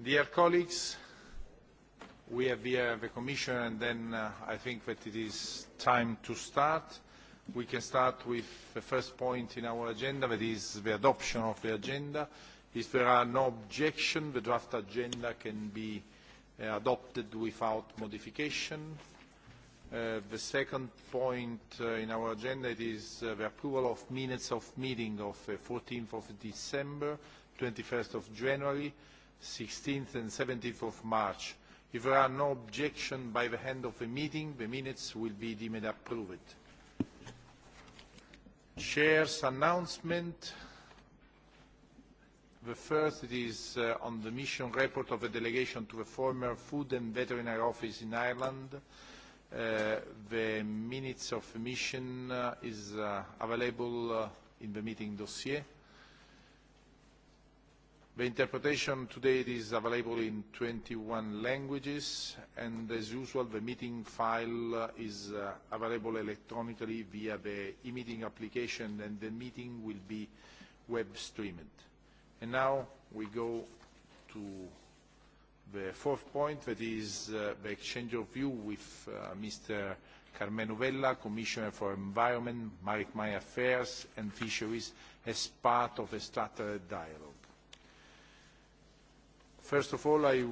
Dear colleagues, we have here the Commission and then uh, I think that it is time to start. We can start with the first point in our agenda, that is the adoption of the agenda. If there are no objections, the draft agenda can be uh, adopted without modification. Uh, the second point uh, in our agenda is uh, the approval of minutes of meeting of uh, 14th of December, 21st of January, 16th and 17th of March. If there are no objection by the end of the meeting, the minutes will be deemed approved. Chair's announcement. The first is uh, on the mission report of the delegation to the former Food and Veterinary Office in Ireland. Uh, the minutes of the mission uh, is uh, available uh, in the meeting dossier. The interpretation today is available in 21 languages, and as usual, the meeting file uh, is uh, available electronically via the e-meeting application, and the meeting will be web streamed. And now we go to the fourth point, that is uh, the exchange of view with uh, Mr. Carmen Uvella, Commissioner for Environment, Maritime Affairs and Fisheries, as part of a structured dialogue. First of all, I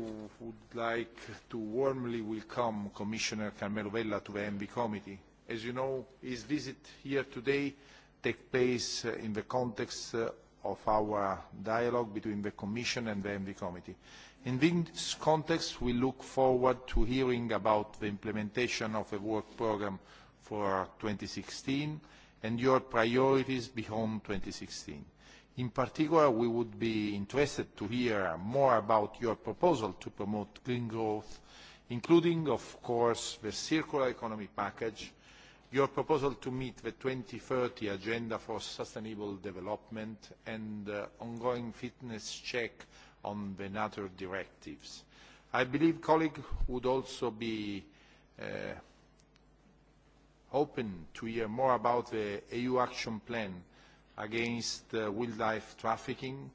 would like to warmly welcome Commissioner Carmelo Vella to the ENVI Committee. As you know, his visit here today takes place uh, in the context uh, of our dialogue between the Commission and the ENVI Committee. In this context, we look forward to hearing about the implementation of the work programme for thousand and your priorities beyond sixteen. In particular, we would be interested to hear more about your proposal to promote green growth, including, of course, the circular economy package, your proposal to meet the 2030 agenda for sustainable development, and uh, ongoing fitness check on the NATO directives. I believe colleagues would also be uh, open to hear more about the EU action plan against uh, wildlife trafficking,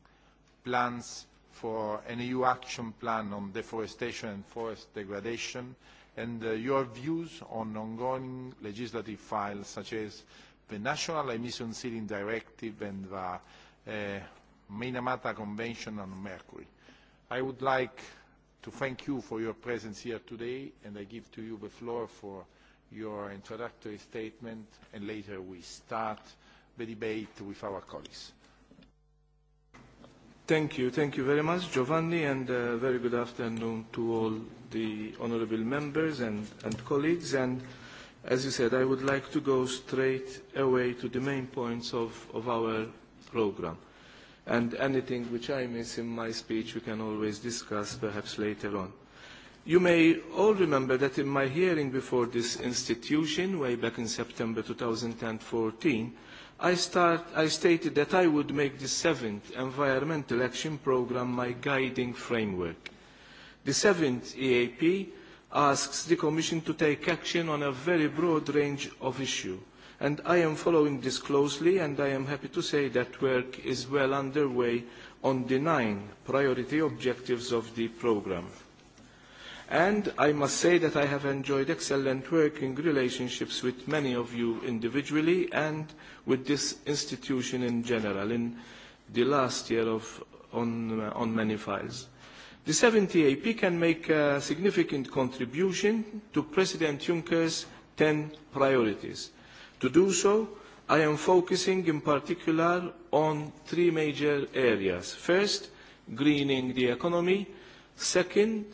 plans for an EU action plan on deforestation and forest degradation, and uh, your views on ongoing legislative files such as the National Emission Ceiling Directive and the uh, Minamata Convention on Mercury. I would like to thank you for your presence here today, and I give to you the floor for your introductory statement, and later we start the debate with our colleagues. Thank you. Thank you very much, Giovanni, and uh, very good afternoon to all the honourable members and, and colleagues. And as you said, I would like to go straight away to the main points of, of our programme. And anything which I miss in my speech, we can always discuss perhaps later on. You may all remember that in my hearing before this institution, way back in September 2014, i, stated that I would make the seventh Environmental Action Programme my guiding framework. The seventh EAP asks the Commission to take action on a very broad range of issues, and I am following this closely, and I am happy to say that work is well underway on the nine priority objectives of the programme and I must say that I have enjoyed excellent working relationships with many of you individually and with this institution in general in the last year of, on, on many files. The 70 e AP can make a significant contribution to President Juncker's 10 priorities. To do so, I am focusing in particular on three major areas. First, greening the economy. Second,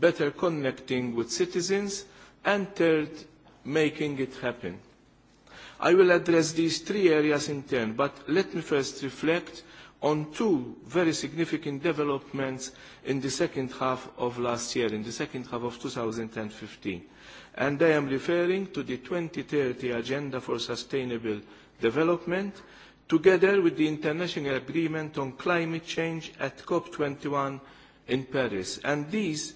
better connecting with citizens, and third, making it happen. I will address these three areas in turn, but let me first reflect on two very significant developments in the second half of last year, in the second half of 2015. And I am referring to the 2030 Agenda for Sustainable Development, together with the International Agreement on Climate Change at COP21 in Paris. And these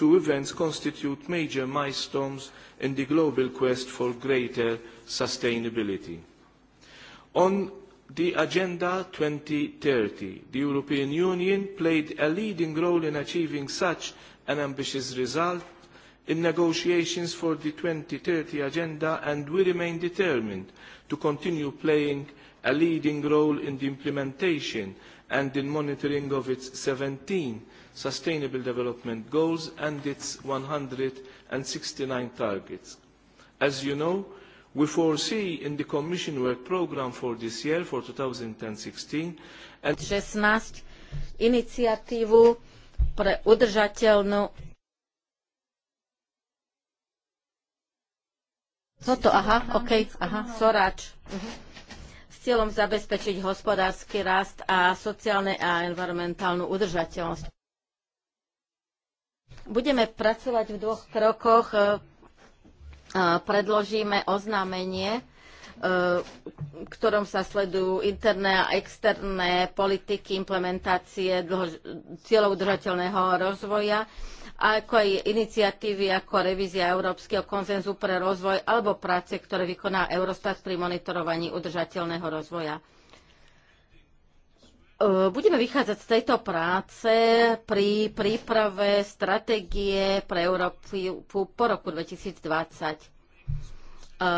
two events constitute major milestones in the global quest for greater sustainability. On the Agenda thirty, the European Union played a leading role in achieving such an ambitious result in negotiations for the thirty Agenda and we remain determined to continue playing a leading role in the implementation and in monitoring of its seventeen Sustainable Development Goals and its one hundred and sixty nine targets. As you know, we foresee in the Commission work programme for this year, for 2016, and sixteen iniciatívu pre udržateľnú Toto, aha, OK, aha, Soráč. S cieľom zabezpečiť hospodársky rast a sociálne a environmentálnu udržateľnosť. Budeme pracovať v dvoch krokoch. E, e, predložíme oznámenie, e, v ktorom sa sledujú interné a externé politiky implementácie cieľov udržateľného rozvoja ako aj iniciatívy ako revízia Európskeho konzenzu pre rozvoj alebo práce, ktoré vykoná Eurostat pri monitorovaní udržateľného rozvoja. E, budeme vychádzať z tejto práce pri príprave stratégie pre Európu po roku 2020. E,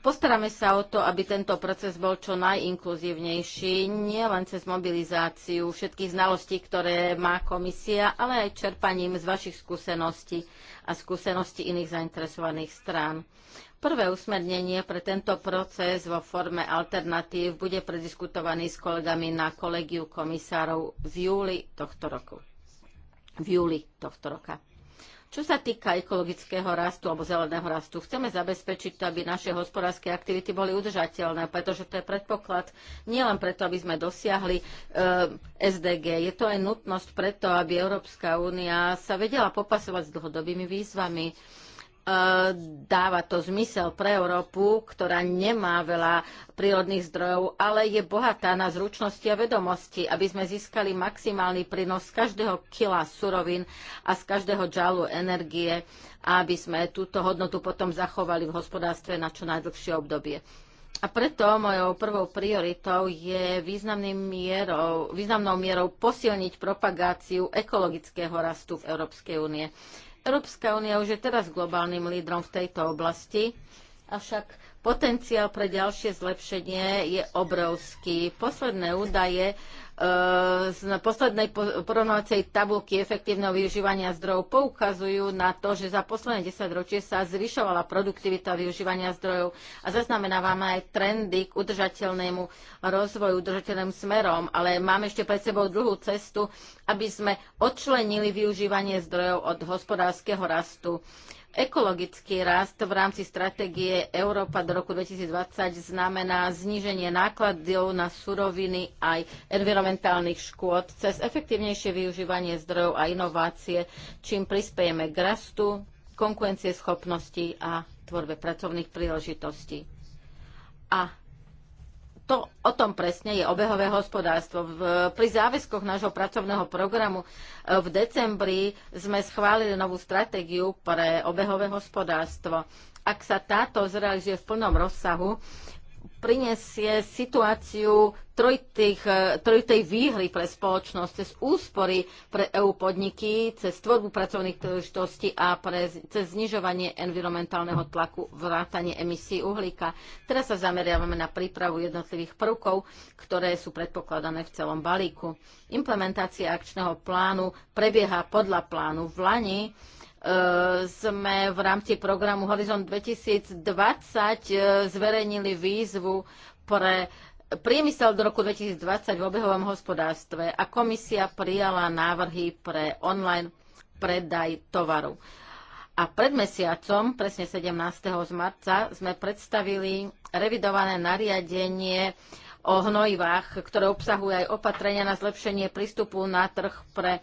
postaráme sa o to, aby tento proces bol čo najinkluzívnejší, nielen cez mobilizáciu všetkých znalostí, ktoré má komisia, ale aj čerpaním z vašich skúseností a skúseností iných zainteresovaných strán. Prvé usmernenie pre tento proces vo forme alternatív bude prediskutovaný s kolegami na kolegiu komisárov v júli tohto roku. V júli tohto roka. Čo sa týka ekologického rastu alebo zeleného rastu, chceme zabezpečiť to, aby naše hospodárske aktivity boli udržateľné, pretože to je predpoklad nielen preto, aby sme dosiahli e, eh, SDG, je to aj nutnosť preto, aby Európska únia sa vedela popasovať s dlhodobými výzvami E, dáva to zmysel pre Európu, ktorá nemá veľa prírodných zdrojov, ale je bohatá na zručnosti a vedomosti, aby sme získali maximálny prínos z každého kila surovín a z každého džalu energie aby sme túto hodnotu potom zachovali v hospodárstve na čo najdlhšie obdobie. A preto mojou prvou prioritou je mierou, významnou mierou posilniť propagáciu ekologického rastu v Európskej únie. Európska únia už je teraz globálnym lídrom v tejto oblasti, avšak Potenciál pre ďalšie zlepšenie je obrovský. Posledné údaje z poslednej porovnávacej tabulky efektívneho využívania zdrojov poukazujú na to, že za posledné 10 ročie sa zvyšovala produktivita využívania zdrojov a zaznamenávame aj trendy k udržateľnému rozvoju, udržateľným smerom, ale máme ešte pred sebou dlhú cestu, aby sme odčlenili využívanie zdrojov od hospodárskeho rastu. Ekologický rast v rámci stratégie Európa do roku 2020 znamená zníženie nákladov na suroviny aj environmentálnych škôd cez efektívnejšie využívanie zdrojov a inovácie, čím prispiejeme k rastu, konkurencieschopnosti a tvorbe pracovných príležitostí. A to, o tom presne je obehové hospodárstvo. V, pri záväzkoch nášho pracovného programu e, v decembri sme schválili novú stratégiu pre obehové hospodárstvo. Ak sa táto zrealizuje v plnom rozsahu, prinesie situáciu trojitých, e, trojtej výhry pre spoločnosť cez úspory pre EU podniky, cez tvorbu pracovných príležitostí a pre, cez znižovanie environmentálneho tlaku vrátanie emisí uhlíka. Teraz sa zameriavame na prípravu jednotlivých prvkov, ktoré sú predpokladané v celom balíku. Implementácia akčného plánu prebieha podľa plánu v Lani Eh, sme v rámci programu Horizon 2020 eh, zverejnili výzvu pre priemysel do roku 2020 v obehovom hospodárstve a komisia prijala návrhy pre online predaj tovaru. A pred mesiacom, presne 17. z marca, sme predstavili revidované nariadenie o hnojivách, ktoré obsahuje aj opatrenia na zlepšenie prístupu na trh pre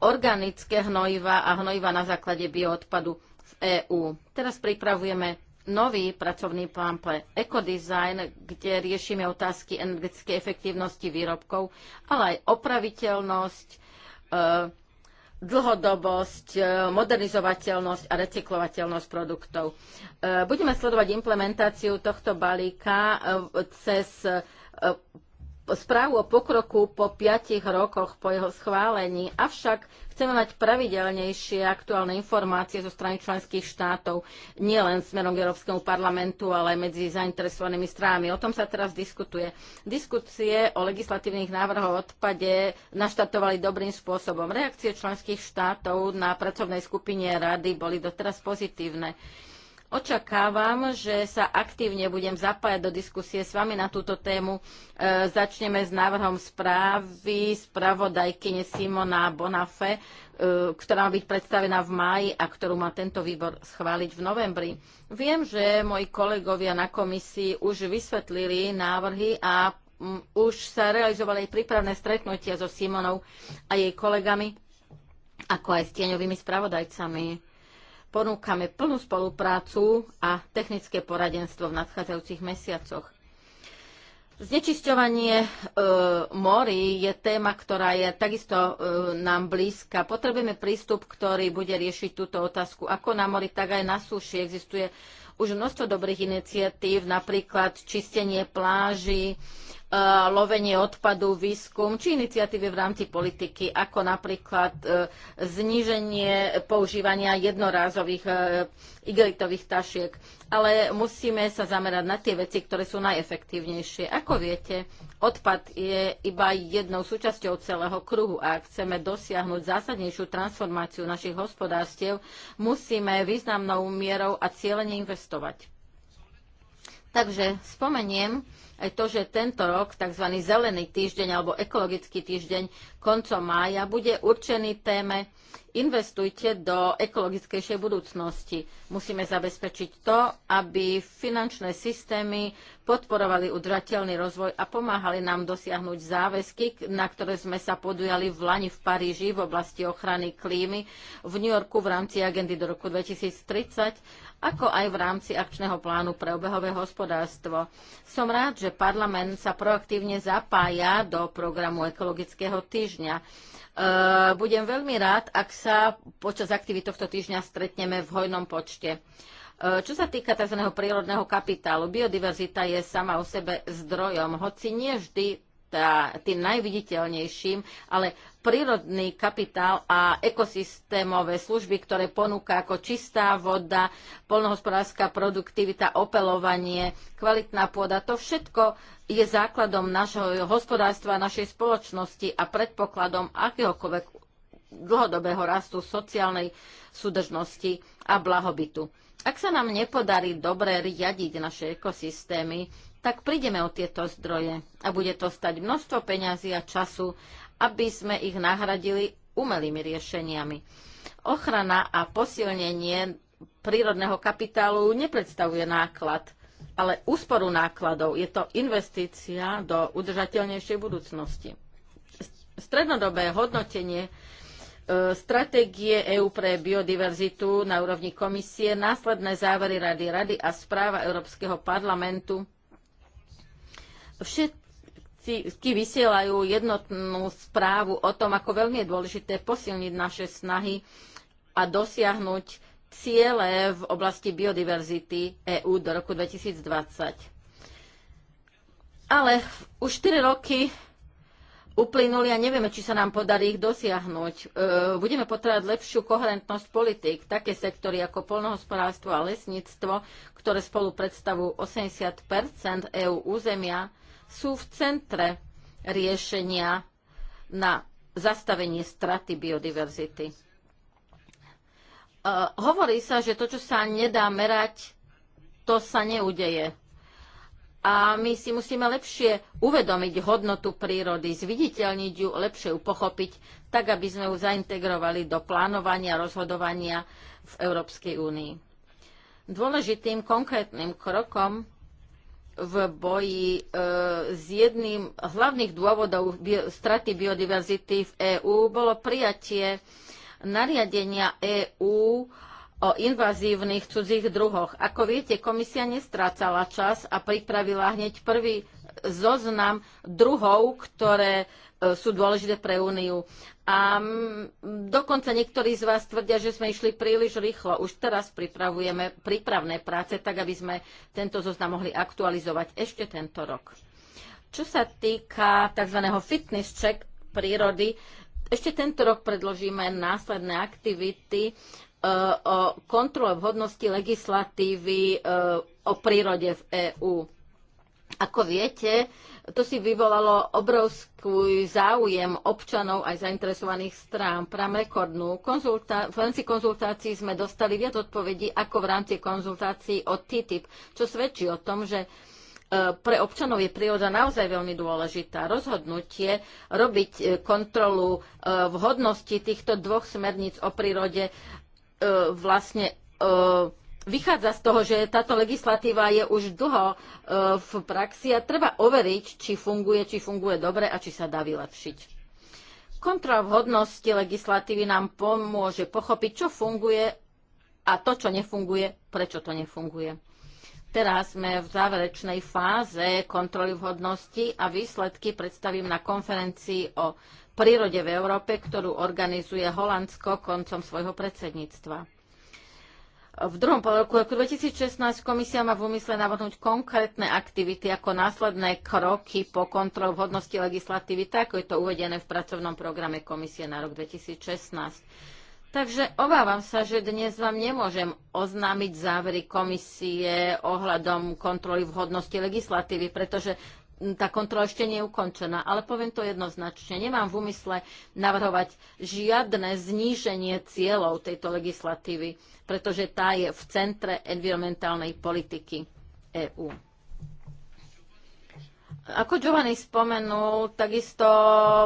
organické hnojiva a hnojiva na základe bioodpadu v EÚ. Teraz pripravujeme nový pracovný plán pre ekodizajn, kde riešime otázky energetickej efektívnosti výrobkov, ale aj opraviteľnosť, e, dlhodobosť, e, modernizovateľnosť a recyklovateľnosť produktov. E, budeme sledovať implementáciu tohto balíka cez správu o pokroku po piatich rokoch po jeho schválení, avšak chceme mať pravidelnejšie aktuálne informácie zo strany členských štátov, nielen smerom k Európskemu parlamentu, ale medzi zainteresovanými stranami. O tom sa teraz diskutuje. Diskusie o legislatívnych návrhoch odpade naštatovali dobrým spôsobom. Reakcie členských štátov na pracovnej skupine rady boli doteraz pozitívne. Očakávam, že sa aktívne budem zapájať do diskusie s vami na túto tému. E, začneme s návrhom správy spravodajkyne Simona Bonafe, ktorá má byť predstavená v máji a ktorú má tento výbor schváliť v novembri. Viem, že moji kolegovia na komisii už vysvetlili návrhy a mm, už sa realizovali aj prípravné stretnutia so Simonou a jej kolegami, ako aj s tieňovými spravodajcami Ponúkame plnú spoluprácu a technické poradenstvo v nadchádzajúcich mesiacoch. Znečisťovanie e, morí je téma, ktorá je takisto e, nám blízka. Potrebujeme prístup, ktorý bude riešiť túto otázku. Ako na mori, tak aj na súši existuje už množstvo dobrých iniciatív, napríklad čistenie pláži, e, Eh, lovenie odpadu, výskum či iniciatívy v rámci politiky, ako napríklad eh, zníženie používania jednorázových eh, igelitových tašiek. Ale musíme sa zamerať na tie veci, ktoré sú najefektívnejšie. Ako viete, odpad je iba jednou súčasťou celého kruhu a ak chceme dosiahnuť zásadnejšiu transformáciu našich hospodárstiev, musíme významnou mierou a cieľene investovať. Takže spomeniem aj to, že tento rok, tzv. zelený týždeň alebo ekologický týždeň koncom mája, bude určený téme investujte do ekologickejšej budúcnosti. Musíme zabezpečiť to, aby finančné systémy podporovali udržateľný rozvoj a pomáhali nám dosiahnuť záväzky, na ktoré sme sa podujali v Lani v Paríži v oblasti ochrany klímy, v New Yorku v rámci agendy do roku 2030, ako aj v rámci akčného plánu pre obehové hospodárstvo. Som rád, že parlament sa proaktívne zapája do programu ekologického týždňa Eh, budem veľmi rád, ak sa počas aktivít tohto týždňa stretneme v hojnom počte. Eh, čo sa týka tzv. prírodného kapitálu, biodiverzita je sama o sebe zdrojom, hoci nie vždy tá, tým najviditeľnejším, ale prírodný kapitál a ekosystémové služby, ktoré ponúka ako čistá voda, polnohospodárska produktivita, opelovanie, kvalitná pôda, to všetko je základom našho hospodárstva, našej spoločnosti a predpokladom akéhokoľvek dlhodobého rastu sociálnej súdržnosti a blahobytu. Ak sa nám nepodarí dobre riadiť naše ekosystémy, tak prídeme o tieto zdroje a bude to stať množstvo peňazí a času, aby sme ich nahradili umelými riešeniami. Ochrana a posilnenie prírodného kapitálu nepredstavuje náklad, ale úsporu nákladov. Je to investícia do udržateľnejšej budúcnosti. Strednodobé hodnotenie e, stratégie EÚ pre biodiverzitu na úrovni komisie, následné závery Rady Rady a správa Európskeho parlamentu všetci vysielajú jednotnú správu o tom, ako veľmi je dôležité posilniť naše snahy a dosiahnuť ciele v oblasti biodiverzity EÚ do roku 2020. Ale už 4 roky uplynuli a nevieme, či sa nám podarí ich dosiahnuť. E, budeme potrebovať lepšiu koherentnosť politik, také sektory ako polnohospodárstvo a lesníctvo, ktoré spolu predstavujú 80 EÚ územia, sú v centre riešenia na zastavenie straty biodiverzity. E, hovorí sa, že to, čo sa nedá merať, to sa neudeje. A my si musíme lepšie uvedomiť hodnotu prírody, zviditeľniť ju, lepšie ju pochopiť, tak aby sme ju zaintegrovali do plánovania, rozhodovania v Európskej únii. Dôležitým konkrétnym krokom v boji e, s jedným z hlavných dôvodov straty biodiverzity v EÚ bolo prijatie nariadenia EÚ o invazívnych cudzích druhoch. Ako viete, komisia nestrácala čas a pripravila hneď prvý zoznam druhov, ktoré e, sú dôležité pre Úniu. A dokonca niektorí z vás tvrdia, že sme išli príliš rýchlo. Už teraz pripravujeme prípravné práce, tak aby sme tento zoznam mohli aktualizovať ešte tento rok. Čo sa týka tzv. fitness check prírody, ešte tento rok predložíme následné aktivity e, o kontrole vhodnosti legislatívy e, o prírode v EÚ ako viete, to si vyvolalo obrovský záujem občanov aj zainteresovaných strán. Prám rekordnú. Konzulta- v rámci konzultácií sme dostali viac odpovedí ako v rámci konzultácií od TTIP, čo svedčí o tom, že e, pre občanov je príroda naozaj veľmi dôležitá. Rozhodnutie robiť e, kontrolu e, vhodnosti týchto dvoch smerníc o prírode vlastne vychádza z toho, že táto legislatíva je už dlho e, v praxi a treba overiť, či funguje, či funguje dobre a či sa dá vylepšiť. Kontrola vhodnosti legislatívy nám pomôže pochopiť, čo funguje a to, čo nefunguje, prečo to nefunguje. Teraz sme v záverečnej fáze kontroly vhodnosti a výsledky predstavím na konferencii o prírode v Európe, ktorú organizuje Holandsko koncom svojho predsedníctva. V druhom polroku roku 2016 komisia má v úmysle navrhnúť konkrétne aktivity ako následné kroky po kontrolu vhodnosti legislatívy, tak ako je to uvedené v pracovnom programe komisie na rok 2016. Takže obávam sa, že dnes vám nemôžem oznámiť závery komisie ohľadom kontroly vhodnosti legislatívy, pretože tá kontrola ešte nie je ukončená. Ale poviem to jednoznačne. Nemám v úmysle navrhovať žiadne zníženie cieľov tejto legislatívy, pretože tá je v centre environmentálnej politiky EÚ. Ako Giovanni spomenul, takisto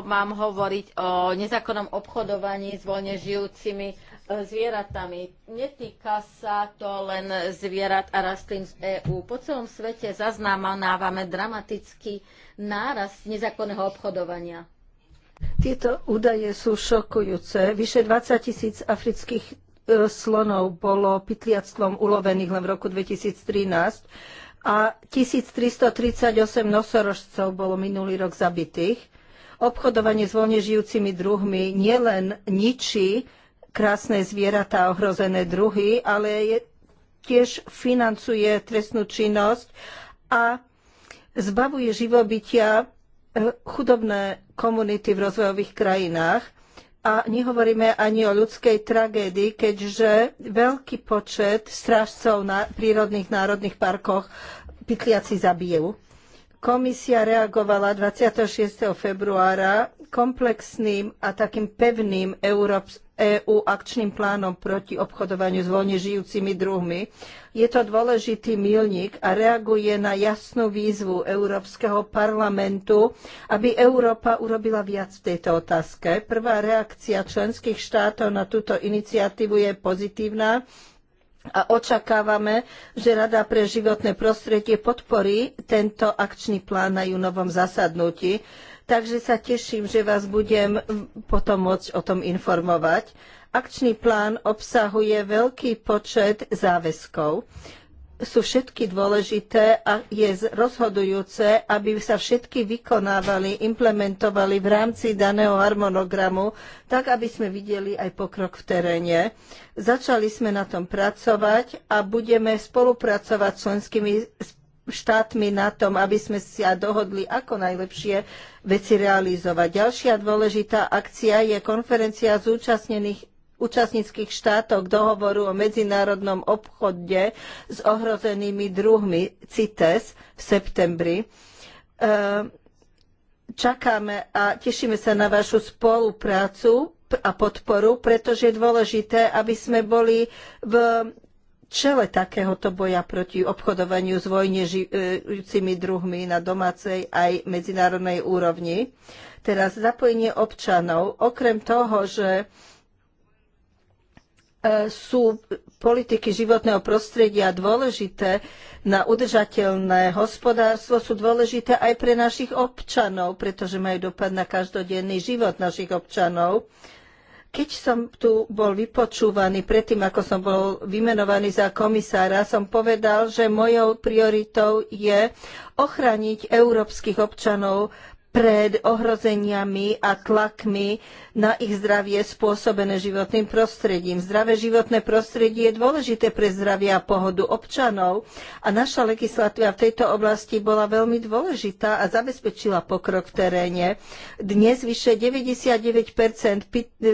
mám hovoriť o nezákonnom obchodovaní s voľne žijúcimi zvieratami. Netýka sa to len zvierat a rastlín z EÚ. Po celom svete zaznamenávame dramatický nárast nezákonného obchodovania. Tieto údaje sú šokujúce. Vyše 20 tisíc afrických e, slonov bolo pytliactvom ulovených len v roku 2013 a 1338 nosorožcov bolo minulý rok zabitých. Obchodovanie s voľne žijúcimi druhmi nielen ničí krásne zvieratá, ohrozené druhy, ale je, tiež financuje trestnú činnosť a zbavuje živobytia eh, chudobné komunity v rozvojových krajinách. A nehovoríme ani o ľudskej tragédii, keďže veľký počet strážcov na prírodných národných parkoch pytliaci zabijú. Komisia reagovala 26. februára komplexným a takým pevným Európs- EÚ akčným plánom proti obchodovaniu s voľne žijúcimi druhmi. Je to dôležitý milník a reaguje na jasnú výzvu Európskeho parlamentu, aby Európa urobila viac v tejto otázke. Prvá reakcia členských štátov na túto iniciatívu je pozitívna a očakávame, že Rada pre životné prostredie podporí tento akčný plán na júnovom zasadnutí takže sa teším, že vás budem potom môcť o tom informovať. Akčný plán obsahuje veľký počet záväzkov. Sú všetky dôležité a je rozhodujúce, aby sa všetky vykonávali, implementovali v rámci daného harmonogramu, tak aby sme videli aj pokrok v teréne. Začali sme na tom pracovať a budeme spolupracovať s členskými štátmi na tom, aby sme sa dohodli, ako najlepšie veci realizovať. Ďalšia dôležitá akcia je konferencia zúčastnených účastníckých štátov k dohovoru o medzinárodnom obchode s ohrozenými druhmi CITES v septembri. E, čakáme a tešíme sa na vašu spoluprácu a podporu, pretože je dôležité, aby sme boli v čele takéhoto boja proti obchodovaniu s vojne e, žijúcimi druhmi na domácej aj medzinárodnej úrovni. Teraz zapojenie občanov, okrem toho, že e, sú politiky životného prostredia dôležité na udržateľné hospodárstvo, sú dôležité aj pre našich občanov, pretože majú dopad na každodenný život našich občanov. Keď som tu bol vypočúvaný, predtým ako som bol vymenovaný za komisára, som povedal, že mojou prioritou je ochraniť európskych občanov pred ohrozeniami a tlakmi na ich zdravie spôsobené životným prostredím. Zdravé životné prostredie je dôležité pre zdravie a pohodu občanov a naša legislatíva v tejto oblasti bola veľmi dôležitá a zabezpečila pokrok v teréne. Dnes vyše 99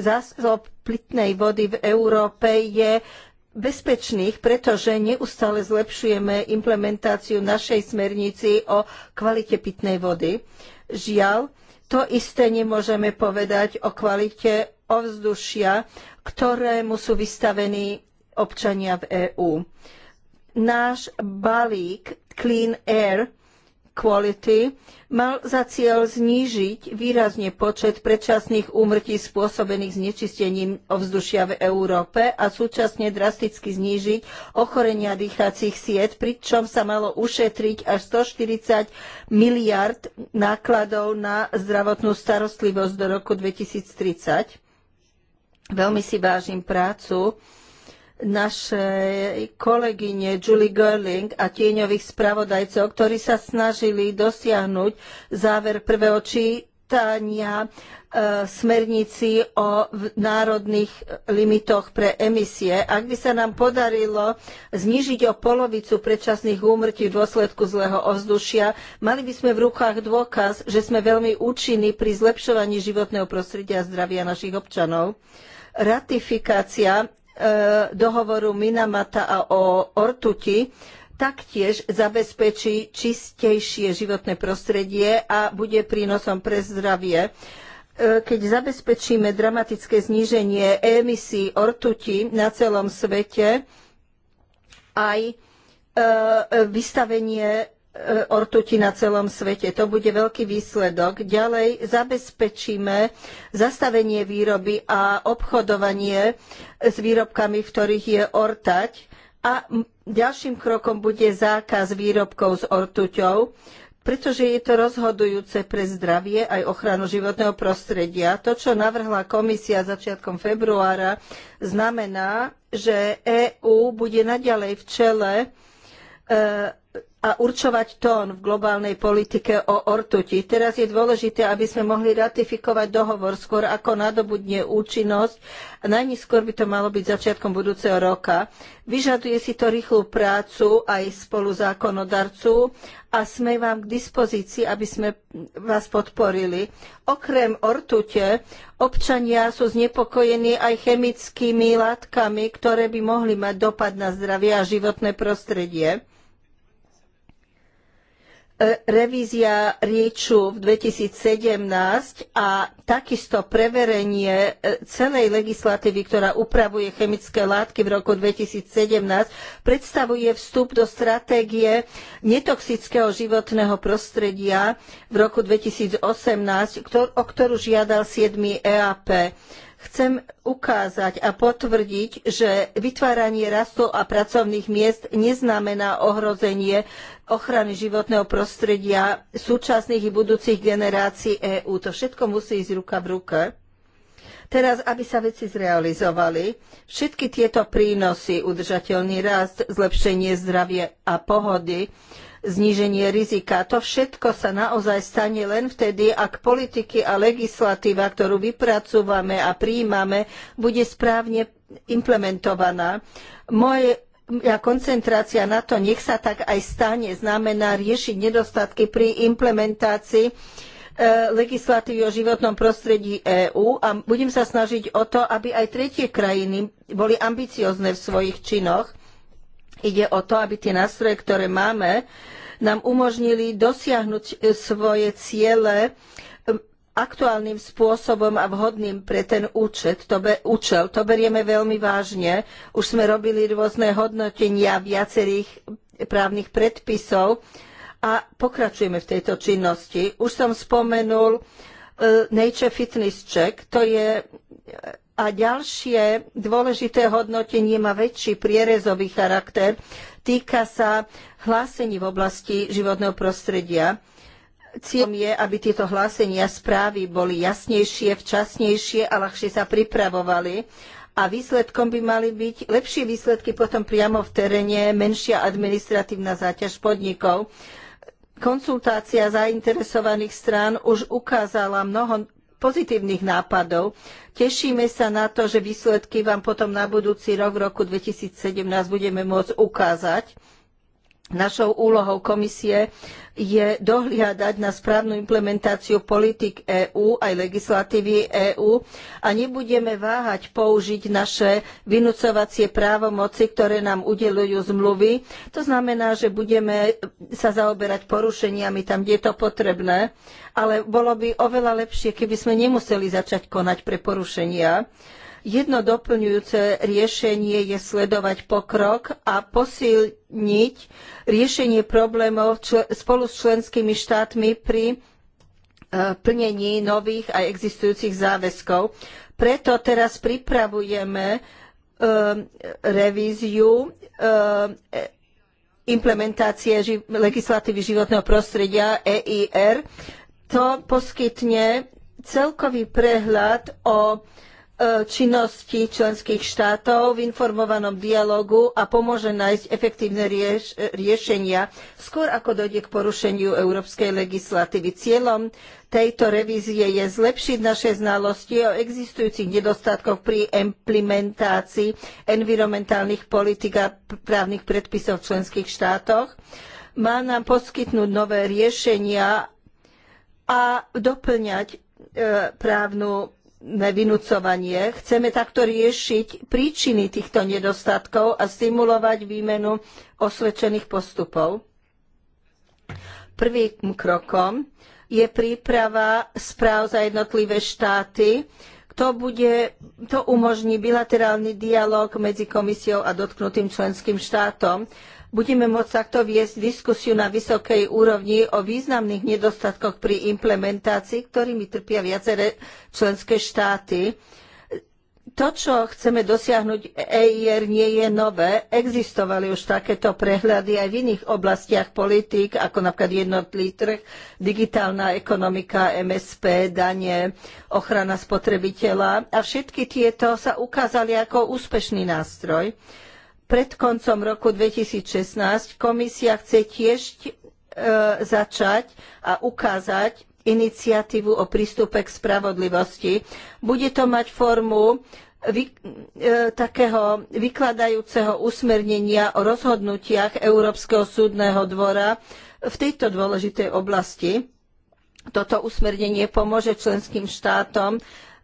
zásob pitnej vody v Európe je bezpečných, pretože neustále zlepšujeme implementáciu našej smernici o kvalite pitnej vody. Žiaľ, to isté nemôžeme povedať o kvalite ovzdušia, ktorému sú vystavení občania v EÚ. Náš balík Clean Air Quality mal za cieľ znížiť výrazne počet predčasných úmrtí spôsobených znečistením ovzdušia v Európe a súčasne drasticky znížiť ochorenia dýchacích siet, pričom sa malo ušetriť až 140 miliard nákladov na zdravotnú starostlivosť do roku 2030. Veľmi si vážim prácu našej kolegyne Julie Görling a tieňových spravodajcov, ktorí sa snažili dosiahnuť záver prvého čítania e, smernici o národných limitoch pre emisie. Ak by sa nám podarilo znížiť o polovicu predčasných úmrtí v dôsledku zlého ovzdušia, mali by sme v rukách dôkaz, že sme veľmi účinní pri zlepšovaní životného prostredia a zdravia našich občanov ratifikácia E, dohovoru Minamata a o ortuti, taktiež zabezpečí čistejšie životné prostredie a bude prínosom pre zdravie. E, keď zabezpečíme dramatické zníženie emisí ortuti na celom svete, aj e, vystavenie E, ortuti na celom svete. To bude veľký výsledok. Ďalej zabezpečíme zastavenie výroby a obchodovanie s výrobkami, v ktorých je ortať. A ďalším krokom bude zákaz výrobkov s ortuťou, pretože je to rozhodujúce pre zdravie aj ochranu životného prostredia. To, čo navrhla komisia začiatkom februára, znamená, že EÚ bude naďalej v čele e, a určovať tón v globálnej politike o ortuti. Teraz je dôležité, aby sme mohli ratifikovať dohovor skôr ako nadobudne účinnosť. A by to malo byť začiatkom budúceho roka. Vyžaduje si to rýchlu prácu aj spolu zákonodarcu a sme vám k dispozícii, aby sme vás podporili. Okrem ortute, občania sú znepokojení aj chemickými látkami, ktoré by mohli mať dopad na zdravie a životné prostredie E, revízia rieču v 2017 a takisto preverenie e, celej legislatívy, ktorá upravuje chemické látky v roku 2017, predstavuje vstup do stratégie netoxického životného prostredia v roku 2018, o ktorú žiadal 7. EAP. Chcem ukázať a potvrdiť, že vytváranie rastu a pracovných miest neznamená ohrozenie ochrany životného prostredia súčasných i budúcich generácií EÚ. To všetko musí ísť ruka v ruke. Teraz, aby sa veci zrealizovali, všetky tieto prínosy, udržateľný rast, zlepšenie zdravia a pohody, zníženie rizika, to všetko sa naozaj stane len vtedy, ak politiky a legislatíva, ktorú vypracúvame a príjmame, bude správne implementovaná. Moje a koncentrácia na to, nech sa tak aj stane, znamená riešiť nedostatky pri implementácii E, legislatívy o životnom prostredí EÚ a budem sa snažiť o to, aby aj tretie krajiny boli ambiciozne v svojich činoch. Ide o to, aby tie nástroje, ktoré máme, nám umožnili dosiahnuť e, svoje ciele e, aktuálnym spôsobom a vhodným pre ten účet, to be, účel. To berieme veľmi vážne. Už sme robili rôzne hodnotenia viacerých právnych predpisov, a pokračujeme v tejto činnosti. Už som spomenul e, Nature Fitness Check, to je e, a ďalšie dôležité hodnotenie má väčší prierezový charakter. Týka sa hlásení v oblasti životného prostredia. Cieľom je, aby tieto hlásenia správy boli jasnejšie, včasnejšie a ľahšie sa pripravovali. A výsledkom by mali byť lepšie výsledky potom priamo v teréne, menšia administratívna záťaž podnikov. Konzultácia zainteresovaných strán už ukázala mnoho pozitívnych nápadov. Tešíme sa na to, že výsledky vám potom na budúci rok v roku 2017 budeme môcť ukázať. Našou úlohou komisie je dohliadať na správnu implementáciu politik EÚ aj legislatívy EÚ a nebudeme váhať použiť naše vynúcovacie právomoci, ktoré nám udeľujú zmluvy. To znamená, že budeme sa zaoberať porušeniami tam, kde je to potrebné, ale bolo by oveľa lepšie, keby sme nemuseli začať konať pre porušenia Jedno doplňujúce riešenie je sledovať pokrok a posilniť riešenie problémov spolu s členskými štátmi pri e, plnení nových a existujúcich záväzkov. Preto teraz pripravujeme e, revíziu e, implementácie legislatívy životného prostredia EIR. To poskytne celkový prehľad o E, činnosti členských štátov v informovanom dialogu a pomôže nájsť efektívne rieš e, riešenia skôr ako dojde k porušeniu európskej legislatívy. Cieľom tejto revízie je zlepšiť naše znalosti o existujúcich nedostatkoch pri implementácii environmentálnych politik a právnych predpisov v členských štátoch. Má nám poskytnúť nové riešenia a doplňať e, právnu vynúcovanie. Chceme takto riešiť príčiny týchto nedostatkov a stimulovať výmenu osvedčených postupov. Prvým krokom je príprava správ za jednotlivé štáty. To, bude, to umožní bilaterálny dialog medzi komisiou a dotknutým členským štátom budeme môcť takto viesť diskusiu na vysokej úrovni o významných nedostatkoch pri implementácii, ktorými trpia viaceré členské štáty. To, čo chceme dosiahnuť EIR, nie je nové. Existovali už takéto prehľady aj v iných oblastiach politík, ako napríklad jednotlý trh, digitálna ekonomika, MSP, dane, ochrana spotrebiteľa. A všetky tieto sa ukázali ako úspešný nástroj pred koncom roku 2016 komisia chce tiež e, začať a ukázať iniciatívu o prístupe k spravodlivosti. Bude to mať formu vy, e, takého vykladajúceho usmernenia o rozhodnutiach Európskeho súdneho dvora v tejto dôležitej oblasti. Toto usmernenie pomôže členským štátom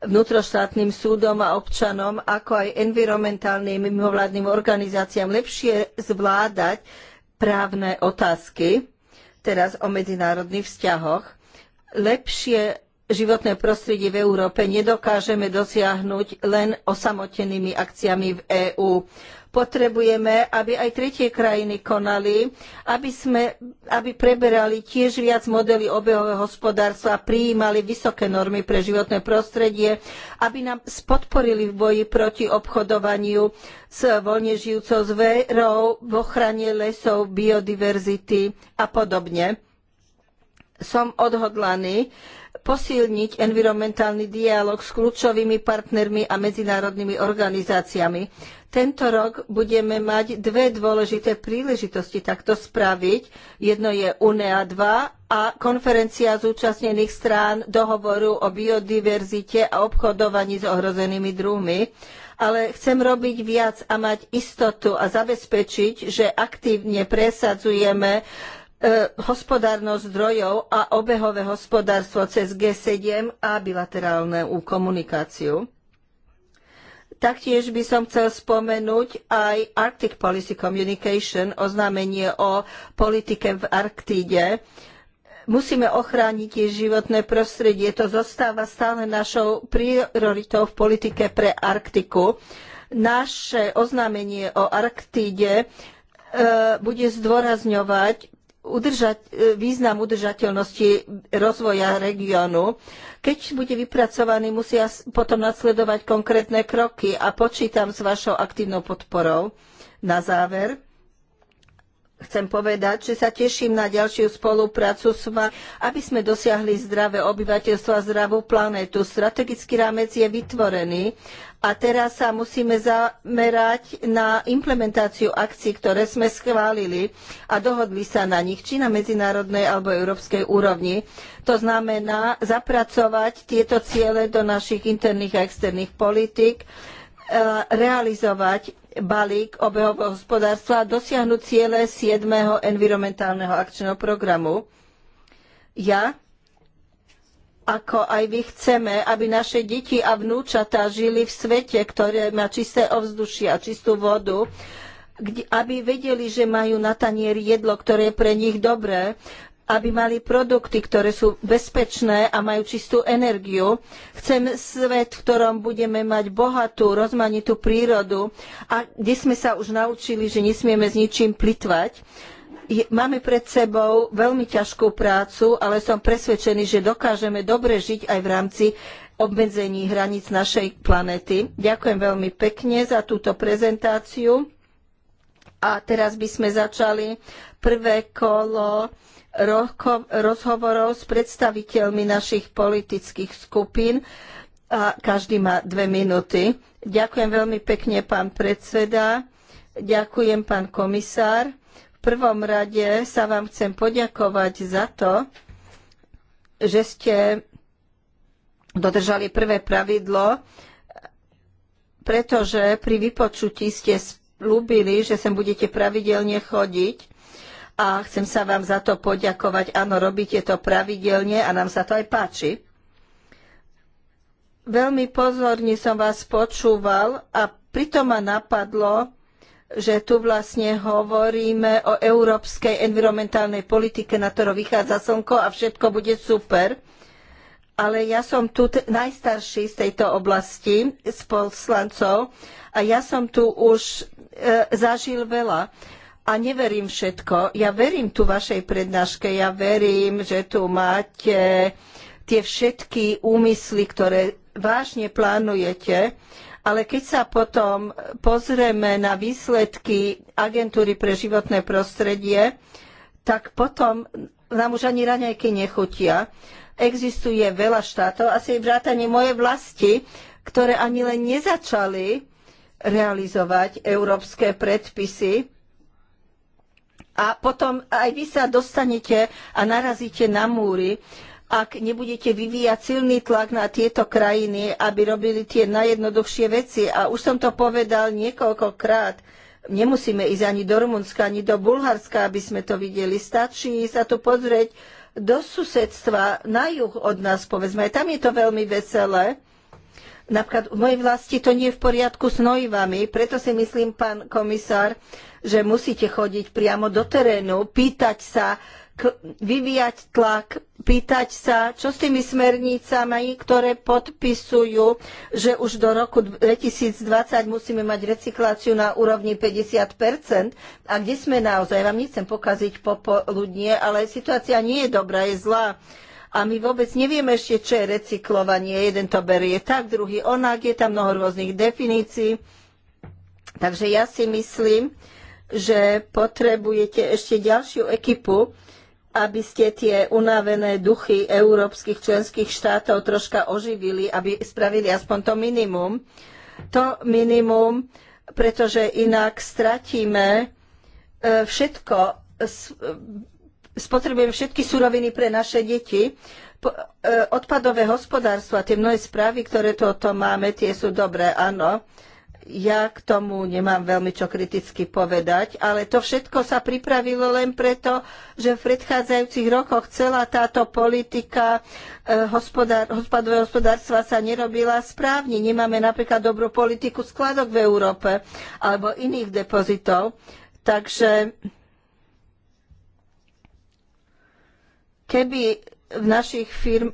vnútroštátnym súdom a občanom, ako aj environmentálnym mimovládnym organizáciám lepšie zvládať právne otázky, teraz o medzinárodných vzťahoch. Lepšie životné prostredie v Európe nedokážeme dosiahnuť len osamotenými akciami v EÚ potrebujeme, aby aj tretie krajiny konali, aby, sme, aby preberali tiež viac modely obehového hospodárstva, prijímali vysoké normy pre životné prostredie, aby nám podporili v boji proti obchodovaniu s voľne žijúcou zverou, v ochrane lesov, biodiverzity a podobne. Som odhodlaný posilniť environmentálny dialog s kľúčovými partnermi a medzinárodnými organizáciami. Tento rok budeme mať dve dôležité príležitosti takto spraviť. Jedno je UNEA 2 a konferencia zúčastnených strán dohovoru o biodiverzite a obchodovaní s ohrozenými druhmi ale chcem robiť viac a mať istotu a zabezpečiť, že aktívne presadzujeme E, hospodárnosť zdrojov a obehové hospodárstvo cez G7 a bilaterálnu komunikáciu. Taktiež by som chcel spomenúť aj Arctic Policy Communication, oznámenie o politike v Arktíde. Musíme ochrániť jej životné prostredie. To zostáva stále našou prioritou v politike pre Arktiku. Naše oznámenie o Arktíde e, bude zdôrazňovať udržať, e, význam udržateľnosti rozvoja regiónu. Keď bude vypracovaný, musia potom nasledovať konkrétne kroky a počítam s vašou aktívnou podporou. Na záver, chcem povedať, že sa teším na ďalšiu spoluprácu s vami, aby sme dosiahli zdravé obyvateľstvo a zdravú planétu. Strategický rámec je vytvorený a teraz sa musíme zamerať na implementáciu akcií, ktoré sme schválili a dohodli sa na nich, či na medzinárodnej alebo európskej úrovni. To znamená zapracovať tieto ciele do našich interných a externých politik, e, realizovať balík obehového hospodárstva a dosiahnuť ciele 7. environmentálneho akčného programu. Ja ako aj my chceme, aby naše deti a vnúčatá žili v svete, ktoré má čisté ovzdušie a čistú vodu, aby vedeli, že majú na tanieri jedlo, ktoré je pre nich dobré, aby mali produkty, ktoré sú bezpečné a majú čistú energiu. Chcem svet, v ktorom budeme mať bohatú, rozmanitú prírodu a kde sme sa už naučili, že nesmieme s ničím plitvať. Máme pred sebou veľmi ťažkú prácu, ale som presvedčený, že dokážeme dobre žiť aj v rámci obmedzení hraníc našej planéty. Ďakujem veľmi pekne za túto prezentáciu. A teraz by sme začali prvé kolo rozhovorov s predstaviteľmi našich politických skupín a každý má dve minúty. Ďakujem veľmi pekne, pán predseda. Ďakujem, pán komisár. V prvom rade sa vám chcem poďakovať za to, že ste dodržali prvé pravidlo, pretože pri vypočutí ste slúbili, že sem budete pravidelne chodiť a chcem sa vám za to poďakovať. Áno, robíte to pravidelne a nám sa to aj páči. Veľmi pozorne som vás počúval a pritom ma napadlo, že tu vlastne hovoríme o európskej environmentálnej politike, na ktorú vychádza slnko a všetko bude super. Ale ja som tu najstarší z tejto oblasti, z poslancov, a ja som tu už e, zažil veľa a neverím všetko. Ja verím tu vašej prednáške, ja verím, že tu máte tie všetky úmysly, ktoré vážne plánujete, ale keď sa potom pozrieme na výsledky agentúry pre životné prostredie, tak potom nám už ani raňajky nechutia. Existuje veľa štátov, asi vrátanie moje vlasti, ktoré ani len nezačali realizovať európske predpisy a potom aj vy sa dostanete a narazíte na múry, ak nebudete vyvíjať silný tlak na tieto krajiny, aby robili tie najjednoduchšie veci. A už som to povedal niekoľkokrát. Nemusíme ísť ani do Rumunska, ani do Bulharska, aby sme to videli. Stačí sa tu pozrieť do susedstva, na juh od nás, povedzme. Aj tam je to veľmi veselé Napríklad v mojej vlasti to nie je v poriadku s nojivami, preto si myslím, pán komisár, že musíte chodiť priamo do terénu, pýtať sa, vyvíjať tlak, pýtať sa, čo s tými smernicami, ktoré podpisujú, že už do roku 2020 musíme mať recykláciu na úrovni 50%. A kde sme naozaj? Vám nechcem pokaziť popoludnie, ale situácia nie je dobrá, je zlá a my vôbec nevieme ešte, čo je recyklovanie. Jeden to berie tak, druhý onak, je tam mnoho rôznych definícií. Takže ja si myslím, že potrebujete ešte ďalšiu ekipu, aby ste tie unavené duchy európskych členských štátov troška oživili, aby spravili aspoň to minimum. To minimum, pretože inak stratíme e, všetko spotrebujeme všetky suroviny pre naše deti. Po, e, odpadové hospodárstvo a tie mnohé správy, ktoré tu o tom máme, tie sú dobré, áno. Ja k tomu nemám veľmi čo kriticky povedať, ale to všetko sa pripravilo len preto, že v predchádzajúcich rokoch celá táto politika e, hospodár, hospodového hospodárstva sa nerobila správne. Nemáme napríklad dobrú politiku skladok v Európe alebo iných depozitov. Takže Keby v našich firm...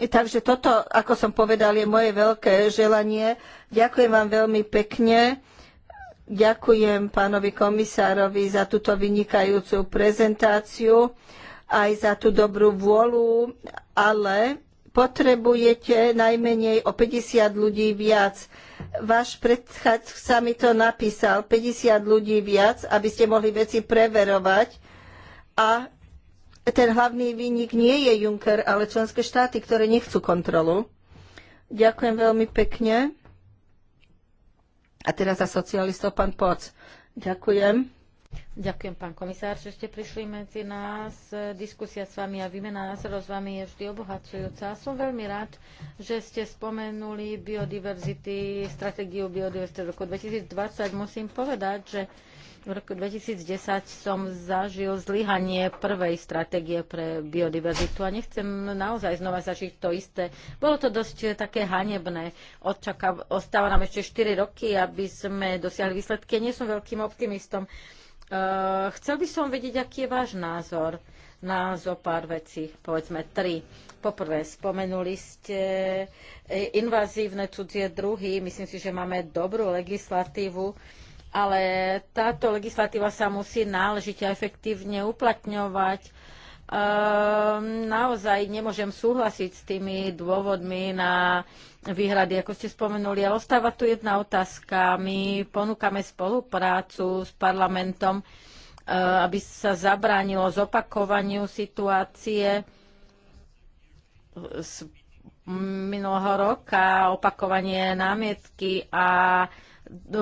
Takže toto, ako som povedal, je moje veľké želanie. Ďakujem vám veľmi pekne. Ďakujem pánovi komisárovi za túto vynikajúcu prezentáciu, aj za tú dobrú vôľu, ale potrebujete najmenej o 50 ľudí viac. Váš sa mi to napísal, 50 ľudí viac, aby ste mohli veci preverovať. A ten hlavný výnik nie je Juncker, ale členské štáty, ktoré nechcú kontrolu. Ďakujem veľmi pekne. A teraz za socialistov pán Poc. Ďakujem. Ďakujem, pán komisár, že ste prišli medzi nás. Diskusia s vami a výmena názorov s vami je vždy obohacujúca. Som veľmi rád, že ste spomenuli biodiverzity, stratégiu biodiverzity v roku 2020. Musím povedať, že v roku 2010 som zažil zlyhanie prvej stratégie pre biodiverzitu a nechcem naozaj znova zažiť to isté. Bolo to dosť také hanebné. Očaká, ostáva nám ešte 4 roky, aby sme dosiahli výsledky. Nie som veľkým optimistom. Eh, chcel by som vedieť, aký je váš názor na zo pár vecí, povedzme tri. Poprvé, spomenuli ste eh, invazívne cudzie druhy. Myslím si, že máme dobrú legislatívu, ale táto legislatíva sa musí náležite a efektívne uplatňovať. Ehm, naozaj nemôžem súhlasiť s tými dôvodmi na výhrady, ako ste spomenuli. Ale ostáva tu jedna otázka. My ponúkame spoluprácu s parlamentom, e, aby sa zabránilo zopakovaniu situácie z minulého roka, opakovanie námietky a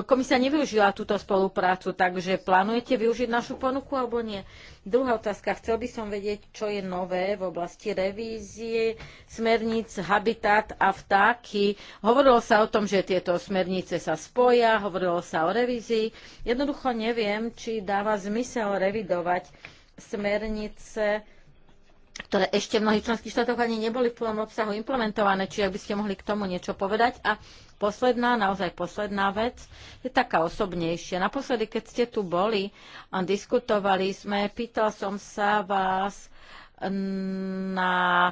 komisia nevyužila túto spoluprácu, takže plánujete využiť našu ponuku alebo nie? Druhá otázka. Chcel by som vedieť, čo je nové v oblasti revízie smerníc Habitat a vtáky. Hovorilo sa o tom, že tieto smernice sa spoja, hovorilo sa o revízii. Jednoducho neviem, či dáva zmysel revidovať smernice ktoré ešte v mnohých členských štátoch ani neboli v plnom obsahu implementované, či ak by ste mohli k tomu niečo povedať. A posledná, naozaj posledná vec, je taká osobnejšia. Naposledy, keď ste tu boli a diskutovali sme, pýtal som sa vás, na e,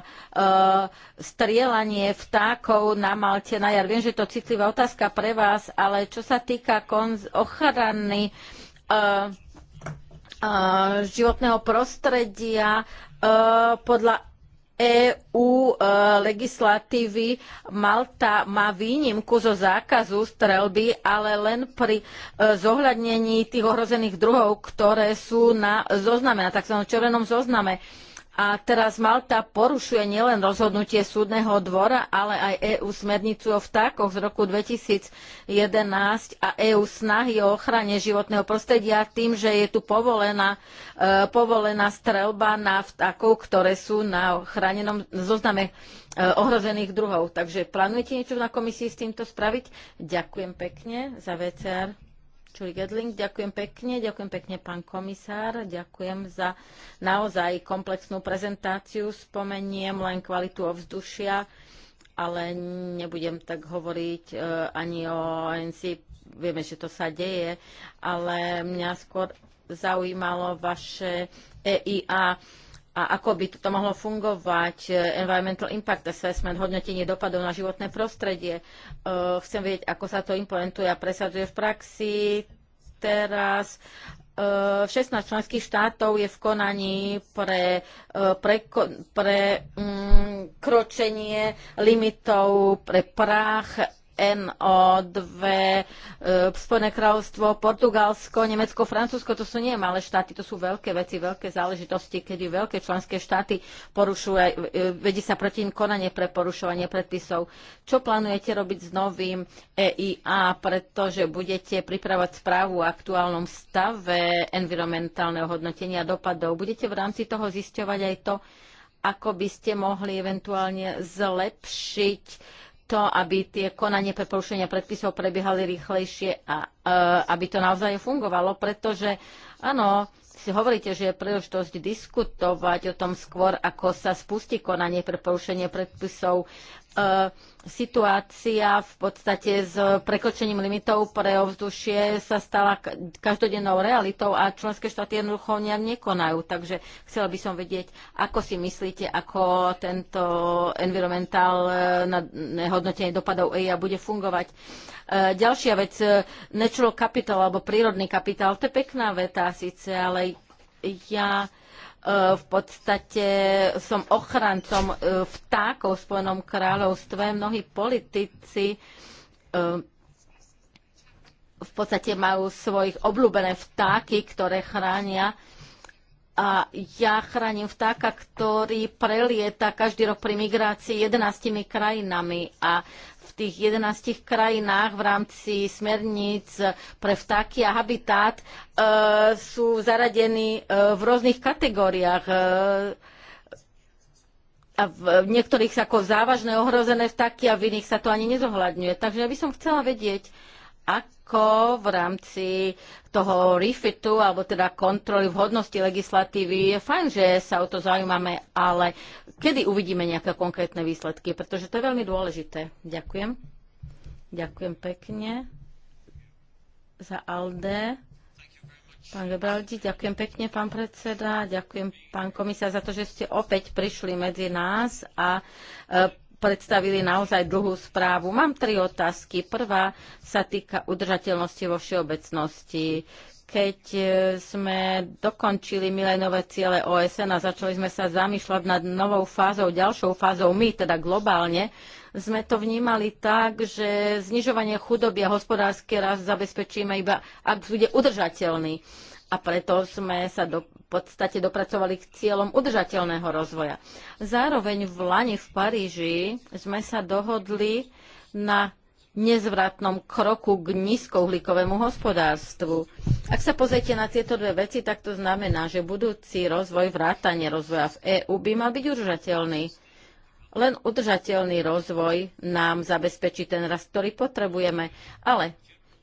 strielanie vtákov na Malte na jar. Viem, že to je citlivá otázka pre vás, ale čo sa týka konz- ochrany e, životného prostredia podľa EU e, legislatívy Malta má výnimku zo zákazu strelby, ale len pri e, zohľadnení tých ohrozených druhov, ktoré sú na zozname, na tzv. červenom zozname. A teraz Malta porušuje nielen rozhodnutie súdneho dvora, ale aj EU smernicu o vtákoch z roku 2011 a EU snahy o ochrane životného prostredia tým, že je tu povolená, e, povolená strelba na vtákov, ktoré sú na chránenom zozname e, ohrozených druhov. Takže plánujete niečo na komisii s týmto spraviť? Ďakujem pekne za VCR. Julie Gedling. Ďakujem pekne, ďakujem pekne pán komisár, ďakujem za naozaj komplexnú prezentáciu. Spomeniem len kvalitu ovzdušia, ale nebudem tak hovoriť e, ani o ANC. Vieme, že to sa deje, ale mňa skôr zaujímalo vaše EIA a ako by to mohlo fungovať, e, environmental impact assessment, hodnotenie dopadov na životné prostredie. E, chcem vedieť, ako sa to implementuje a presadzuje v praxi. Teraz 16 e, členských štátov je v konaní pre, pre, pre mm, kročenie limitov pre prach NO2, e, Spojené kráľovstvo, Portugalsko, Nemecko, Francúzsko, to sú nie malé štáty, to sú veľké veci, veľké záležitosti, kedy veľké členské štáty porušuje, e, vedí sa proti im konanie pre porušovanie predpisov. Čo plánujete robiť s novým EIA, pretože budete pripravať správu o aktuálnom stave environmentálneho hodnotenia dopadov? Budete v rámci toho zisťovať aj to, ako by ste mohli eventuálne zlepšiť to, aby tie konanie pre porušenia predpisov prebiehali rýchlejšie a e, aby to naozaj fungovalo, pretože áno, si hovoríte, že je príležitosť diskutovať o tom skôr, ako sa spustí konanie pre porušenie predpisov. E, situácia v podstate s prekočením limitov pre ovzdušie sa stala každodennou realitou a členské štáty jednoducho nekonajú. Takže chcela by som vedieť, ako si myslíte, ako tento environmentálne hodnotenie dopadov EIA bude fungovať. E, Eh, ďalšia vec, eh, natural capital alebo prírodný kapitál, to je pekná veta síce, ale ja eh, v podstate som ochrancom vtákov v Spojenom kráľovstve. Mnohí politici v podstate majú svojich obľúbené vtáky, ktoré chránia. A ja chránim vtáka, ktorý prelieta každý rok pri migrácii 11 krajinami. A v tých 11 krajinách v rámci smerníc pre vtáky a habitát e, sú zaradení e, v rôznych kategóriách. E, a v, v niektorých sa ako závažné ohrozené vtáky a v iných sa to ani nezohľadňuje. Takže ja by som chcela vedieť, ako v rámci toho refitu, alebo teda kontroly vhodnosti legislatívy. Je fajn, že sa o to zaujímame, ale kedy uvidíme nejaké konkrétne výsledky, pretože to je veľmi dôležité. Ďakujem. Ďakujem pekne za Alde. Pán Gebraldi, ďakujem pekne, pán predseda, ďakujem, pán komisár, za to, že ste opäť prišli medzi nás a e, predstavili naozaj dlhú správu. Mám tri otázky. Prvá sa týka udržateľnosti vo všeobecnosti. Keď e, sme dokončili milénové ciele OSN a začali sme sa zamýšľať nad novou fázou, ďalšou fázou, my teda globálne, sme to vnímali tak, že znižovanie chudoby a hospodársky rast zabezpečíme iba, ak bude udržateľný. A preto sme sa do, podstate dopracovali k cieľom udržateľného rozvoja. Zároveň v Lani v Paríži sme sa dohodli na nezvratnom kroku k nízkouhlíkovému hospodárstvu. Ak sa pozriete na tieto dve veci, tak to znamená, že budúci rozvoj vrátanie rozvoja v EÚ by mal byť udržateľný. Len udržateľný rozvoj nám zabezpečí ten rast, ktorý potrebujeme, ale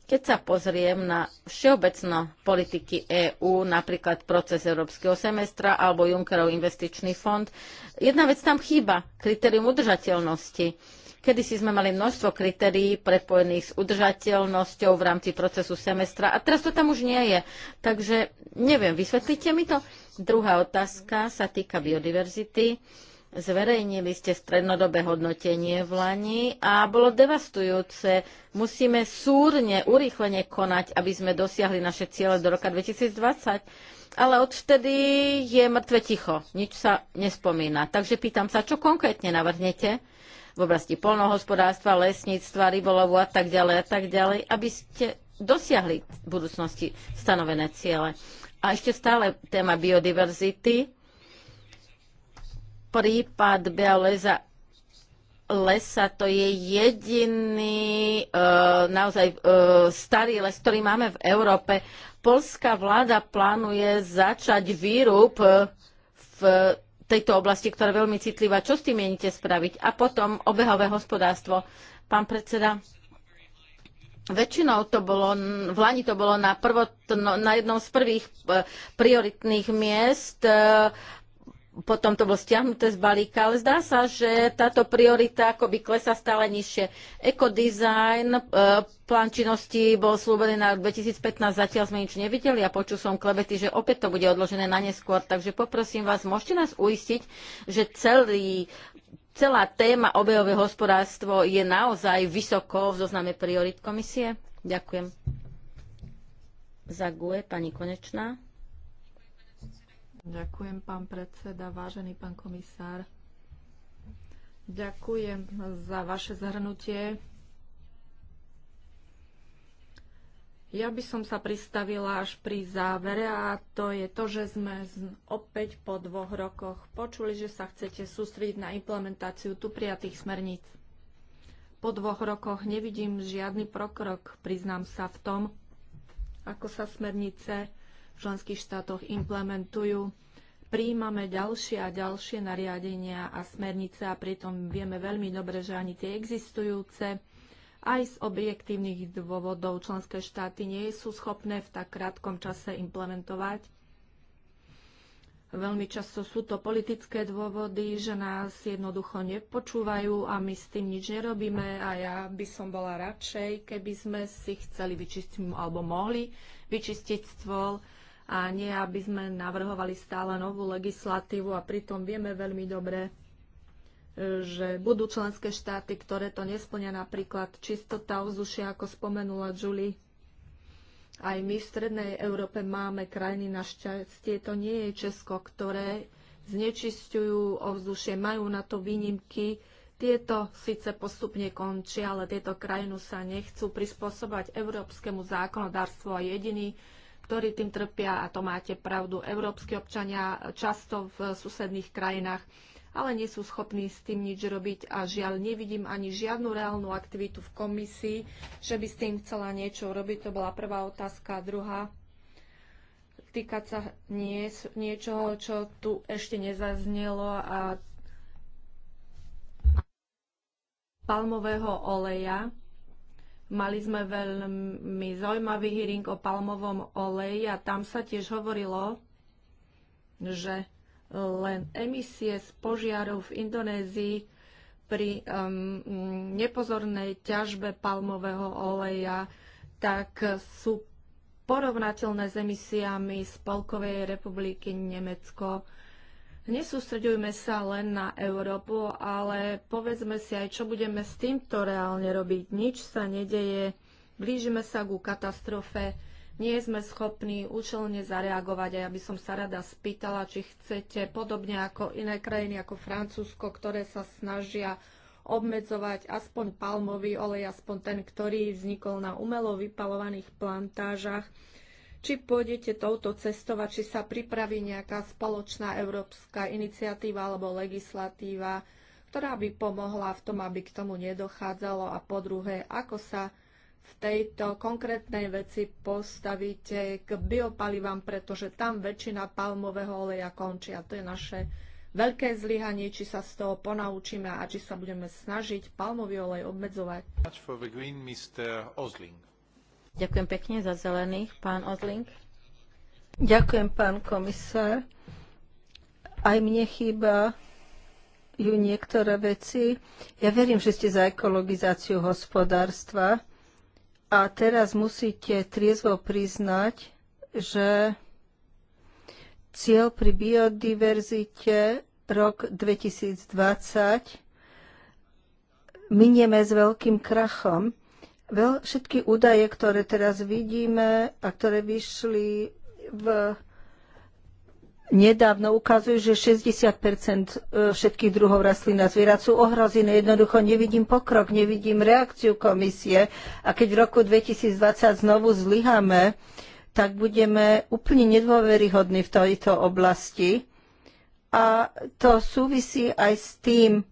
keď sa pozriem na všeobecno politiky EÚ, napríklad proces Európskeho semestra alebo Junckerov investičný fond, jedna vec tam chýba, kritérium udržateľnosti. Kedy si sme mali množstvo kritérií prepojených s udržateľnosťou v rámci procesu semestra a teraz to tam už nie je. Takže neviem, vysvetlíte mi to? Druhá otázka sa týka biodiverzity. Zverejnili ste strednodobé hodnotenie v Lani a bolo devastujúce. Musíme súrne, urýchlene konať, aby sme dosiahli naše ciele do roka 2020. Ale odvtedy je mŕtve ticho, nič sa nespomína. Takže pýtam sa, čo konkrétne navrhnete v oblasti polnohospodárstva, lesníctva, rybolovu a tak ďalej a tak ďalej, aby ste dosiahli v budúcnosti stanovené ciele. A ešte stále téma biodiverzity prípad Bealeza lesa, to je jediný e, naozaj e, starý les, ktorý máme v Európe. Polská vláda plánuje začať výrub e, v tejto oblasti, ktorá je veľmi citlivá. Čo s tým mienite spraviť? A potom obehové hospodárstvo. Pán predseda, väčšinou to bolo, v Lani to bolo na, prvotno, na jednom z prvých e, prioritných miest e, potom to bolo stiahnuté z balíka, ale zdá sa, že táto priorita akoby klesa stále nižšie. Ekodizajn, e, plán činnosti bol slúbený na 2015, zatiaľ sme nič nevideli a počul som klebety, že opäť to bude odložené na neskôr, takže poprosím vás, môžete nás uistiť, že celý, celá téma obehové hospodárstvo je naozaj vysoko v zozname priorit komisie? Ďakujem. Zaguje, pani Konečná. Ďakujem, pán predseda, vážený pán komisár. Ďakujem za vaše zhrnutie. Ja by som sa pristavila až pri závere a to je to, že sme opäť po dvoch rokoch počuli, že sa chcete sústrediť na implementáciu tu prijatých smerníc. Po dvoch rokoch nevidím žiadny prokrok, priznám sa v tom, ako sa smernice v členských štátoch implementujú. Príjmame ďalšie a ďalšie nariadenia a smernice a pritom vieme veľmi dobre, že ani tie existujúce aj z objektívnych dôvodov členské štáty nie sú schopné v tak krátkom čase implementovať. Veľmi často sú to politické dôvody, že nás jednoducho nepočúvajú a my s tým nič nerobíme a ja by som bola radšej, keby sme si chceli vyčistiť alebo mohli vyčistiť stôl a nie, aby sme navrhovali stále novú legislatívu a pritom vieme veľmi dobre, e, že budú členské štáty, ktoré to nesplňa napríklad čistota ovzdušia, ako spomenula Julie. Aj my v Strednej Európe máme krajiny, na šťastie, to nie je Česko, ktoré znečisťujú ovzdušie, majú na to výnimky, tieto síce postupne končia, ale tieto krajinu sa nechcú prispôsobať európskemu zákonodárstvu a jediný ktorí tým trpia, a to máte pravdu, európsky občania často v susedných krajinách, ale nie sú schopní s tým nič robiť a žiaľ nevidím ani žiadnu reálnu aktivitu v komisii, že by s tým chcela niečo robiť. To bola prvá otázka. Druhá, týkať sa nie, niečoho, čo tu ešte nezaznelo a palmového oleja. Mali sme veľmi zaujímavý hearing o palmovom oleji a tam sa tiež hovorilo, že len emisie z požiarov v Indonézii pri um, nepozornej ťažbe palmového oleja tak sú porovnateľné s emisiami Spolkovej republiky Nemecko Nesústredujme sa len na Európu, ale povedzme si aj, čo budeme s týmto reálne robiť. Nič sa nedeje, blížime sa ku katastrofe, nie sme schopní účelne zareagovať a ja by som sa rada spýtala, či chcete podobne ako iné krajiny, ako Francúzsko, ktoré sa snažia obmedzovať aspoň palmový olej, aspoň ten, ktorý vznikol na umelo vypalovaných plantážach, či pôjdete touto cestou a či sa pripraví nejaká spoločná európska iniciatíva alebo legislatíva, ktorá by pomohla v tom, aby k tomu nedochádzalo a po druhé, ako sa v tejto konkrétnej veci postavíte k biopalivám, pretože tam väčšina palmového oleja končí a to je naše veľké zlyhanie, či sa z toho ponaučíme a či sa budeme snažiť palmový olej obmedzovať. For the green, Mr. Ďakujem pekne za zelených. Pán Odling. Ďakujem, pán komisár. Aj mne chýba ju niektoré veci. Ja verím, že ste za ekologizáciu hospodárstva a teraz musíte triezvo priznať, že cieľ pri biodiverzite rok 2020 minieme s veľkým krachom. Veľ, všetky údaje, ktoré teraz vidíme a ktoré vyšli v nedávno ukazujú, že 60 e, všetkých druhov rastlín a zvierat sú ohrozené. Jednoducho nevidím pokrok, nevidím reakciu komisie a keď v roku 2020 znovu zlyhame, tak budeme úplne nedôveryhodní v tejto oblasti. A to súvisí aj s tým,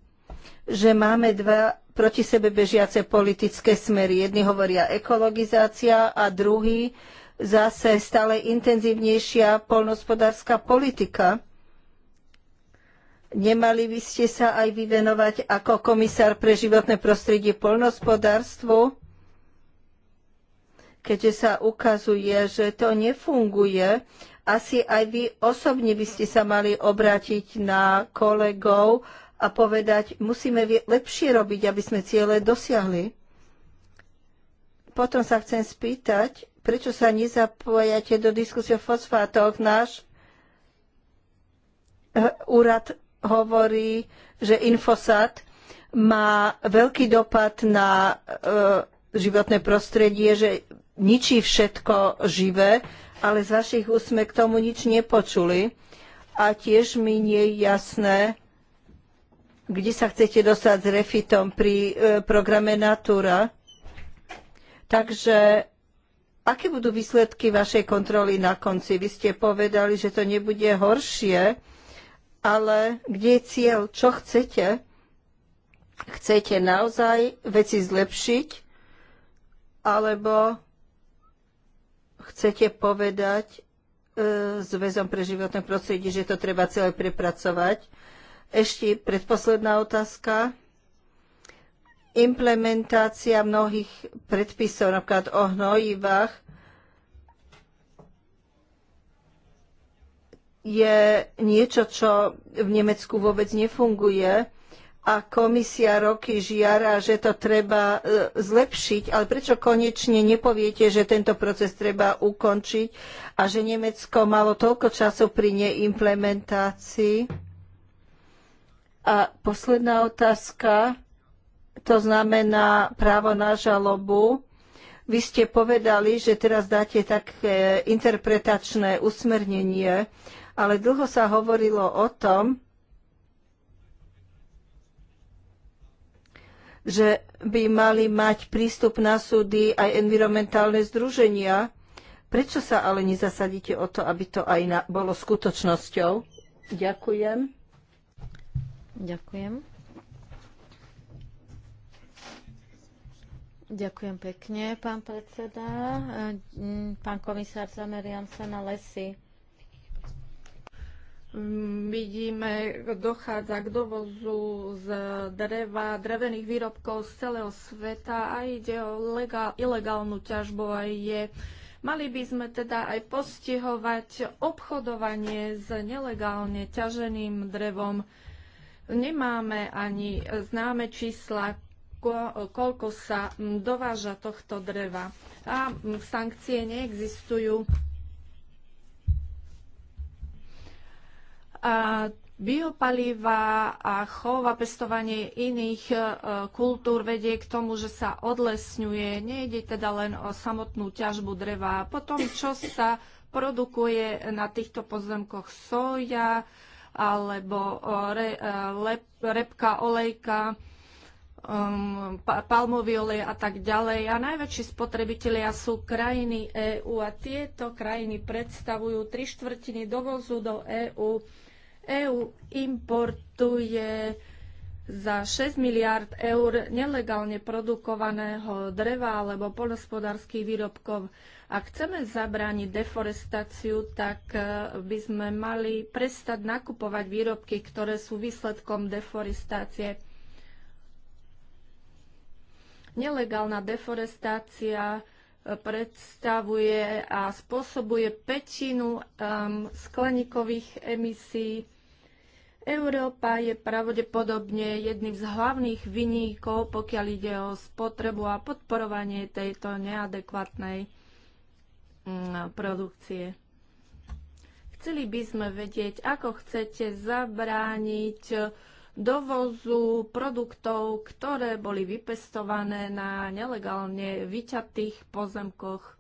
že máme dva proti sebe bežiace politické smery. Jedni hovoria ekologizácia a druhý zase stále intenzívnejšia poľnohospodárska politika. Nemali by ste sa aj vyvenovať ako komisár pre životné prostredie poľnohospodárstvu, keďže sa ukazuje, že to nefunguje. Asi aj vy osobne by ste sa mali obrátiť na kolegov, a povedať, musíme lepšie robiť, aby sme ciele dosiahli. Potom sa chcem spýtať, prečo sa nezapojate do diskusie o fosfátoch. Náš eh, úrad hovorí, že infosát má veľký dopad na eh, životné prostredie, že ničí všetko živé, ale z vašich úst sme k tomu nič nepočuli. A tiež mi nie je jasné, kde sa chcete dostať s refitom pri e, programe Natura. Takže aké budú výsledky vašej kontroly na konci? Vy ste povedali, že to nebude horšie, ale kde je cieľ? Čo chcete? Chcete naozaj veci zlepšiť? Alebo chcete povedať e, s väzom pre životné prostredie, že to treba celé prepracovať? Ešte predposledná otázka. Implementácia mnohých predpisov, napríklad o hnojivách, je niečo, čo v Nemecku vôbec nefunguje a komisia roky žiara, že to treba e, zlepšiť, ale prečo konečne nepoviete, že tento proces treba ukončiť a že Nemecko malo toľko času pri neimplementácii? A posledná otázka, to znamená právo na žalobu. Vy ste povedali, že teraz dáte také interpretačné usmernenie, ale dlho sa hovorilo o tom, že by mali mať prístup na súdy aj environmentálne združenia. Prečo sa ale nezasadíte o to, aby to aj bolo skutočnosťou? Ďakujem. Ďakujem. Ďakujem pekne, pán predseda. Pán komisár, zameriam sa na lesy. Vidíme, dochádza k dovozu z dreva, drevených výrobkov z celého sveta a ide o legál, ilegálnu ťažbu a je. Mali by sme teda aj postihovať obchodovanie s nelegálne ťaženým drevom nemáme ani známe čísla, koľko sa dováža tohto dreva. A sankcie neexistujú. A biopaliva a chov a pestovanie iných e, kultúr vedie k tomu, že sa odlesňuje. Nejde teda len o samotnú ťažbu dreva. Potom, čo sa produkuje na týchto pozemkoch soja, alebo re, e, lep, repka, olejka, um, palmový olej a tak ďalej. A najväčší spotrebitelia sú krajiny EÚ a tieto krajiny predstavujú tri štvrtiny dovozu do EÚ. EÚ importuje za 6 miliard eur nelegálne produkovaného dreva alebo poľnospodárských výrobkov. Ak chceme zabrániť deforestáciu, tak e, by sme mali prestať nakupovať výrobky, ktoré sú výsledkom deforestácie. Nelegálna deforestácia e, predstavuje a spôsobuje pätinu e, skleníkových emisí Európa je pravdepodobne jedným z hlavných vyníkov, pokiaľ ide o spotrebu a podporovanie tejto neadekvátnej mm, produkcie. Chceli by sme vedieť, ako chcete zabrániť dovozu produktov, ktoré boli vypestované na nelegálne vyťatých pozemkoch.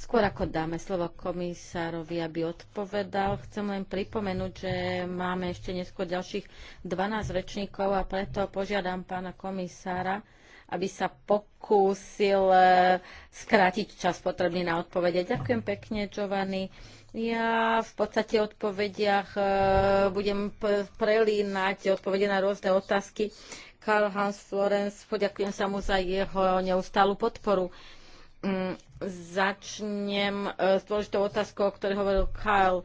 Skôr ako dáme slovo komisárovi, aby odpovedal, chcem len pripomenúť, že máme ešte neskôr ďalších 12 rečníkov a preto požiadam pána komisára, aby sa pokúsil e, skrátiť čas potrebný na odpovede. Ďakujem pekne, Giovanni. Ja v podstate v odpovediach e, budem prelínať odpovede na rôzne otázky. Karl Hans Florence, poďakujem sa mu za jeho neustálu podporu. Mm, začnem e, s dôležitou otázkou, o ktorej hovoril Kyle.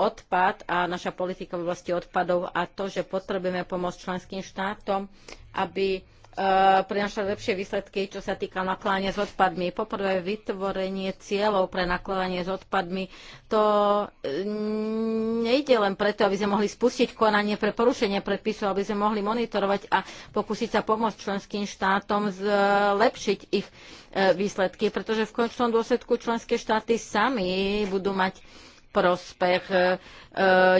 Odpad a naša politika v oblasti odpadov a to, že potrebujeme pomôcť členským štátom, aby Eh, prinašať lepšie výsledky, čo sa týka nakladania s odpadmi. Poprvé, vytvorenie cieľov pre nakladanie s odpadmi. To eh, nejde len preto, aby sme mohli spustiť konanie pre porušenie predpisov, aby sme mohli monitorovať a pokúsiť sa pomôcť členským štátom zlepšiť ich eh, výsledky, pretože v končnom dôsledku členské štáty sami budú mať prospech e, e,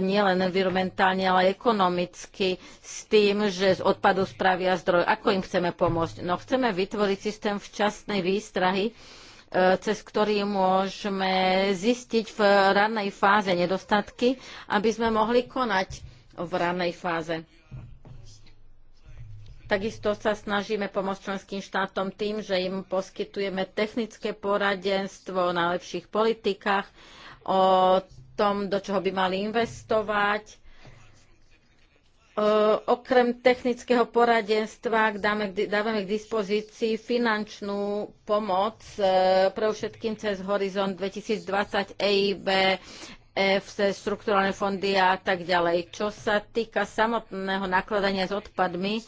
nielen environmentálne, ale ekonomicky s tým, že z odpadu spravia zdroj. Ako im chceme pomôcť? No chceme vytvoriť systém včasnej výstrahy, e, cez ktorý môžeme zistiť v ranej fáze nedostatky, aby sme mohli konať v ranej fáze. Takisto sa snažíme pomôcť členským štátom tým, že im poskytujeme technické poradenstvo na lepších politikách, o tom, do čoho by mali investovať. E, okrem technického poradenstva dáme, dávame k dispozícii finančnú pomoc e, pre všetkým cez Horizont 2020 EIB, EFC, štruktúrálne fondy a tak ďalej. Čo sa týka samotného nakladania s odpadmi, e,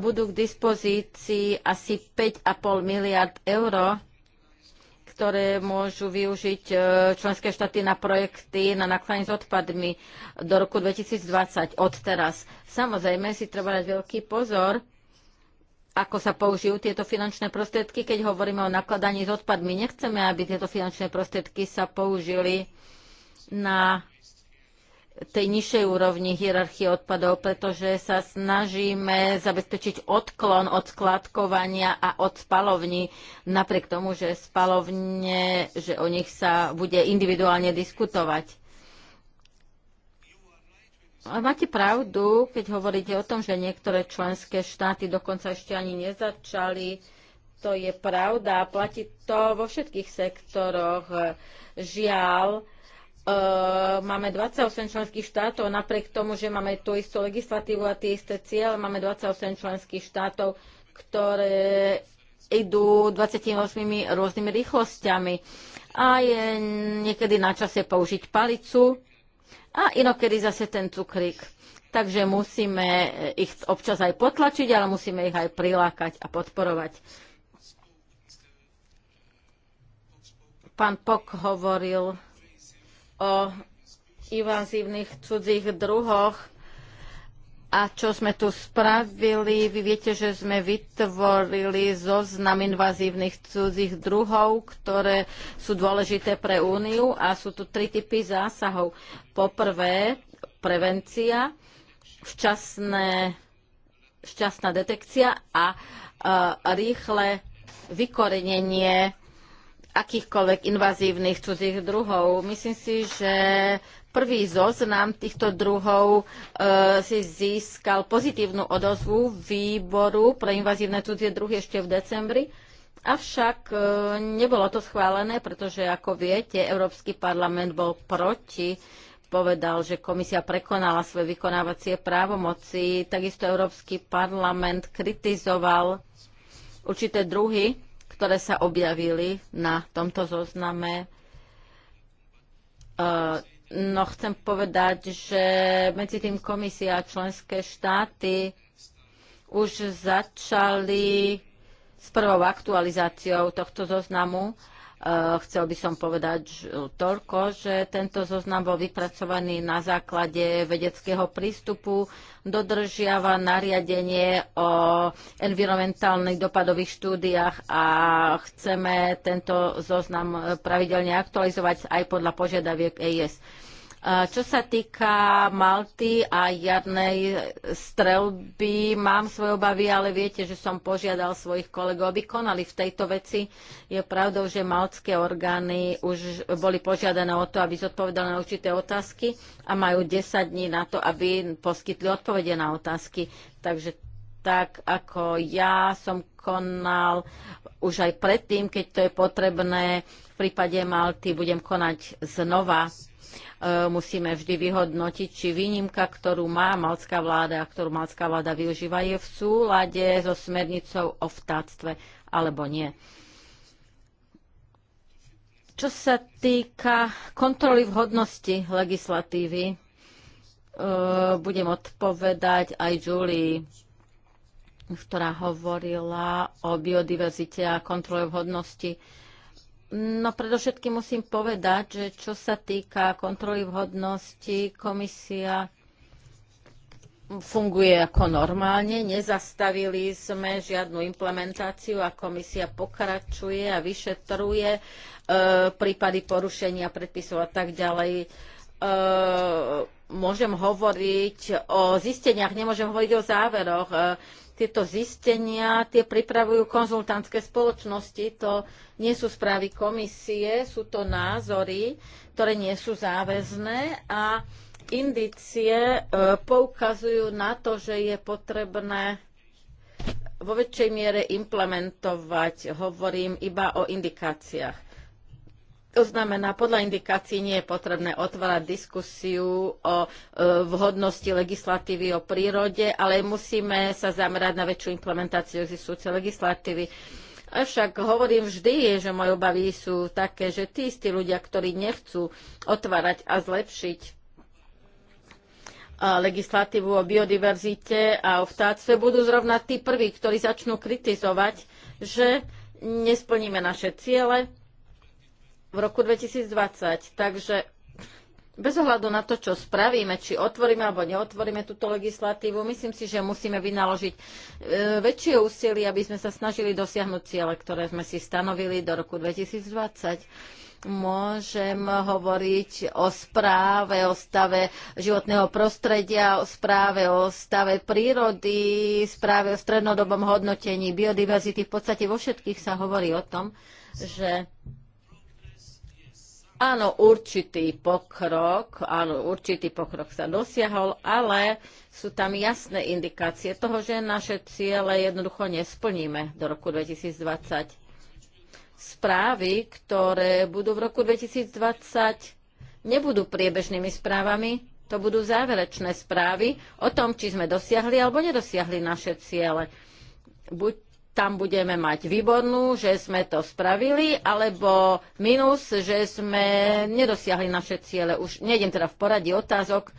budú k dispozícii asi 5,5 miliard eur ktoré môžu využiť e, členské štáty na projekty na nakladanie s odpadmi do roku 2020, od teraz. Samozrejme si treba dať veľký pozor, ako sa použijú tieto finančné prostriedky, keď hovoríme o nakladaní s odpadmi. Nechceme, aby tieto finančné prostriedky sa použili na tej nižšej úrovni hierarchie odpadov, pretože sa snažíme zabezpečiť odklon od skladkovania a od spalovní, napriek tomu, že spalovne, že o nich sa bude individuálne diskutovať. A máte pravdu, keď hovoríte o tom, že niektoré členské štáty dokonca ešte ani nezačali. To je pravda, platí to vo všetkých sektoroch. Žiaľ, E, máme 28 členských štátov, napriek tomu, že máme tú istú legislatívu a tie isté cieľ, máme 28 členských štátov, ktoré idú 28 rôznymi rýchlosťami. A je niekedy na čase použiť palicu a inokedy zase ten cukrík. Takže musíme ich občas aj potlačiť, ale musíme ich aj prilákať a podporovať. Pán Pok hovoril o invazívnych cudzích druhoch a čo sme tu spravili. Vy viete, že sme vytvorili zoznam invazívnych cudzích druhov, ktoré sú dôležité pre Úniu a sú tu tri typy zásahov. Poprvé, prevencia, včasné, včasná detekcia a, a rýchle vykorenenie akýchkoľvek invazívnych cudzích druhov. Myslím si, že prvý zoznam týchto druhov e, si získal pozitívnu odozvu výboru pre invazívne cudzie druhy ešte v decembri. Avšak e, nebolo to schválené, pretože, ako viete, Európsky parlament bol proti povedal, že komisia prekonala svoje vykonávacie právomoci. Takisto Európsky parlament kritizoval určité druhy ktoré sa objavili na tomto zozname. E, no chcem povedať, že medzi tým komisia a členské štáty už začali s prvou aktualizáciou tohto zoznamu Eh, chcel by som povedať toľko, že tento zoznam bol vypracovaný na základe vedeckého prístupu, dodržiava nariadenie o environmentálnych dopadových štúdiách a chceme tento zoznam pravidelne aktualizovať aj podľa požiadaviek EIS. Čo sa týka Malty a jadnej strelby, mám svoje obavy, ale viete, že som požiadal svojich kolegov, aby konali v tejto veci. Je pravdou, že maltské orgány už boli požiadané o to, aby zodpovedali na určité otázky a majú 10 dní na to, aby poskytli odpovede na otázky. Takže tak ako ja som konal už aj predtým, keď to je potrebné, v prípade Malty budem konať znova E, musíme vždy vyhodnotiť, či výnimka, ktorú má malská vláda a ktorú malská vláda využíva, je v súlade so smernicou o vtáctve alebo nie. Čo sa týka kontroly vhodnosti legislatívy, e, budem odpovedať aj Julie ktorá hovorila o biodiverzite a kontrole vhodnosti. No predovšetkým musím povedať, že čo sa týka kontroly vhodnosti, komisia funguje ako normálne. Nezastavili sme žiadnu implementáciu a komisia pokračuje a vyšetruje e, prípady porušenia predpisov a tak ďalej. E, môžem hovoriť o zisteniach, nemôžem hovoriť o záveroch. E, tieto zistenia, tie pripravujú konzultantské spoločnosti, to nie sú správy komisie, sú to názory, ktoré nie sú záväzné a indície e, poukazujú na to, že je potrebné vo väčšej miere implementovať. Hovorím iba o indikáciách. To znamená, podľa indikácií nie je potrebné otvárať diskusiu o e, vhodnosti legislatívy o prírode, ale musíme sa zamerať na väčšiu implementáciu existujúcej legislatívy. Avšak hovorím vždy, že moje obavy sú také, že tí istí ľudia, ktorí nechcú otvárať a zlepšiť e, legislatívu o biodiverzite a o vtáctve, budú zrovna tí prví, ktorí začnú kritizovať, že nesplníme naše ciele, v roku 2020. Takže bez ohľadu na to, čo spravíme, či otvoríme alebo neotvoríme túto legislatívu, myslím si, že musíme vynaložiť e, väčšie úsilie, aby sme sa snažili dosiahnuť ciele, ktoré sme si stanovili do roku 2020 môžem hovoriť o správe, o stave životného prostredia, o správe o stave prírody, správe o strednodobom hodnotení biodiverzity. V podstate vo všetkých sa hovorí o tom, že Áno, určitý pokrok, áno, určitý pokrok sa dosiahol, ale sú tam jasné indikácie toho, že naše ciele jednoducho nesplníme do roku 2020. Správy, ktoré budú v roku 2020, nebudú priebežnými správami, to budú záverečné správy o tom, či sme dosiahli alebo nedosiahli naše ciele. Buď tam budeme mať výbornú, že sme to spravili, alebo minus, že sme nedosiahli naše ciele. Už nejdem teda v poradí otázok. E,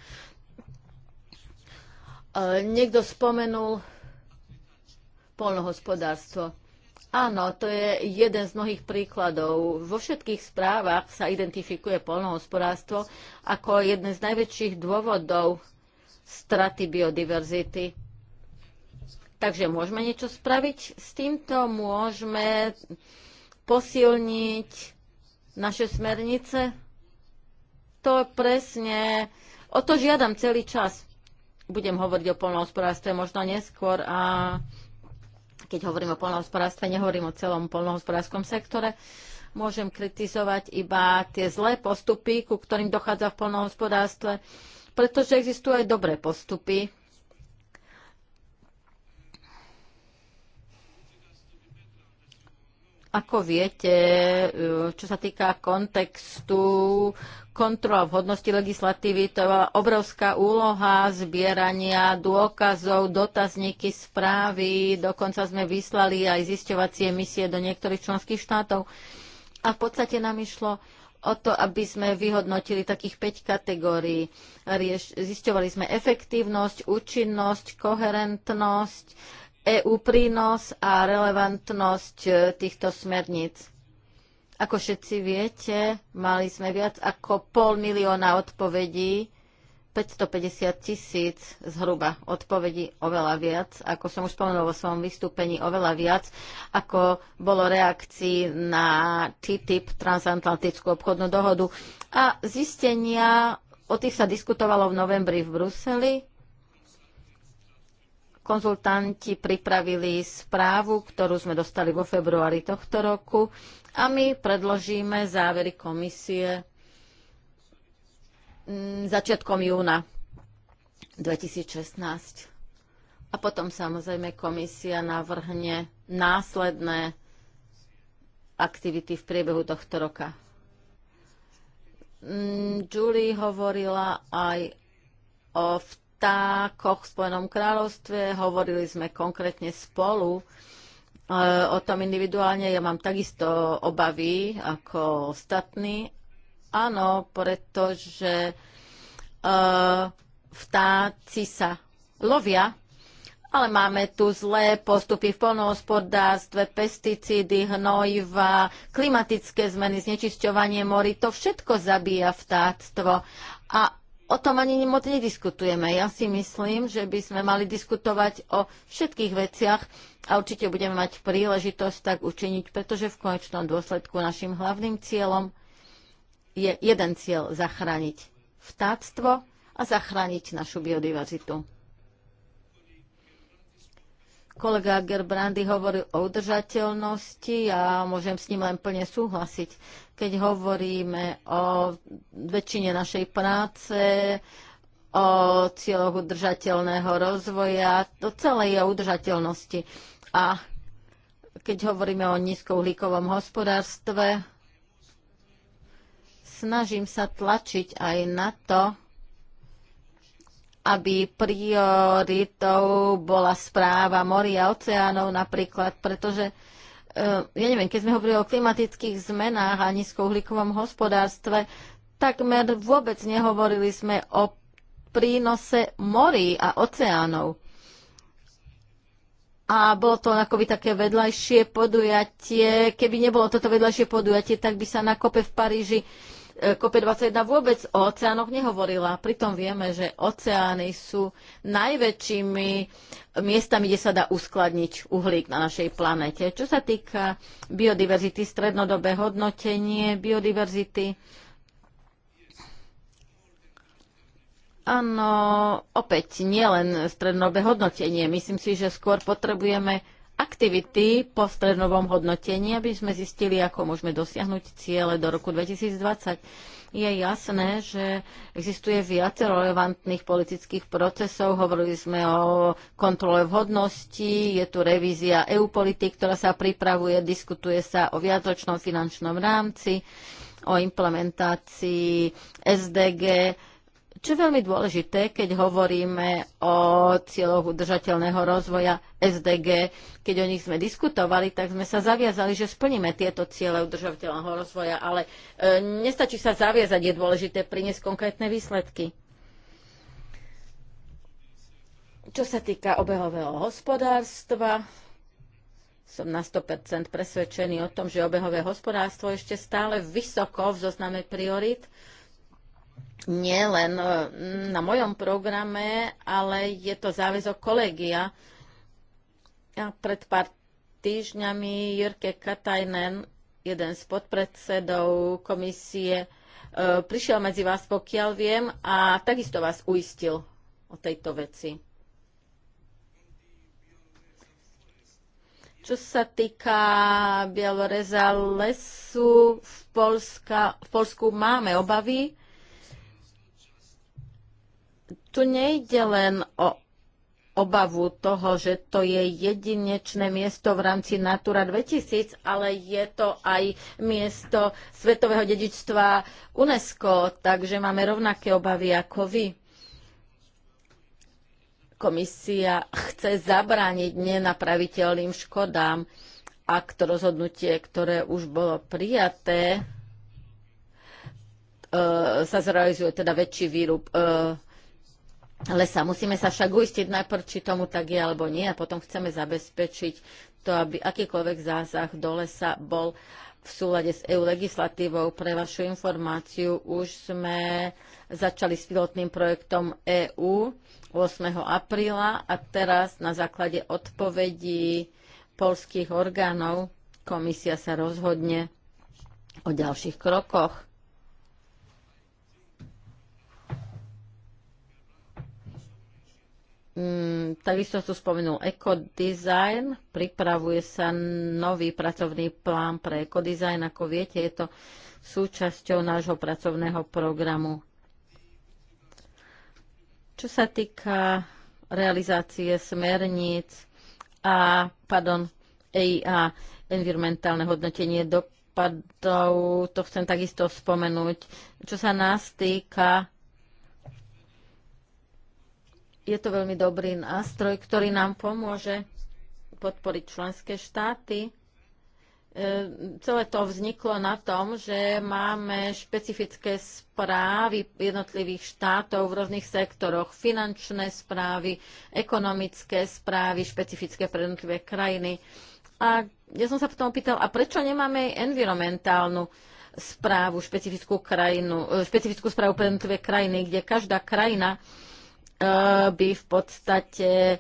niekto spomenul polnohospodárstvo. Áno, to je jeden z mnohých príkladov. Vo všetkých správach sa identifikuje polnohospodárstvo ako jeden z najväčších dôvodov straty biodiverzity Takže môžeme niečo spraviť s týmto? Môžeme posilniť naše smernice? To presne, o to žiadam celý čas. Budem hovoriť o polnohospodárstve možno neskôr a keď hovorím o polnohospodárstve, nehovorím o celom polnohospodárskom sektore. Môžem kritizovať iba tie zlé postupy, ku ktorým dochádza v polnohospodárstve, pretože existujú aj dobré postupy, Ako viete, e, čo sa týka kontextu, kontrola vhodnosti legislatívy, to je obrovská úloha zbierania dôkazov, dotazníky, správy. Dokonca sme vyslali aj zisťovacie misie do niektorých členských štátov. A v podstate nám išlo o to, aby sme vyhodnotili takých 5 kategórií. Rieš, zisťovali sme efektívnosť, účinnosť, koherentnosť, EU prínos a relevantnosť e, týchto smerníc. Ako všetci viete, mali sme viac ako pol milióna odpovedí, 550 tisíc zhruba odpovedí oveľa viac, ako som už spomenul vo svojom vystúpení, oveľa viac, ako bolo reakcií na TTIP, transatlantickú obchodnú dohodu. A zistenia, o tých sa diskutovalo v novembri v Bruseli, Konzultanti pripravili správu, ktorú sme dostali vo februári tohto roku a my predložíme závery komisie mm, začiatkom júna 2016. A potom samozrejme komisia navrhne následné aktivity v priebehu tohto roka. Mm, Julie hovorila aj o v letákoch v Spojenom kráľovstve, hovorili sme konkrétne spolu eh, o tom individuálne. Ja mám takisto obavy ako ostatní. Áno, pretože eh, vtáci sa lovia, ale máme tu zlé postupy v polnohospodárstve, pesticídy, hnojiva, klimatické zmeny, znečisťovanie mori. To všetko zabíja vtáctvo. A o tom ani moc nediskutujeme. Ja si myslím, že by sme mali diskutovať o všetkých veciach a určite budeme mať príležitosť tak učiniť, pretože v konečnom dôsledku našim hlavným cieľom je jeden cieľ zachrániť vtáctvo a zachrániť našu biodiverzitu. Kolega Gerbrandy hovoril o udržateľnosti a môžem s ním len plne súhlasiť. Keď hovoríme o väčšine našej práce, o cieľoch udržateľného rozvoja, to celé je o udržateľnosti. A keď hovoríme o nízkouhlíkovom hospodárstve, snažím sa tlačiť aj na to, aby prioritou bola správa a oceánov napríklad, pretože eh, ja neviem, keď sme hovorili o klimatických zmenách a nízkouhlíkovom hospodárstve, takmer vôbec nehovorili sme o prínose morí a oceánov. A bolo to akoby také vedľajšie podujatie. Keby nebolo toto vedľajšie podujatie, tak by sa na kope v Paríži uh, COP21 vôbec o oceánoch nehovorila. Pritom vieme, že oceány sú najväčšími miestami, kde sa dá uskladniť uhlík na našej planete. Čo sa týka biodiverzity, strednodobé hodnotenie biodiverzity, Áno, opäť nielen strednodobé hodnotenie. Myslím si, že skôr potrebujeme aktivity po strednovom hodnotení, aby sme zistili, ako môžeme dosiahnuť ciele do roku 2020. Je jasné, že existuje viacero relevantných politických procesov. Hovorili sme o kontrole vhodnosti, je tu revízia EU politik, ktorá sa pripravuje, diskutuje sa o viacročnom finančnom rámci, o implementácii SDG, čo je veľmi dôležité, keď hovoríme o cieľoch udržateľného rozvoja SDG, keď o nich sme diskutovali, tak sme sa zaviazali, že splníme tieto ciele udržateľného rozvoja, ale e, nestačí sa zaviazať, je dôležité priniesť konkrétne výsledky. Čo sa týka obehového hospodárstva, som na 100% presvedčený o tom, že obehové hospodárstvo ešte stále vysoko v zozname priorit nie len e, na mojom programe, ale je to záväzok kolegia. Ja pred pár týždňami Jirke Katajnen, jeden z podpredsedov komisie, e, prišiel medzi vás, pokiaľ viem, a takisto vás uistil o tejto veci. Čo sa týka Bieloreza lesu, v, Polska, v Polsku máme obavy, tu nejde len o obavu toho, že to je jedinečné miesto v rámci Natura 2000, ale je to aj miesto svetového dedičstva UNESCO, takže máme rovnaké obavy ako vy. Komisia chce zabrániť nenapraviteľným škodám, ak to rozhodnutie, ktoré už bolo prijaté, e, sa zrealizuje teda väčší výrub e, lesa. Musíme sa však uistiť najprv, či tomu tak je alebo nie a potom chceme zabezpečiť to, aby akýkoľvek zásah do lesa bol v súlade s EU legislatívou. Pre vašu informáciu už sme začali s pilotným projektom EU 8. apríla a teraz na základe odpovedí polských orgánov komisia sa rozhodne o ďalších krokoch Mm, takisto tu spomenul ekodizajn. Pripravuje sa nový pracovný plán pre ekodizajn. Ako viete, je to súčasťou nášho pracovného programu. Čo sa týka realizácie smerníc a, pardon, EIA, environmentálne hodnotenie dopadov, to chcem takisto spomenúť. Čo sa nás týka, je to veľmi dobrý nástroj, ktorý nám pomôže podporiť členské štáty. E, celé to vzniklo na tom, že máme špecifické správy jednotlivých štátov v rôznych sektoroch, finančné správy, ekonomické správy, špecifické pre jednotlivé krajiny. A ja som sa potom pýtal, a prečo nemáme environmentálnu správu, špecifickú, krajinu, e, špecifickú správu pre jednotlivé krajiny, kde každá krajina by v podstate e,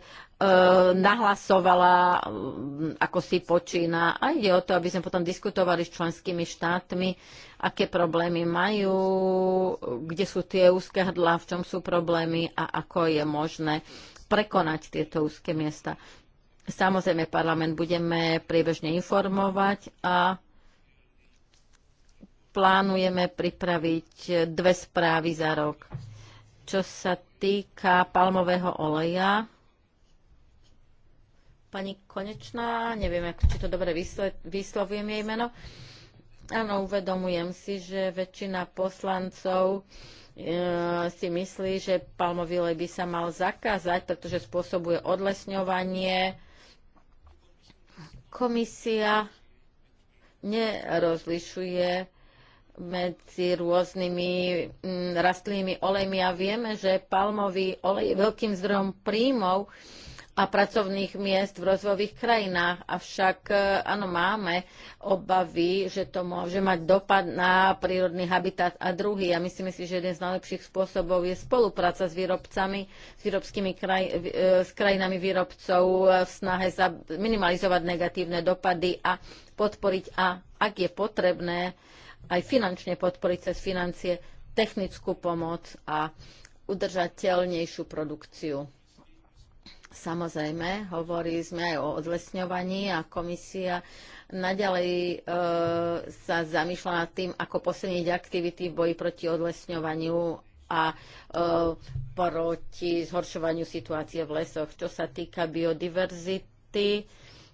nahlasovala, mm, ako si počína. A ide o to, aby sme potom diskutovali s členskými štátmi, aké problémy majú, kde sú tie úzke hrdla, v čom sú problémy a ako je možné prekonať tieto úzke miesta. Samozrejme, parlament budeme priebežne informovať a plánujeme pripraviť dve správy za rok čo sa týka palmového oleja. Pani Konečná, neviem, či to dobre vyslovujem jej meno. Áno, uvedomujem si, že väčšina poslancov e, si myslí, že palmový olej by sa mal zakázať, pretože spôsobuje odlesňovanie. Komisia nerozlišuje medzi rôznymi mm, rastlinnými olejmi a vieme, že palmový olej je veľkým zdrojom príjmov a pracovných miest v rozvojových krajinách. Avšak e, áno, máme obavy, že to môže mať dopad na prírodný habitat a druhý. A myslím si, že jeden z najlepších spôsobov je spolupráca s výrobcami, s, výrobskými kraj, e, s krajinami výrobcov e, v snahe minimalizovať negatívne dopady a podporiť a ak je potrebné, aj finančne podporiť cez financie technickú pomoc a udržateľnejšiu produkciu. Samozrejme, hovorili sme aj o odlesňovaní a komisia naďalej e, sa zamýšľa nad tým, ako posilniť aktivity v boji proti odlesňovaniu a e, proti zhoršovaniu situácie v lesoch. Čo sa týka biodiverzity,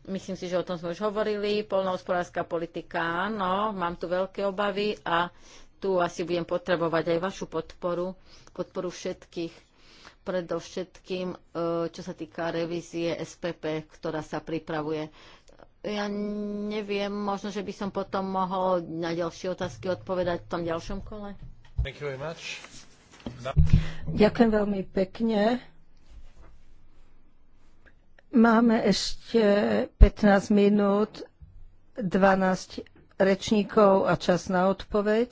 Myslím si, že o tom sme už hovorili. Polnohospodárska politika, áno, mám tu veľké obavy a tu asi budem potrebovať aj vašu podporu, podporu všetkých, predovšetkým e, čo sa týka revízie SPP, ktorá sa pripravuje. Ja neviem, možno, že by som potom mohol na ďalšie otázky odpovedať v tom ďalšom kole. Ďakujem veľmi pekne. Máme ešte 15 minút, 12 rečníkov a čas na odpoveď.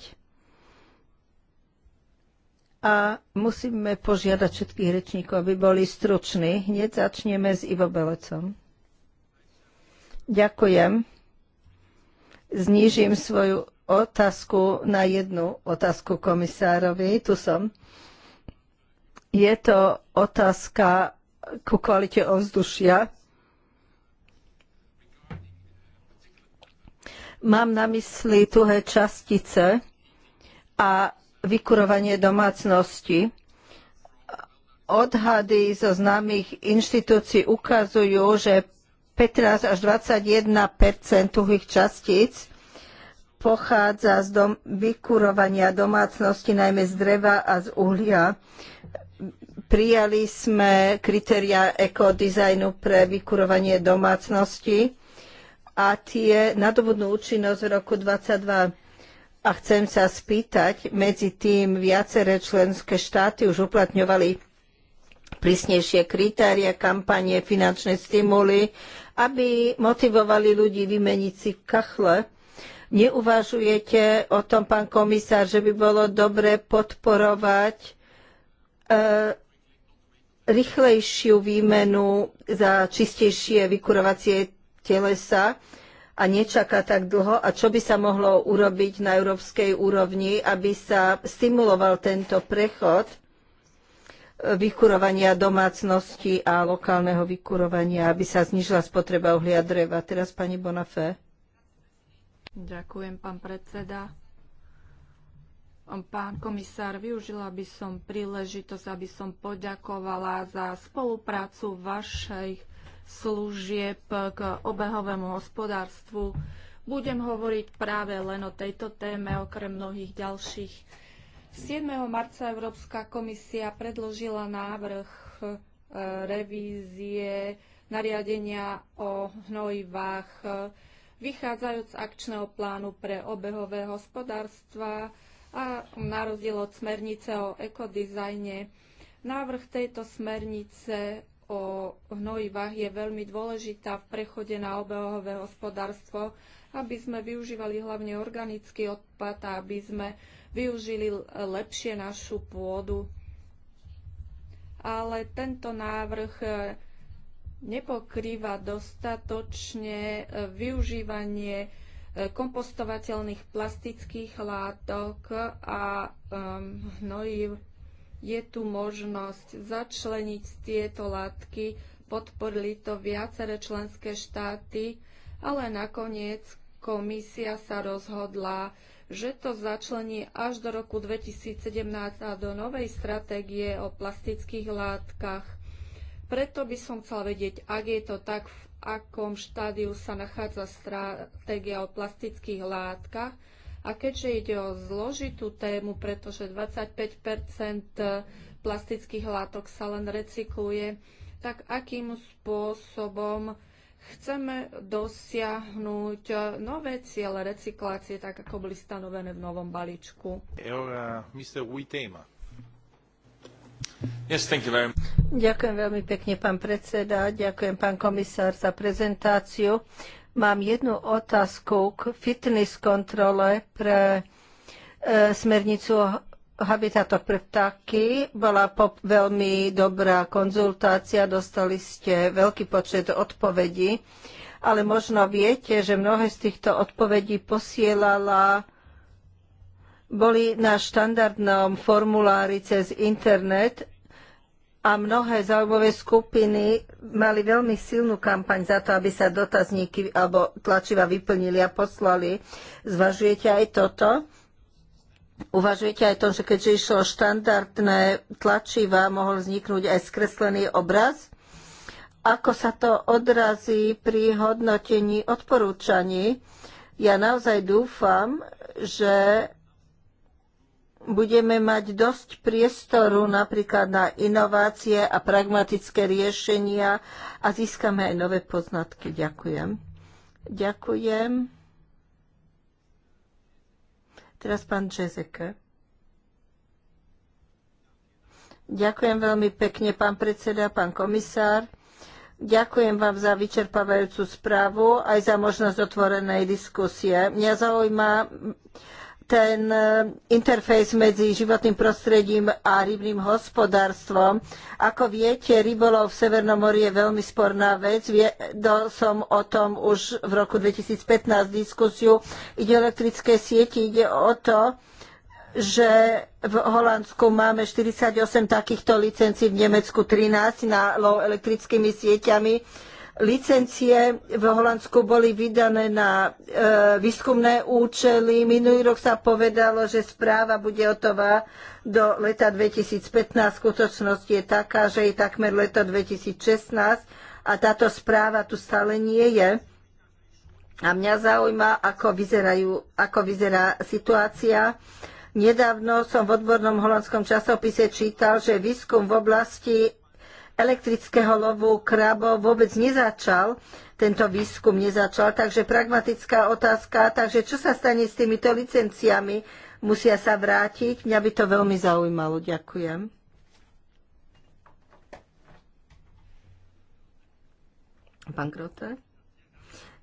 A musíme požiadať všetkých rečníkov, aby boli struční. Hneď začneme s Ivo Belecom. Ďakujem. Znížim svoju otázku na jednu otázku komisárovi. Tu som. Je to otázka ku kvalite ovzdušia. Mám na mysli tuhé častice a vykurovanie domácnosti. Odhady zo známych inštitúcií ukazujú, že 15 až 21 tuhých častíc pochádza z dom- vykurovania domácnosti, najmä z dreva a z uhlia. Prijali sme kritéria ekodizajnu pre vykurovanie domácnosti a tie nadobudnú účinnosť v roku 2022. A chcem sa spýtať, medzi tým viaceré členské štáty už uplatňovali prísnejšie kritéria, kampanie, finančné stimuly, aby motivovali ľudí vymeniť si kachle. Neuvažujete o tom, pán komisár, že by bolo dobre podporovať e, rýchlejšiu výmenu za čistejšie vykurovacie telesa a nečaká tak dlho a čo by sa mohlo urobiť na európskej úrovni, aby sa stimuloval tento prechod e, vykurovania domácnosti a lokálneho vykurovania, aby sa znižila spotreba uhlia dreva. Teraz pani Bonafé. Ďakujem, pán predseda. Hm, pán komisár, využila by som príležitosť, aby som poďakovala za spoluprácu vašich služieb k obehovému hospodárstvu. Budem hovoriť práve len o tejto téme, okrem mnohých ďalších. 7. marca Európska komisia predložila návrh e, revízie nariadenia o hnojivách, e, vychádzajúc z akčného plánu pre obehové hospodárstva a na rozdiel od smernice o ekodizajne. Návrh tejto smernice o hnojivách je veľmi dôležitá v prechode na obehové hospodárstvo, aby sme využívali hlavne organický odpad a aby sme využili lepšie našu pôdu. Ale tento návrh e, nepokrýva dostatočne e, využívanie kompostovateľných plastických látok a um, hnojív. Je tu možnosť začleniť tieto látky, podporili to viaceré členské štáty, ale nakoniec komisia sa rozhodla, že to začlení až do roku 2017 a do novej stratégie o plastických látkach. Preto by som chcela vedieť, ak je to tak, v akom štádiu sa nachádza stratégia o plastických látkach. A keďže ide o zložitú tému, pretože 25 plastických látok sa len recykluje, tak akým spôsobom chceme dosiahnuť nové ciele recyklácie, tak ako boli stanovené v novom balíčku. Eura, Mr. Uitema. Ďakujem veľmi pekne, pán predseda. Ďakujem, pán komisár, za prezentáciu. Mám jednu otázku k fitness kontrole pre e, smernicu habitatoch pre vtáky. Bola pop veľmi dobrá konzultácia, dostali ste veľký počet odpovedí, ale možno viete, že mnohé z týchto odpovedí posielala boli na štandardnom formulári cez internet a mnohé zaujímavé skupiny mali veľmi silnú kampaň za to, aby sa dotazníky alebo tlačiva vyplnili a poslali. Zvažujete aj toto? Uvažujete aj to, že keďže išlo štandardné tlačiva, mohol vzniknúť aj skreslený obraz? Ako sa to odrazí pri hodnotení odporúčaní? Ja naozaj dúfam, že budeme mať dosť priestoru napríklad na inovácie a pragmatické riešenia a získame aj nové poznatky. Ďakujem. Ďakujem. Teraz pán Čezeke. Ďakujem veľmi pekne, pán predseda, pán komisár. Ďakujem vám za vyčerpávajúcu správu aj za možnosť otvorenej diskusie. Mňa zaujíma ten e, interfejs medzi životným prostredím a rybným hospodárstvom. Ako viete, rybolov v Severnom mori je veľmi sporná vec. Viedol som o tom už v roku 2015 diskusiu. Ide o elektrické sieti, ide o to, že v Holandsku máme 48 takýchto licencií, v Nemecku 13 na lov elektrickými sieťami Licencie v Holandsku boli vydané na e, výskumné účely. Minulý rok sa povedalo, že správa bude hotová do leta 2015. Skutočnosť je taká, že je takmer leto 2016 a táto správa tu stále nie je. A mňa zaujíma, ako, vyzerajú, ako vyzerá situácia. Nedávno som v odbornom holandskom časopise čítal, že výskum v oblasti elektrického lovu krabov vôbec nezačal, tento výskum nezačal, takže pragmatická otázka, takže čo sa stane s týmito licenciami, musia sa vrátiť, mňa by to veľmi zaujímalo, ďakujem. Pán Grote?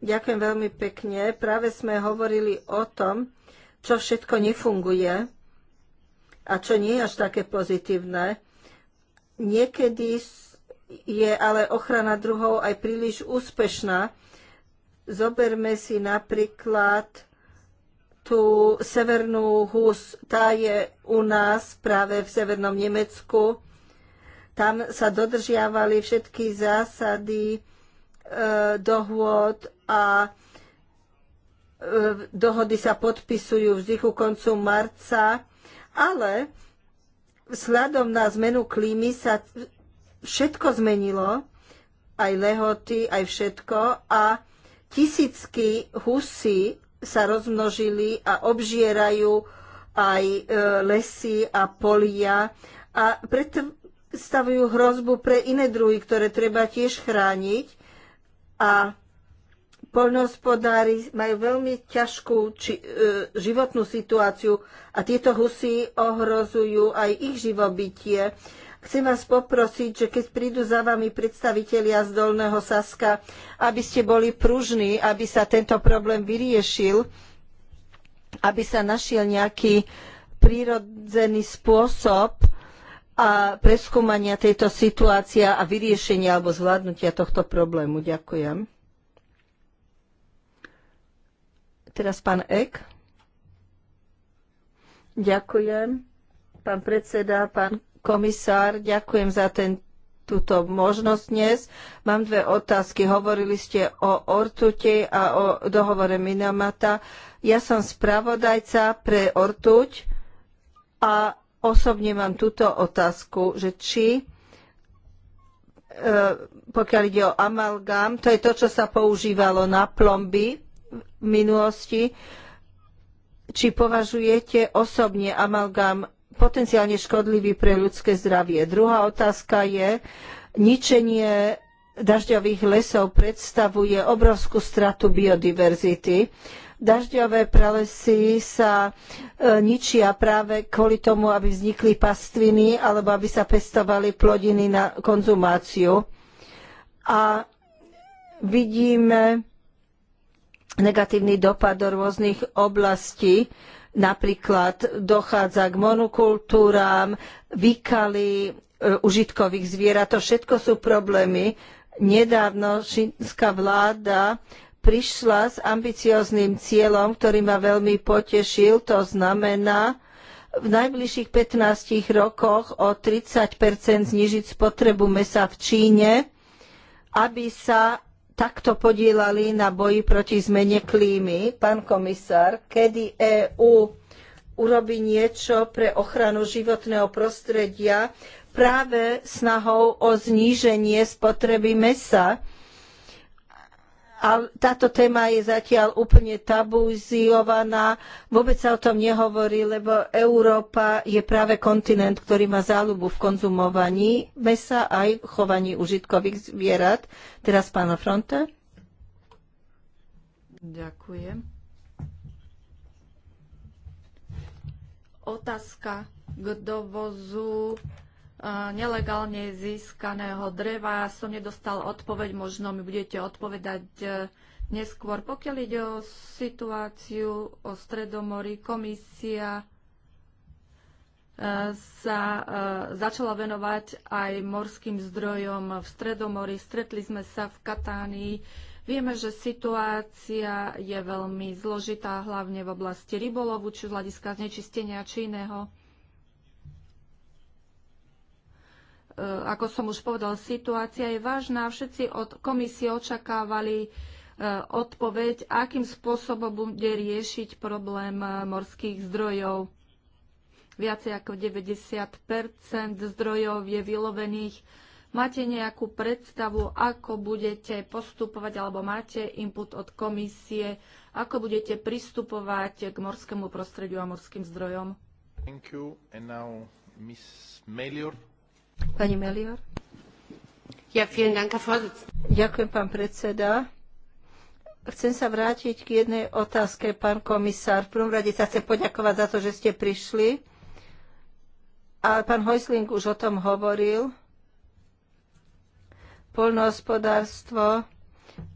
Ďakujem veľmi pekne. Práve sme hovorili o tom, čo všetko nefunguje a čo nie je až také pozitívne. Niekedy je ale ochrana druhov aj príliš úspešná. Zoberme si napríklad tú severnú hus, tá je u nás práve v severnom Nemecku. Tam sa dodržiavali všetky zásady e, dohôd a e, dohody sa podpisujú vždy ku koncu marca, ale vzhľadom na zmenu klímy sa všetko zmenilo, aj lehoty, aj všetko a tisícky husy sa rozmnožili a obžierajú aj e, lesy a polia a predstavujú hrozbu pre iné druhy, ktoré treba tiež chrániť a Poľnohospodári majú veľmi ťažkú či, e, životnú situáciu a tieto husy ohrozujú aj ich živobytie. Chcem vás poprosiť, že keď prídu za vami predstavitelia z Dolného Saska, aby ste boli pružní, aby sa tento problém vyriešil, aby sa našiel nejaký prírodzený spôsob a preskúmania tejto situácie a vyriešenia alebo zvládnutia tohto problému. Ďakujem. Teraz pán Ek. Ďakujem. Pán predseda, pán komisár, ďakujem za ten, túto možnosť dnes. Mám dve otázky. Hovorili ste o ortuti a o dohovore Minamata. Ja som spravodajca pre ortuť a osobne mám túto otázku, že či e, pokiaľ ide o amalgám, to je to, čo sa používalo na plomby, minulosti, či považujete osobne amalgám potenciálne škodlivý pre ľudské zdravie. Druhá otázka je, ničenie dažďových lesov predstavuje obrovskú stratu biodiverzity. Dažďové pralesy sa e, ničia práve kvôli tomu, aby vznikli pastviny alebo aby sa pestovali plodiny na konzumáciu. A vidíme negatívny dopad do rôznych oblastí. Napríklad dochádza k monokultúram, výkaly e, užitkových zvierat. To všetko sú problémy. Nedávno čínska vláda prišla s ambicióznym cieľom, ktorý ma veľmi potešil. To znamená, v najbližších 15 rokoch o 30 znižiť spotrebu mäsa v Číne, aby sa takto podielali na boji proti zmene klímy. Pán komisár, kedy EÚ urobí niečo pre ochranu životného prostredia práve snahou o zníženie spotreby mesa, a táto téma je zatiaľ úplne tabuizovaná, vôbec sa o tom nehovorí, lebo Európa je práve kontinent, ktorý má záľubu v konzumovaní mesa aj v chovaní užitkových zvierat. Teraz pán Fronte. Ďakujem. Otázka k dovozu nelegálne získaného dreva. Som nedostal odpoveď, možno mi budete odpovedať e, neskôr. Pokiaľ ide o situáciu o Stredomorí, komisia e, sa e, začala venovať aj morským zdrojom v Stredomori. Stretli sme sa v Katánii. Vieme, že situácia je veľmi zložitá, hlavne v oblasti rybolovu, či z hľadiska znečistenia, či iného. E, ako som už povedal, situácia je vážna. Všetci od komisie očakávali e, odpoveď, akým spôsobom bude riešiť problém e, morských zdrojov. Viacej ako 90 zdrojov je vylovených. Máte nejakú predstavu, ako budete postupovať, alebo máte input od komisie, ako budete pristupovať k morskému prostrediu a morským zdrojom? Thank you. And now Ms. Melior. Pani Melior. Ja, vielen Dank, Ďakujem, pán predseda. Chcem sa vrátiť k jednej otázke, pán komisár. V prvom rade sa chcem poďakovať za to, že ste prišli. A pán Hojsling už o tom hovoril. Poľnohospodárstvo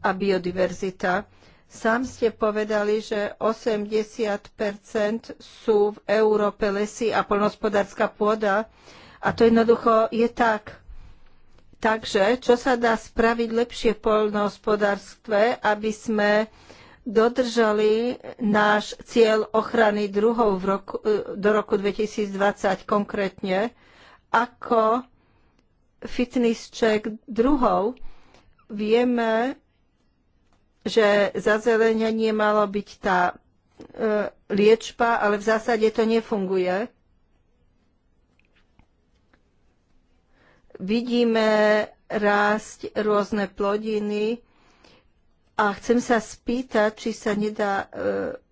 a biodiverzita. Sám ste povedali, že 80 sú v Európe lesy a poľnohospodárska pôda. A to jednoducho je tak. Takže, čo sa dá spraviť lepšie v poľnohospodárstve, aby sme dodržali náš cieľ ochrany druhov v roku, e, do roku 2020 konkrétne, ako fitness check druhov. Vieme, že zazelenie malo byť tá e, liečba, ale v zásade to nefunguje. Vidíme rásť rôzne plodiny a chcem sa spýtať, či sa nedá e,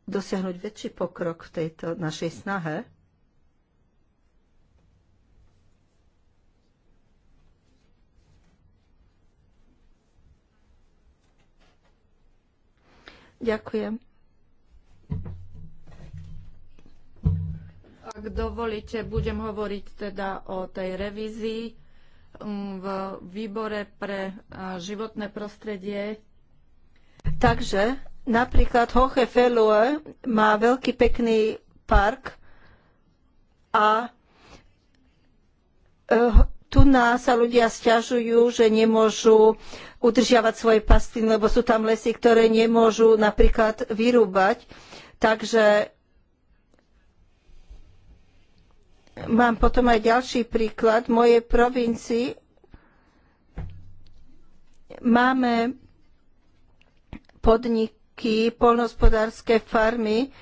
dosiahnuť väčší pokrok v tejto našej snahe. Ďakujem. Ak dovolíte, budem hovoriť teda o tej revízii Um, v výbore pre uh, životné prostredie. Takže napríklad Felue má veľký pekný park a eh, tu nás sa ľudia sťažujú, že nemôžu udržiavať svoje pastviny, lebo sú tam lesy, ktoré nemôžu napríklad vyrúbať. Takže Mám potom aj ďalší príklad. V mojej provincii máme podniky, polnospodárske farmy,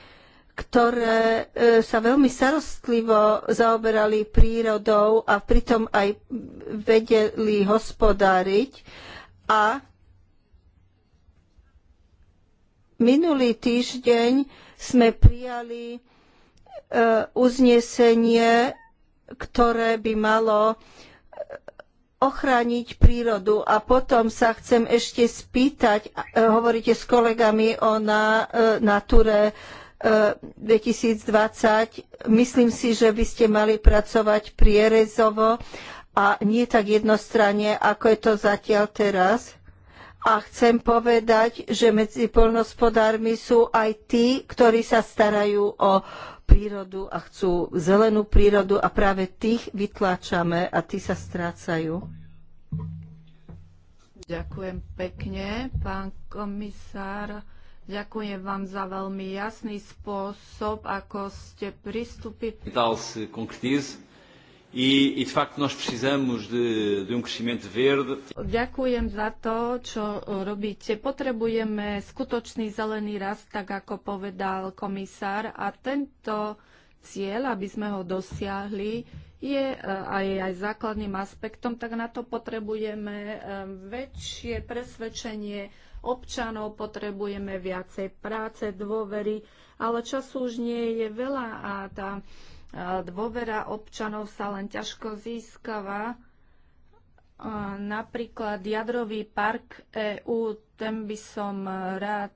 ktoré e, sa veľmi starostlivo zaoberali prírodou a pritom aj vedeli hospodáriť. A minulý týždeň sme prijali E, uznesenie, ktoré by malo e, ochrániť prírodu. A potom sa chcem ešte spýtať, e, hovoríte s kolegami o na, Nature 2020. Myslím si, že by ste mali pracovať prierezovo a nie tak jednostranne, ako je to zatiaľ teraz a chcem povedať, že medzi poľnospodármi sú aj tí, ktorí sa starajú o prírodu a chcú zelenú prírodu a práve tých vytláčame a tí sa strácajú. Ďakujem pekne, pán komisár. Ďakujem vám za veľmi jasný spôsob, ako ste pristúpili. E, e, de facto nós precisamos de, de um crescimento verde. Ďakujem za to, čo robíte. Potrebujeme skutočný zelený rast, tak ako povedal komisár. A tento cieľ, aby sme ho dosiahli, je eh, aj, aj základným aspektom, tak na to potrebujeme eh, väčšie presvedčenie občanov, potrebujeme viacej práce, dôvery, ale času už nie je veľa a tá Dôvera občanov sa len ťažko získava. Napríklad jadrový park EÚ, ten by som rád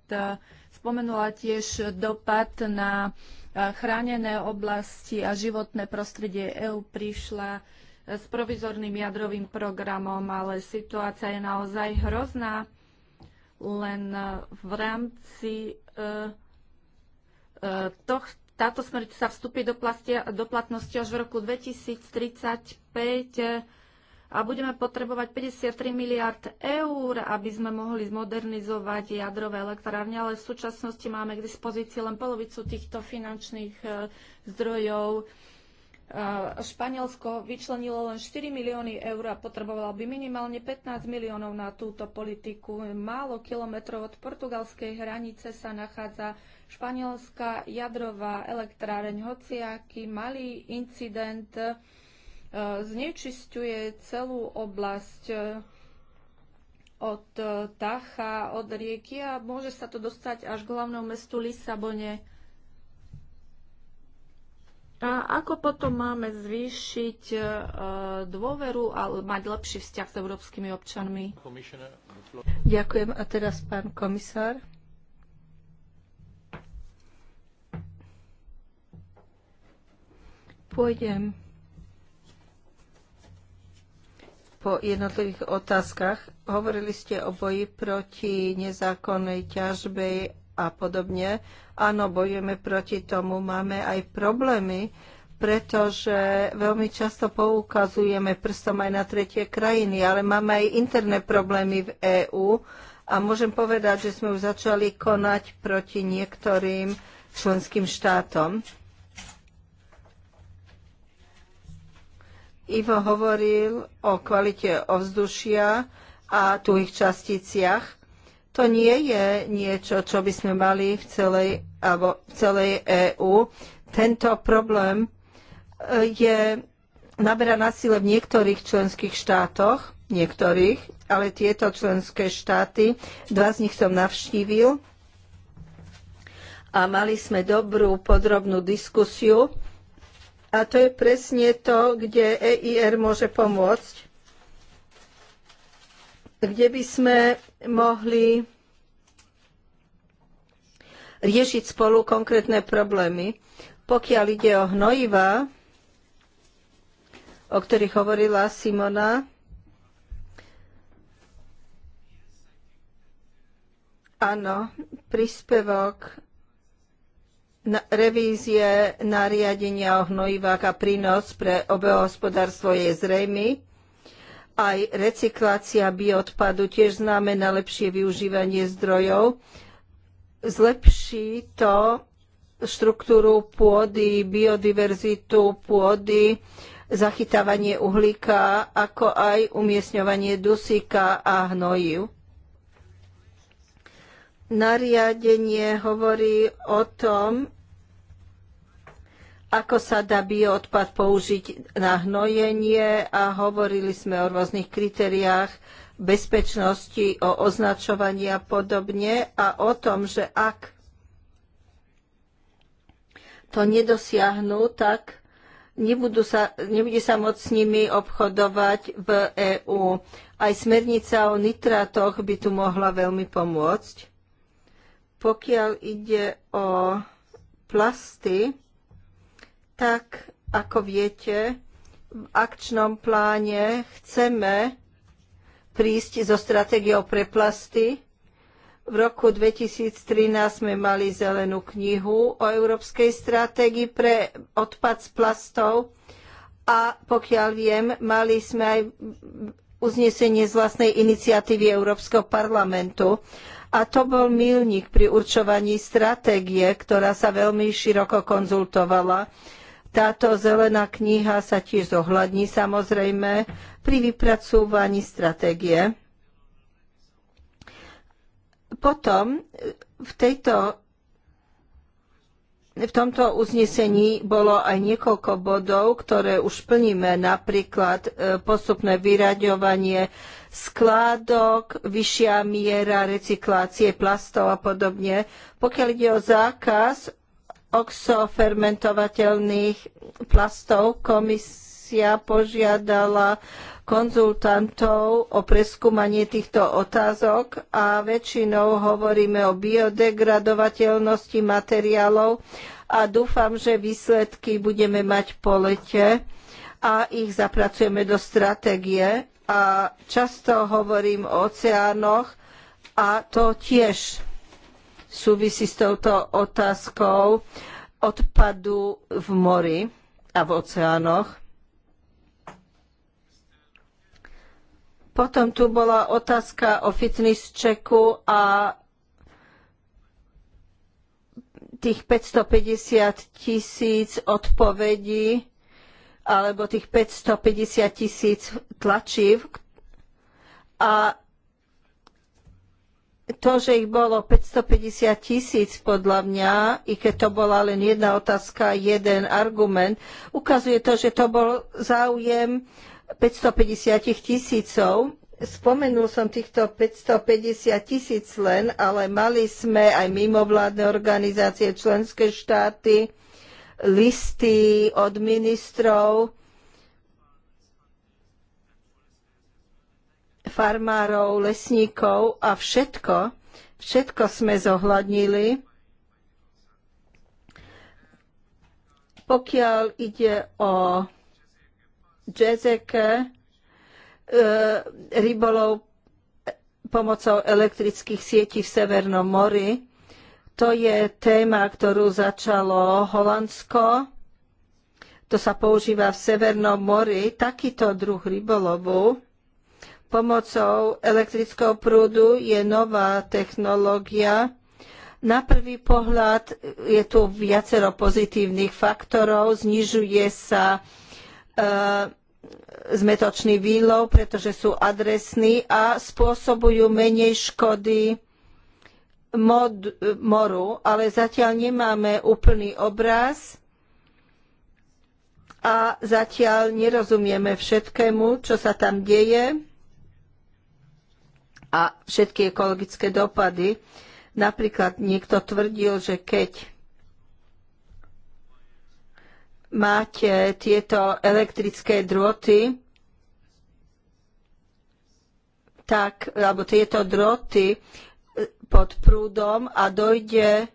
spomenula tiež dopad na chránené oblasti a životné prostredie EÚ prišla s provizorným jadrovým programom, ale situácia je naozaj hrozná. Len v rámci e, e, tohto táto smrť sa vstúpi do, do platnosti až v roku 2035 eh, a budeme potrebovať 53 miliard eur, aby sme mohli zmodernizovať jadrové elektrárne, ale v súčasnosti máme k dispozícii len polovicu týchto finančných eh, zdrojov Eh, Španielsko vyčlenilo len 4 milióny eur a potrebovalo by minimálne 15 miliónov na túto politiku. Málo kilometrov od portugalskej hranice sa nachádza španielská jadrová elektráreň. aký malý incident eh, znečisťuje celú oblasť eh, od Tacha, od rieky a môže sa to dostať až k hlavnom mestu Lisabone. A ako potom máme zvýšiť e, dôveru a mať lepší vzťah s európskymi občanmi? Ďakujem. A teraz pán komisár. Pôjdem po jednotlivých otázkach. Hovorili ste o boji proti nezákonnej ťažbe a podobne. Áno, bojujeme proti tomu, máme aj problémy, pretože veľmi často poukazujeme prstom aj na tretie krajiny, ale máme aj interné problémy v EÚ a môžem povedať, že sme už začali konať proti niektorým členským štátom. Ivo hovoril o kvalite ovzdušia a ich časticiach to nie je niečo, čo by sme mali v celej, alebo v celej EÚ. Tento problém e, je, naberá na sile v niektorých členských štátoch, niektorých, ale tieto členské štáty, dva z nich som navštívil a mali sme dobrú podrobnú diskusiu. A to je presne to, kde EIR môže pomôcť kde by sme mohli riešiť spolu konkrétne problémy. Pokiaľ ide o hnojiva, o ktorých hovorila Simona, áno, príspevok na revízie nariadenia o hnojivách a prínos pre obehospodárstvo je zrejmy aj recyklácia bioodpadu tiež znamená lepšie využívanie zdrojov. Zlepší to štruktúru pôdy, biodiverzitu pôdy, zachytávanie uhlíka, ako aj umiestňovanie dusíka a hnojív. Nariadenie hovorí o tom, ako sa dá bioodpad použiť na hnojenie a hovorili sme o rôznych kritériách bezpečnosti, o označovaní a podobne a o tom, že ak to nedosiahnu, tak nebudú sa, nebude sa môcť s nimi obchodovať v EÚ. Aj smernica o nitrátoch by tu mohla veľmi pomôcť. Pokiaľ ide o plasty, tak ako viete, v akčnom pláne chceme prísť so stratégiou pre plasty. V roku 2013 sme mali zelenú knihu o európskej stratégii pre odpad z plastov a pokiaľ viem, mali sme aj uznesenie z vlastnej iniciatívy Európskeho parlamentu. A to bol milník pri určovaní stratégie, ktorá sa veľmi široko konzultovala táto zelená kniha sa tiež zohľadní samozrejme pri vypracúvaní stratégie. Potom v, tejto, v tomto uznesení bolo aj niekoľko bodov, ktoré už plníme, napríklad e, postupné vyraďovanie skládok, vyššia miera recyklácie plastov a podobne. Pokiaľ ide o zákaz oxofermentovateľných plastov komisia požiadala konzultantov o preskúmanie týchto otázok a väčšinou hovoríme o biodegradovateľnosti materiálov a dúfam, že výsledky budeme mať po lete a ich zapracujeme do stratégie. A často hovorím o oceánoch a to tiež súvisí s touto otázkou odpadu v mori a v oceánoch. Potom tu bola otázka o fitness checku a tých 550 tisíc odpovedí alebo tých 550 tisíc tlačív a to, že ich bolo 550 tisíc podľa mňa, i keď to bola len jedna otázka, jeden argument, ukazuje to, že to bol záujem 550 tisícov. Spomenul som týchto 550 tisíc len, ale mali sme aj mimovládne organizácie, členské štáty, listy od ministrov, farmárov, lesníkov a všetko, všetko sme zohľadnili. Pokiaľ ide o Jezeke, e, rybolov pomocou elektrických sietí v Severnom mori. To je téma, ktorú začalo Holandsko. To sa používa v Severnom mori. Takýto druh rybolovu pomocou elektrického prúdu je nová technológia. Na prvý pohľad je tu viacero pozitívnych faktorov, znižuje sa e, zmetočný výlov, pretože sú adresní a spôsobujú menej škody mod, moru, ale zatiaľ nemáme úplný obraz a zatiaľ nerozumieme všetkému, čo sa tam deje a všetky ekologické dopady. Napríklad niekto tvrdil, že keď máte tieto elektrické drôty, tak, alebo tieto droty e, pod prúdom a dojde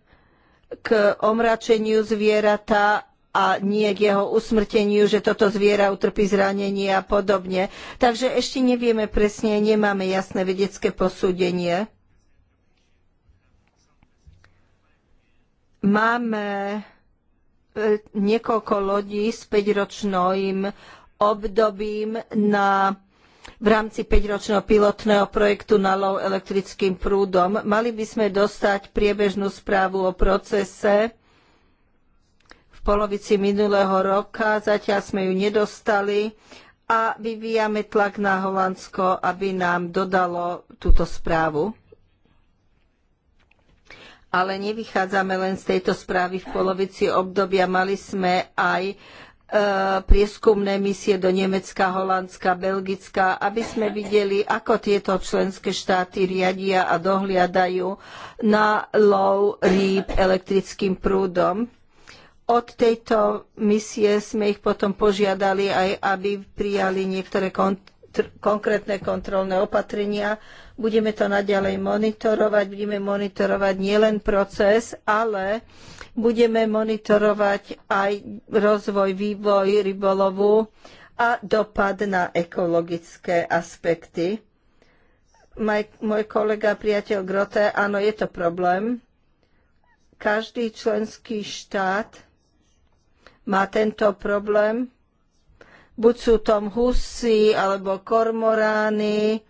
k omračeniu zvieratá a nie k jeho usmrteniu, že toto zviera utrpí zranenie a podobne. Takže ešte nevieme presne, nemáme jasné vedecké posúdenie. Máme e, niekoľko lodí s 5-ročným obdobím na v rámci 5-ročného pilotného projektu na lov elektrickým prúdom. Mali by sme dostať priebežnú správu o procese v polovici minulého roka, zatiaľ sme ju nedostali a vyvíjame tlak na Holandsko, aby nám dodalo túto správu. Ale nevychádzame len z tejto správy v polovici obdobia. Mali sme aj e, prieskumné misie do Nemecka, Holandska, Belgicka, aby sme videli, ako tieto členské štáty riadia a dohliadajú na low rýb elektrickým prúdom. Od tejto misie sme ich potom požiadali aj, aby prijali niektoré kontr- konkrétne kontrolné opatrenia. Budeme to naďalej monitorovať. Budeme monitorovať nielen proces, ale budeme monitorovať aj rozvoj, vývoj rybolovu a dopad na ekologické aspekty. môj kolega, priateľ Grote, áno, je to problém. Každý členský štát má tento problém. Buď sú tom husy alebo kormorány.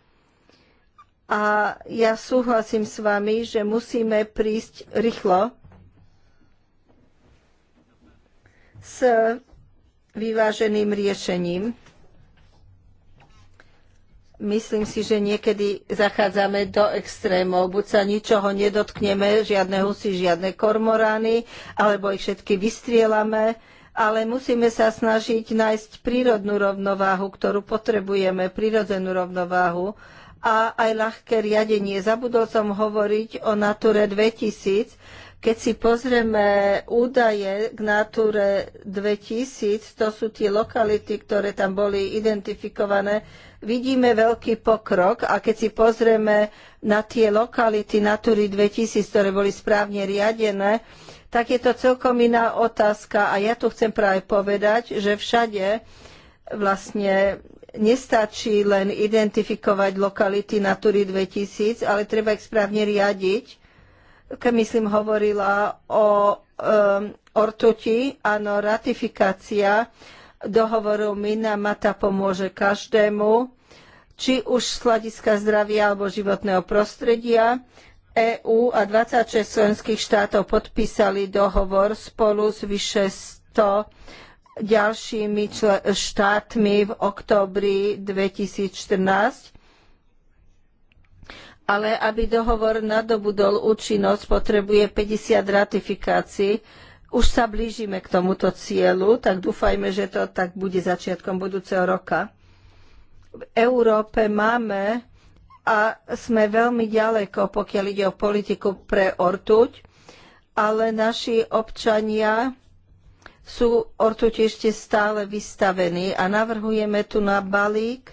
A ja súhlasím s vami, že musíme prísť rýchlo s vyváženým riešením. Myslím si, že niekedy zachádzame do extrémov. Buď sa ničoho nedotkneme, žiadne husy, žiadne kormorány, alebo ich všetky vystrielame ale musíme sa snažiť nájsť prírodnú rovnováhu, ktorú potrebujeme, prírodzenú rovnováhu a aj ľahké riadenie. Zabudol som hovoriť o Nature 2000. Keď si pozrieme údaje k Nature 2000, to sú tie lokality, ktoré tam boli identifikované, vidíme veľký pokrok a keď si pozrieme na tie lokality Natury 2000, ktoré boli správne riadené, tak je to celkom iná otázka. A ja tu chcem práve povedať, že všade vlastne nestačí len identifikovať lokality Natury 2000, ale treba ich správne riadiť. Keď myslím hovorila o um, ortuti, áno, ratifikácia dohovoru Mina Mata pomôže každému, či už z hľadiska zdravia alebo životného prostredia, EÚ a 26 členských štátov podpísali dohovor spolu s vyše 100 ďalšími štátmi v októbri 2014. Ale aby dohovor nadobudol účinnosť, potrebuje 50 ratifikácií. Už sa blížime k tomuto cieľu, tak dúfajme, že to tak bude začiatkom budúceho roka. V Európe máme a sme veľmi ďaleko, pokiaľ ide o politiku pre ortuť, ale naši občania sú ortuť ešte stále vystavení a navrhujeme tu na balík,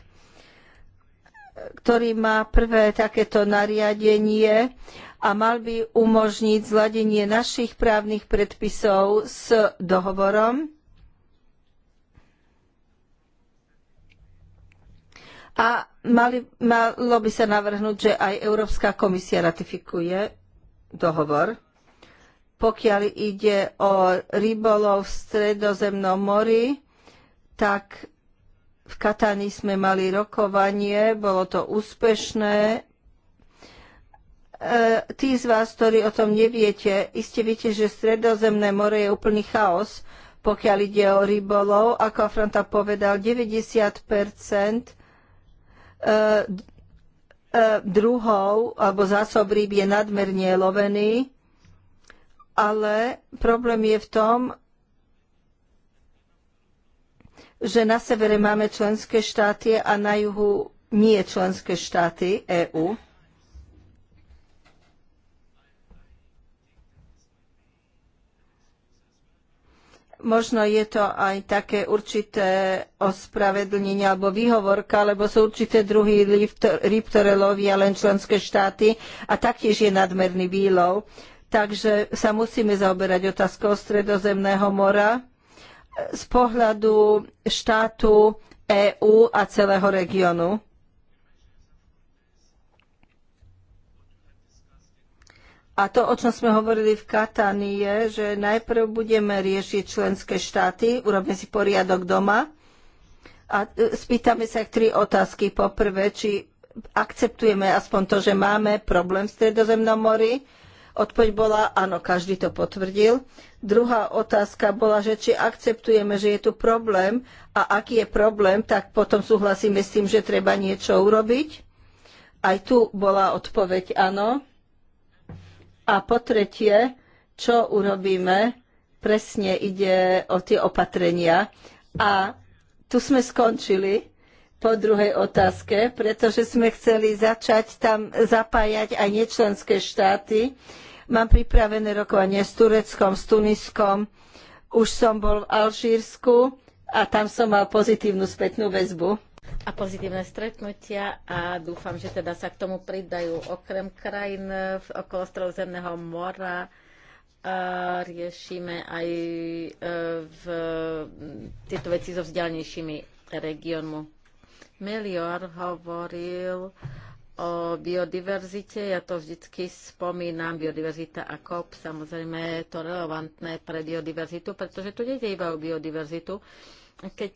ktorý má prvé takéto nariadenie a mal by umožniť zladenie našich právnych predpisov s dohovorom a mali, malo by sa navrhnúť, že aj Európska komisia ratifikuje dohovor. Pokiaľ ide o rybolov v stredozemnom mori, tak v Katani sme mali rokovanie, bolo to úspešné. E, tí z vás, ktorí o tom neviete, iste viete, že stredozemné more je úplný chaos, pokiaľ ide o rybolov. Ako Afronta povedal, 90 E, e, druhov alebo zásob rýb je nadmerne lovený, ale problém je v tom, že na severe máme členské štáty a na juhu nie členské štáty EÚ. Možno je to aj také určité ospravedlnenie alebo výhovorka, lebo sú určité druhy rýb, ktoré lovia len členské štáty a taktiež je nadmerný výlov. Takže sa musíme zaoberať otázkou Stredozemného mora z pohľadu štátu EÚ a celého regiónu. A to, o čom sme hovorili v Katani, je, že najprv budeme riešiť členské štáty, urobíme si poriadok doma a e, spýtame sa ich tri otázky. Poprvé, či akceptujeme aspoň to, že máme problém v Stredozemnom mori. Odpoď bola, áno, každý to potvrdil. Druhá otázka bola, že či akceptujeme, že je tu problém a aký je problém, tak potom súhlasíme s tým, že treba niečo urobiť. Aj tu bola odpoveď áno. A po tretie, čo urobíme, presne ide o tie opatrenia. A tu sme skončili po druhej otázke, pretože sme chceli začať tam zapájať aj nečlenské štáty. Mám pripravené rokovanie s Tureckom, s Tuniskom, už som bol v Alžírsku a tam som mal pozitívnu spätnú väzbu a pozitívne stretnutia a dúfam, že teda sa k tomu pridajú okrem krajín e, v okolo Stredozemného mora a e, riešime aj e, v tieto veci so vzdialnejšími regiónmi. Melior hovoril o biodiverzite, ja to vždycky spomínam, biodiverzita a COP, samozrejme je to relevantné pre biodiverzitu, pretože tu nejde iba o biodiverzitu. Keď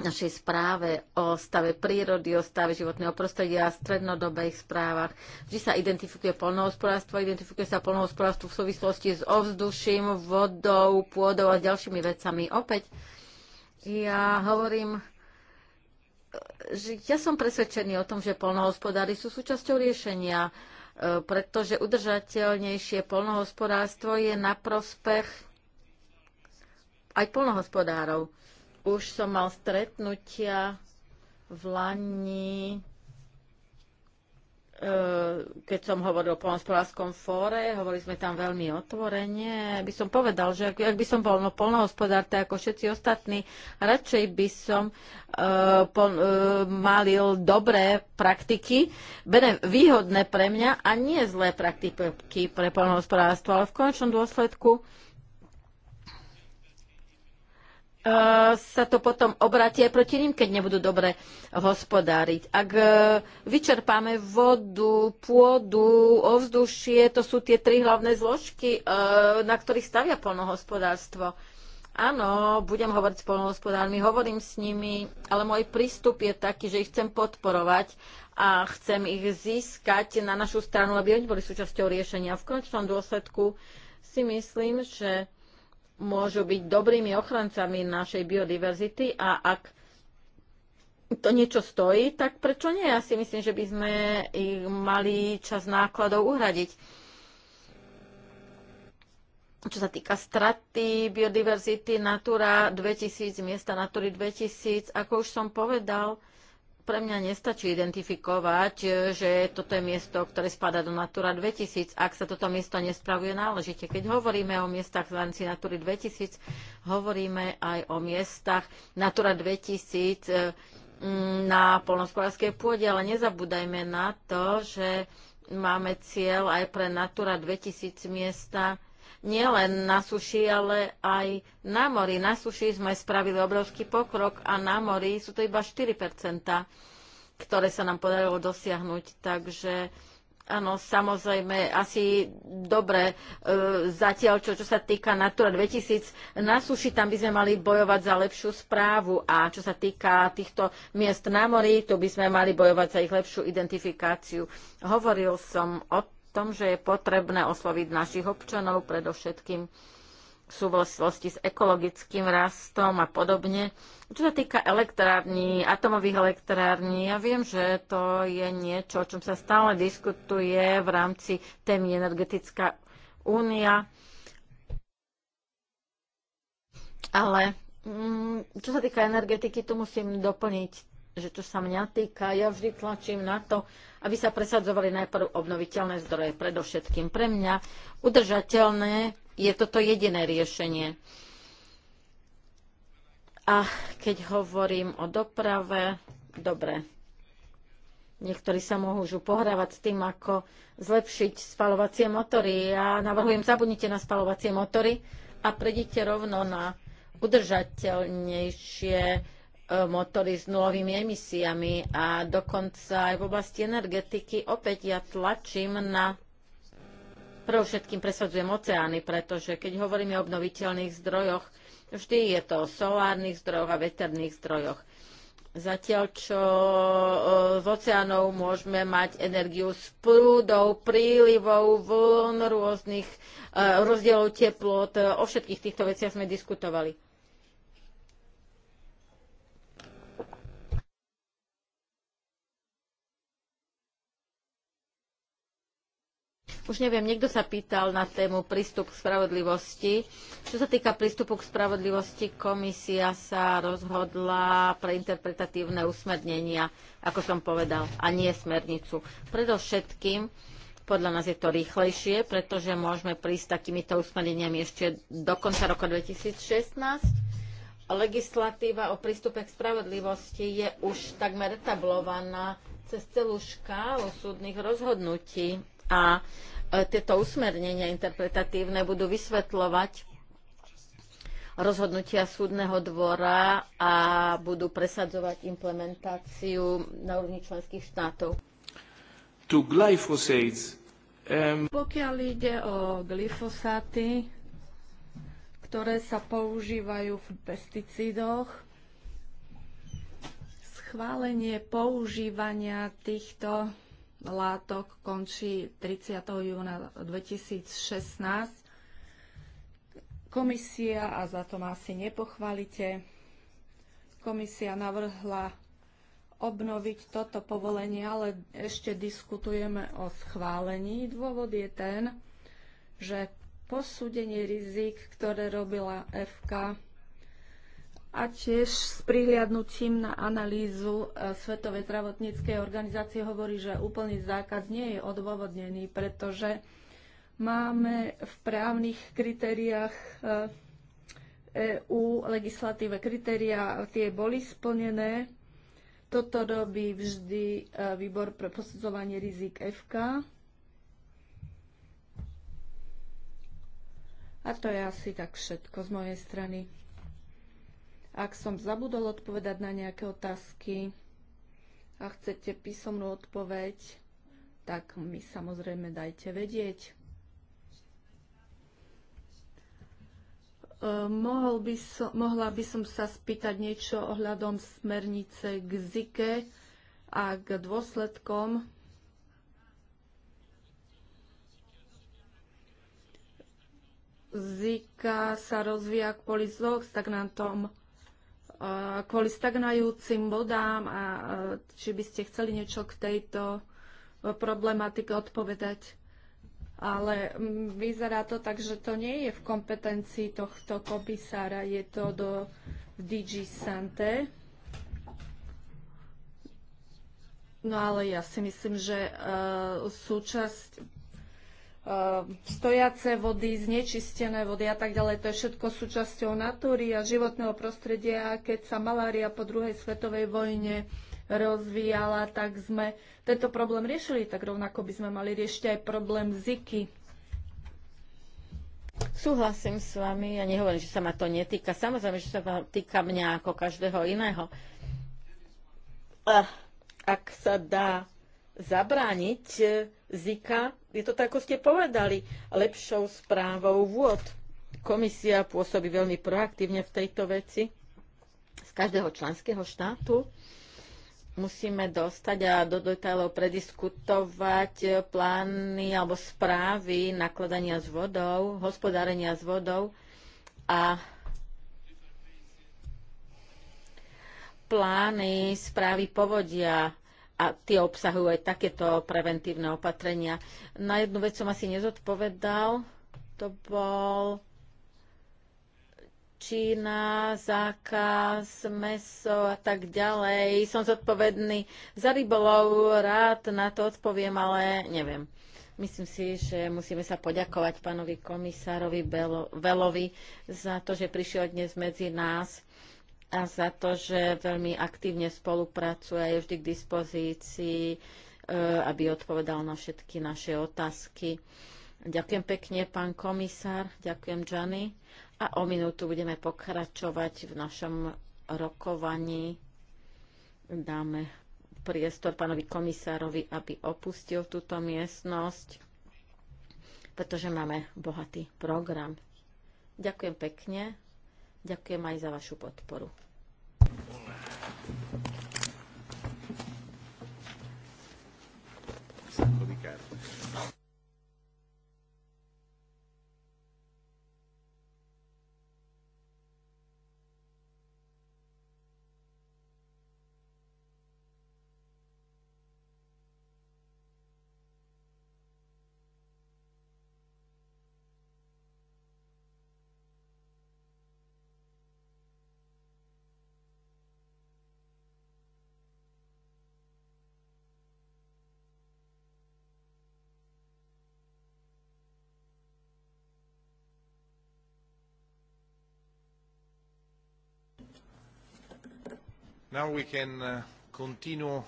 našej správe o stave prírody, o stave životného prostredia a strednodobých správach. Vždy sa identifikuje polnohospodárstvo, identifikuje sa polnohospodárstvo v súvislosti s ovzduším, vodou, pôdou a ďalšími vecami. Opäť ja hovorím, že ja som presvedčený o tom, že polnohospodári sú súčasťou riešenia, e, pretože udržateľnejšie polnohospodárstvo je na prospech aj polnohospodárov už som mal stretnutia v Lani, e, keď som hovoril o polnohospodárskom fóre, hovorili sme tam veľmi otvorene. By som povedal, že ak, ak by som bol no, tak ako všetci ostatní, radšej by som uh, pol, uh, e, malil dobré praktiky, bene, výhodné pre mňa a nie zlé praktiky pre polnohospodárstvo. Ale v konečnom dôsledku uh, E, sa to potom obráti aj proti ním, keď nebudú dobre hospodáriť. Ak e, vyčerpáme vodu, pôdu, ovzdušie, to sú tie tri hlavné zložky, e, na ktorých stavia polnohospodárstvo. Áno, budem hovoriť s polnohospodármi, hovorím s nimi, ale môj prístup je taký, že ich chcem podporovať a chcem ich získať na našu stranu, aby oni boli súčasťou riešenia. V končnom dôsledku si myslím, že môžu byť dobrými ochrancami našej biodiverzity a ak to niečo stojí, tak prečo nie? Ja si myslím, že by sme ich mali čas nákladov uhradiť. Čo sa týka straty biodiverzity, Natura 2000, miesta Natury 2000, ako už som povedal, pre mňa nestačí identifikovať, e, že toto je miesto, ktoré spada do Natura 2000, ak sa toto miesto nespravuje náležite. Keď hovoríme o miestach v rámci Natury 2000, hovoríme aj o miestach Natura 2000 e, mm, na polnospodárskej pôde, ale nezabúdajme na to, že máme cieľ aj pre Natura 2000 miesta nielen na suši, ale aj na mori. Na suši sme spravili obrovský pokrok a na mori sú to iba 4 ktoré sa nám podarilo dosiahnuť. Takže áno, samozrejme, asi dobre, e, zatiaľ čo, čo sa týka Natura 2000, na suši tam by sme mali bojovať za lepšiu správu a čo sa týka týchto miest na mori, tu by sme mali bojovať za ich lepšiu identifikáciu. Hovoril som o tom, že je potrebné osloviť našich občanov, predovšetkým v súvislosti s ekologickým rastom a podobne. Čo sa týka elektrární, atomových elektrární, ja viem, že to je niečo, o čom sa stále diskutuje v rámci témy Energetická únia. Ale mm, čo sa týka energetiky, tu musím doplniť že čo sa mňa týka, ja vždy tlačím na to, aby sa presadzovali najprv obnoviteľné zdroje, predovšetkým pre mňa. Udržateľné je toto jediné riešenie. A keď hovorím o doprave, dobre. Niektorí sa môžu pohrávať s tým, ako zlepšiť spalovacie motory. Ja navrhujem, zabudnite na spalovacie motory a prejdite rovno na udržateľnejšie motory s nulovými emisiami a dokonca aj v oblasti energetiky opäť ja tlačím na prvo všetkým presadzujem oceány, pretože keď hovoríme o obnoviteľných zdrojoch, vždy je to o solárnych zdrojoch a veterných zdrojoch. Zatiaľ, čo e, z oceánov môžeme mať energiu s prúdou, prílivou, vln rôznych e, rozdielov teplot, e, o všetkých týchto veciach sme diskutovali. Už neviem, niekto sa pýtal na tému prístup k spravodlivosti. Čo sa týka prístupu k spravodlivosti, komisia sa rozhodla pre interpretatívne usmernenia, ako som povedal, a nie smernicu. Predovšetkým podľa nás je to rýchlejšie, pretože môžeme prísť takýmito usmerneniami ešte do konca roka 2016. Legislatíva o prístupe k spravodlivosti je už takmer etablovaná cez celú škálu súdnych rozhodnutí a E, tieto usmernenia interpretatívne budú vysvetľovať rozhodnutia súdneho dvora a budú presadzovať implementáciu na úrovni členských štátov. To um... Pokiaľ ide o glyfosáty, ktoré sa používajú v pesticídoch, schválenie používania týchto látok končí 30. júna 2016. Komisia, a za to ma asi nepochválite, komisia navrhla obnoviť toto povolenie, ale ešte diskutujeme o schválení. Dôvod je ten, že posúdenie rizik, ktoré robila FK, a tiež s prihliadnutím na analýzu e, Svetovej zdravotníckej organizácie hovorí, že úplný zákaz nie je odôvodnený, pretože máme v právnych kritériách EU e legislatíve kritéria, tie boli splnené. Toto robí vždy e, výbor pre posudzovanie rizik FK. A to je asi tak všetko z mojej strany. Ak som zabudol odpovedať na nejaké otázky a chcete písomnú odpoveď, tak mi samozrejme dajte vedieť. E, mohol by som, mohla by som sa spýtať niečo ohľadom smernice k ZIKE a k dôsledkom. Zika sa rozvíja kvôli stagnantom Eh, kvôli stagnajúcim vodám a eh, či by ste chceli niečo k tejto eh, problematike odpovedať. Ale mm, vyzerá to tak, že to nie je v kompetencii tohto komisára, je to do DG Sante. No ale ja si myslím, že súčasť Ehm, stojace vody, znečistené vody a tak ďalej. To je všetko súčasťou natúry a životného prostredia. keď sa malária po druhej svetovej vojne rozvíjala, tak sme tento problém riešili. Tak rovnako by sme mali riešiť aj problém ziky. Súhlasím s vami, ja nehovorím, že sa ma to netýka. Samozrejme, že sa ma týka mňa ako každého iného. Ak sa dá zabrániť eh, zika, je to tak, ako ste povedali, lepšou správou vôd. Komisia pôsobí veľmi proaktívne v tejto veci z každého členského štátu musíme dostať a do detailov prediskutovať plány alebo správy nakladania s vodou, hospodárenia s vodou a plány správy povodia a tie obsahujú aj takéto preventívne opatrenia. Na jednu vec som asi nezodpovedal, to bol Čína, zákaz, meso a tak ďalej. Som zodpovedný za rybolov, rád na to odpoviem, ale neviem. Myslím si, že musíme sa poďakovať pánovi komisárovi Velovi za to, že prišiel dnes medzi nás a za to, že veľmi aktívne spolupracuje, je vždy k dispozícii, e, aby odpovedal na všetky naše otázky. Ďakujem pekne, pán komisár, ďakujem, Gianni. A o minútu budeme pokračovať v našom rokovaní. Dáme priestor pánovi komisárovi, aby opustil túto miestnosť, pretože máme bohatý program. Ďakujem pekne. Ďakujem aj za vašu podporu. Uh,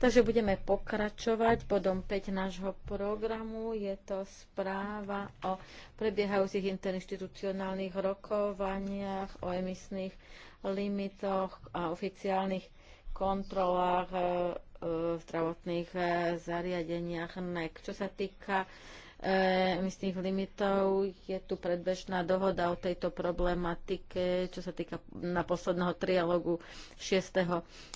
Takže budeme pokračovať bodom 5 nášho programu. Je to správa o prebiehajúcich interinstitucionálnych rokovaniach, o emisných limitoch a oficiálnych kontrolách e, e, v zdravotných e, zariadeniach NEC. Čo sa týka Eh, emisných limitov. Je tu predbežná dohoda o tejto problematike, čo sa týka na posledného trialogu 6.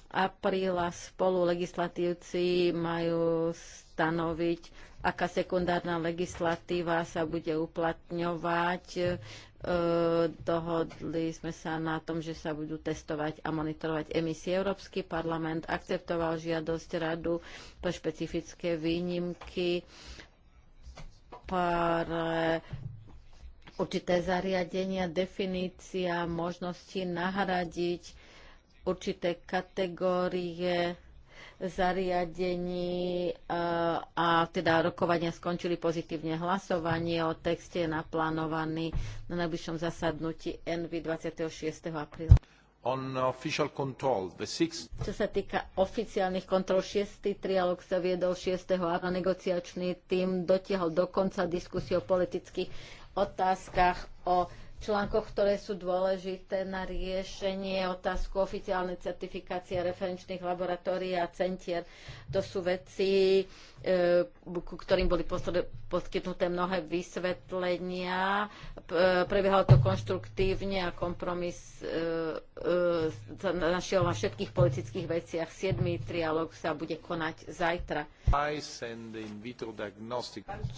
apríla. Spolu legislatívci majú stanoviť, aká sekundárna legislatíva sa bude uplatňovať. Eh, dohodli sme sa na tom, že sa budú testovať a monitorovať emisie. Európsky parlament akceptoval žiadosť radu pre špecifické výnimky pre určité zariadenia, definícia, možnosti nahradiť určité kategórie zariadení e, a, teda rokovania skončili pozitívne hlasovanie o texte naplánovaný na najbližšom zasadnutí NV 26. apríla. Čo sa týka oficiálnych kontrol, šiestý trialog sa viedol 6. a negociačný tým dotiahol do konca diskusie o politických otázkach o článkoch, ktoré sú dôležité na riešenie otázku oficiálnej certifikácie referenčných laboratórií a centier. To sú veci, e, ku ktorým boli poskytnuté mnohé vysvetlenia. E, prebiehalo to konštruktívne a kompromis e, sa našiel na všetkých politických veciach. Siedmý trialog sa bude konať zajtra.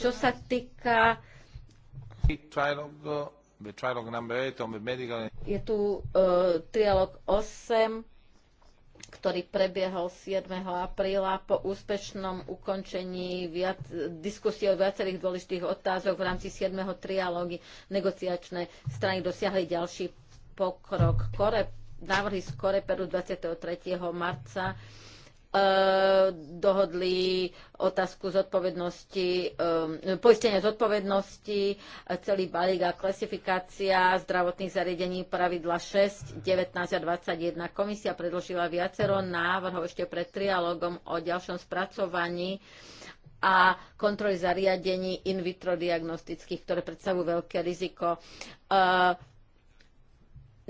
Čo sa týka je tu uh, trialog 8, ktorý prebiehal 7. apríla po úspešnom ukončení viac, diskusie o viacerých dôležitých otázok v rámci 7. trialógy. Negociačné strany dosiahli ďalší pokrok. Kore, návrhy z Koreperu 23. marca Eh, dohodli otázku zodpovednosti, eh, poistenia zodpovednosti, eh, celý balík a klasifikácia zdravotných zariadení pravidla 6, 19 a 21. Komisia predložila viacero návrhov ešte pred trialogom o ďalšom spracovaní a kontroly zariadení in vitro diagnostických, ktoré predstavujú veľké riziko.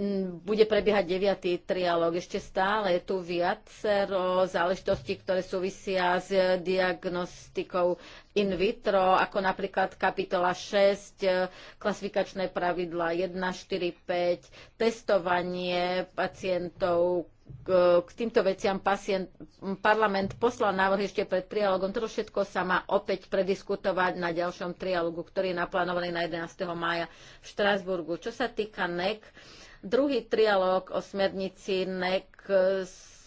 Mm, bude prebiehať deviatý trialóg. Ešte stále je tu viacero záležitostí, ktoré súvisia s diagnostikou in vitro, ako napríklad kapitola 6, e, klasifikačné pravidla 1, 4, 5, testovanie pacientov, k týmto veciam pacient, parlament poslal návrh ešte pred trialogom. Toto všetko sa má opäť prediskutovať na ďalšom trialogu, ktorý je naplánovaný na 11. mája v Štrásburgu. Čo sa týka NEC, Druhý trialóg o smernici NEC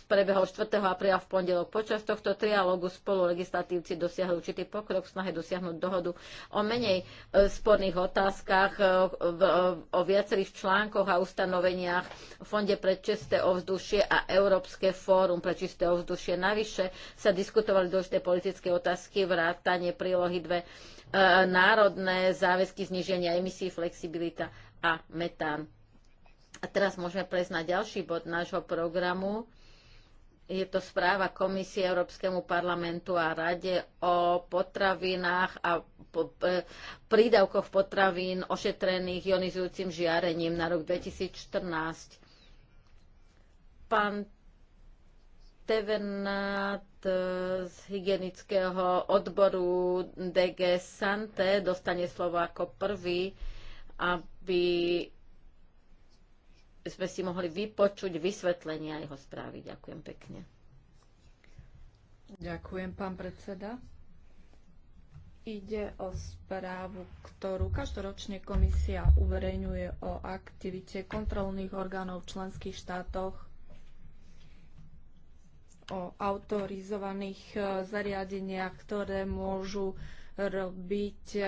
prebehol 4. apríla v pondelok. Počas tohto trialógu spolu legislatívci dosiahli určitý pokrok v snahe dosiahnuť dohodu o menej e, sporných otázkach, e, e, o viacerých článkoch a ustanoveniach v Fonde pre čisté ovzdušie a Európske fórum pre čisté ovzdušie. Navyše sa diskutovali dôležité politické otázky, vrátanie prílohy 2, národné záväzky zniženia emisí, flexibilita a metán. A teraz môžeme prejsť na ďalší bod nášho programu. Je to správa Komisie Európskemu parlamentu a Rade o potravinách a e, prídavkoch potravín ošetrených ionizujúcim žiarením na rok 2014. Pán Tevenát e, z hygienického odboru DG Sante dostane slovo ako prvý, aby sme si mohli vypočuť vysvetlenia jeho správy. Ďakujem pekne. Ďakujem, pán predseda. Ide o správu, ktorú každoročne komisia uverejňuje o aktivite kontrolných orgánov v členských štátoch, o autorizovaných eh, zariadeniach, ktoré môžu robiť e,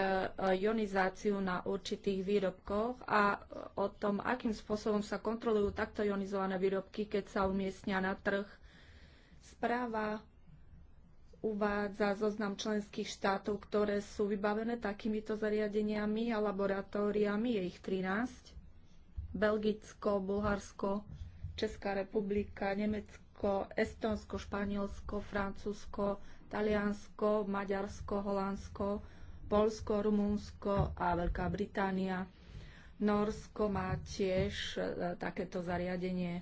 ionizáciu na určitých výrobkoch a o tom, akým spôsobom sa kontrolujú takto ionizované výrobky, keď sa umiestnia na trh. Správa uvádza zoznam členských štátov, ktoré sú vybavené takýmito zariadeniami a laboratóriami, je ich 13. Belgicko, Bulharsko, Česká republika, Nemecko, Estonsko, Španielsko, Francúzsko, Taliansko, Maďarsko, Holandsko, Polsko, Rumunsko a Veľká Británia. Norsko má tiež e, takéto zariadenie.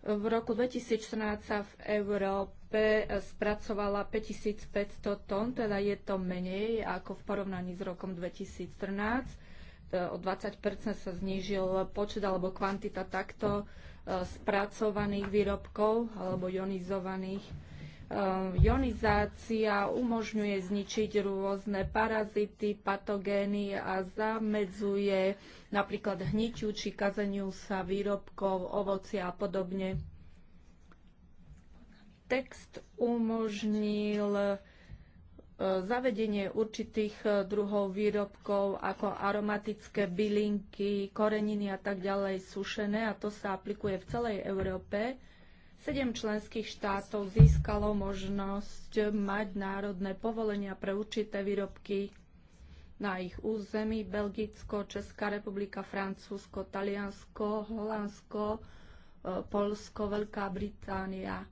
V roku 2014 sa v Európe e, spracovala 5500 tón, teda je to menej ako v porovnaní s rokom 2013. E, o 20 sa znížil počet alebo kvantita takto spracovaných výrobkov alebo ionizovaných. Ionizácia eh, umožňuje zničiť rôzne parazity, patogény a zamedzuje napríklad hnitiu či kazeniu sa výrobkov, ovocia a podobne. Text umožnil E, zavedenie určitých e, druhov výrobkov ako aromatické bylinky, koreniny a tak ďalej sušené a to sa aplikuje v celej Európe. Sedem členských štátov získalo možnosť mať národné povolenia pre určité výrobky na ich území Belgicko, Česká republika, Francúzsko, Taliansko, Holandsko, e, Polsko, Veľká Británia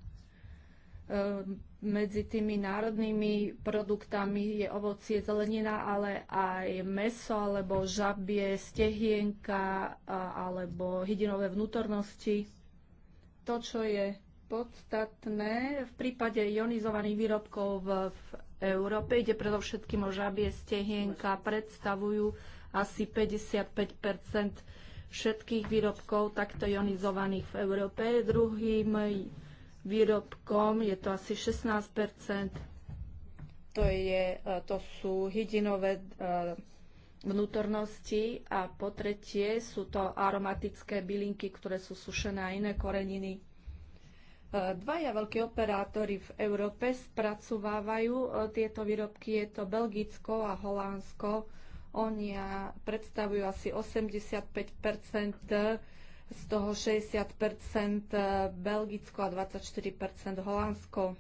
Ehm, medzi tými národnými produktami je ovocie, zelenina, ale aj meso, alebo žabie, stehienka, alebo hydinové vnútornosti. To, čo je podstatné v prípade ionizovaných výrobkov v, Európe, ide predovšetkým o žabie, stehienka, predstavujú asi 55 všetkých výrobkov takto ionizovaných v Európe. Druhým výrobkom, je to asi 16 to, je, e, to sú hydinové e, vnútornosti a po tretie sú to aromatické bylinky, ktoré sú sušené a iné koreniny. E, dvaja veľkí operátori v Európe spracovávajú tieto výrobky, je to Belgicko a Holandsko. Oni predstavujú asi 85 z toho 60 eh, Belgicko a 24 Holandsko.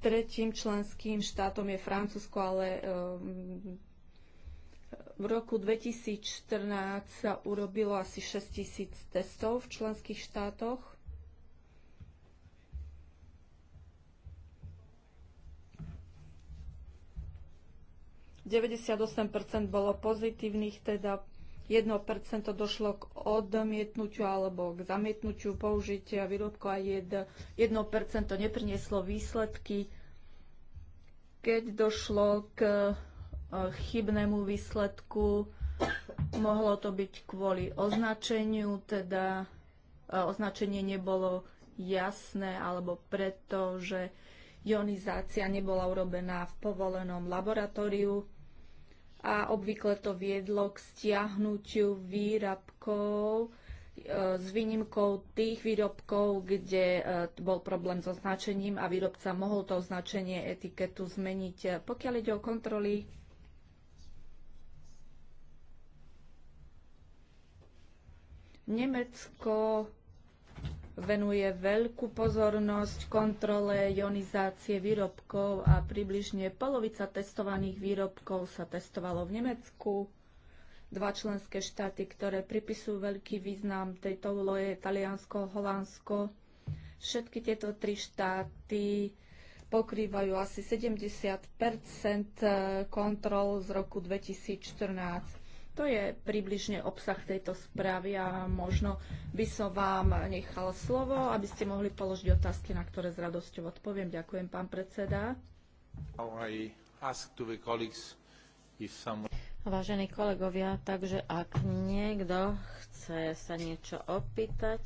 Tretím členským štátom je Francúzsko, ale eh, v roku 2014 sa urobilo asi 6 tisíc testov v členských štátoch. 98% bolo pozitívnych, teda 1% došlo k odmietnutiu alebo k zamietnutiu použitia výrobku a 1% neprinieslo výsledky. Keď došlo k e, chybnému výsledku, mohlo to byť kvôli označeniu, teda e, označenie nebolo jasné alebo preto, že ionizácia nebola urobená v povolenom laboratóriu a obvykle to viedlo k stiahnutiu výrobkov e, s výnimkou tých výrobkov, kde e, bol problém so značením a výrobca mohol to označenie etiketu zmeniť. E, pokiaľ ide o kontroly, Nemecko venuje veľkú pozornosť kontrole ionizácie výrobkov a približne polovica testovaných výrobkov sa testovalo v Nemecku. Dva členské štáty, ktoré pripisujú veľký význam tejto úlohe, Taliansko, Holandsko. Všetky tieto tri štáty pokrývajú asi 70 eh, kontrol z roku 2014 to je približne obsah tejto správy a možno by som vám nechal slovo, aby ste mohli položiť otázky, na ktoré s radosťou odpoviem. Ďakujem, pán predseda. Vážení kolegovia, takže ak niekto chce sa niečo opýtať.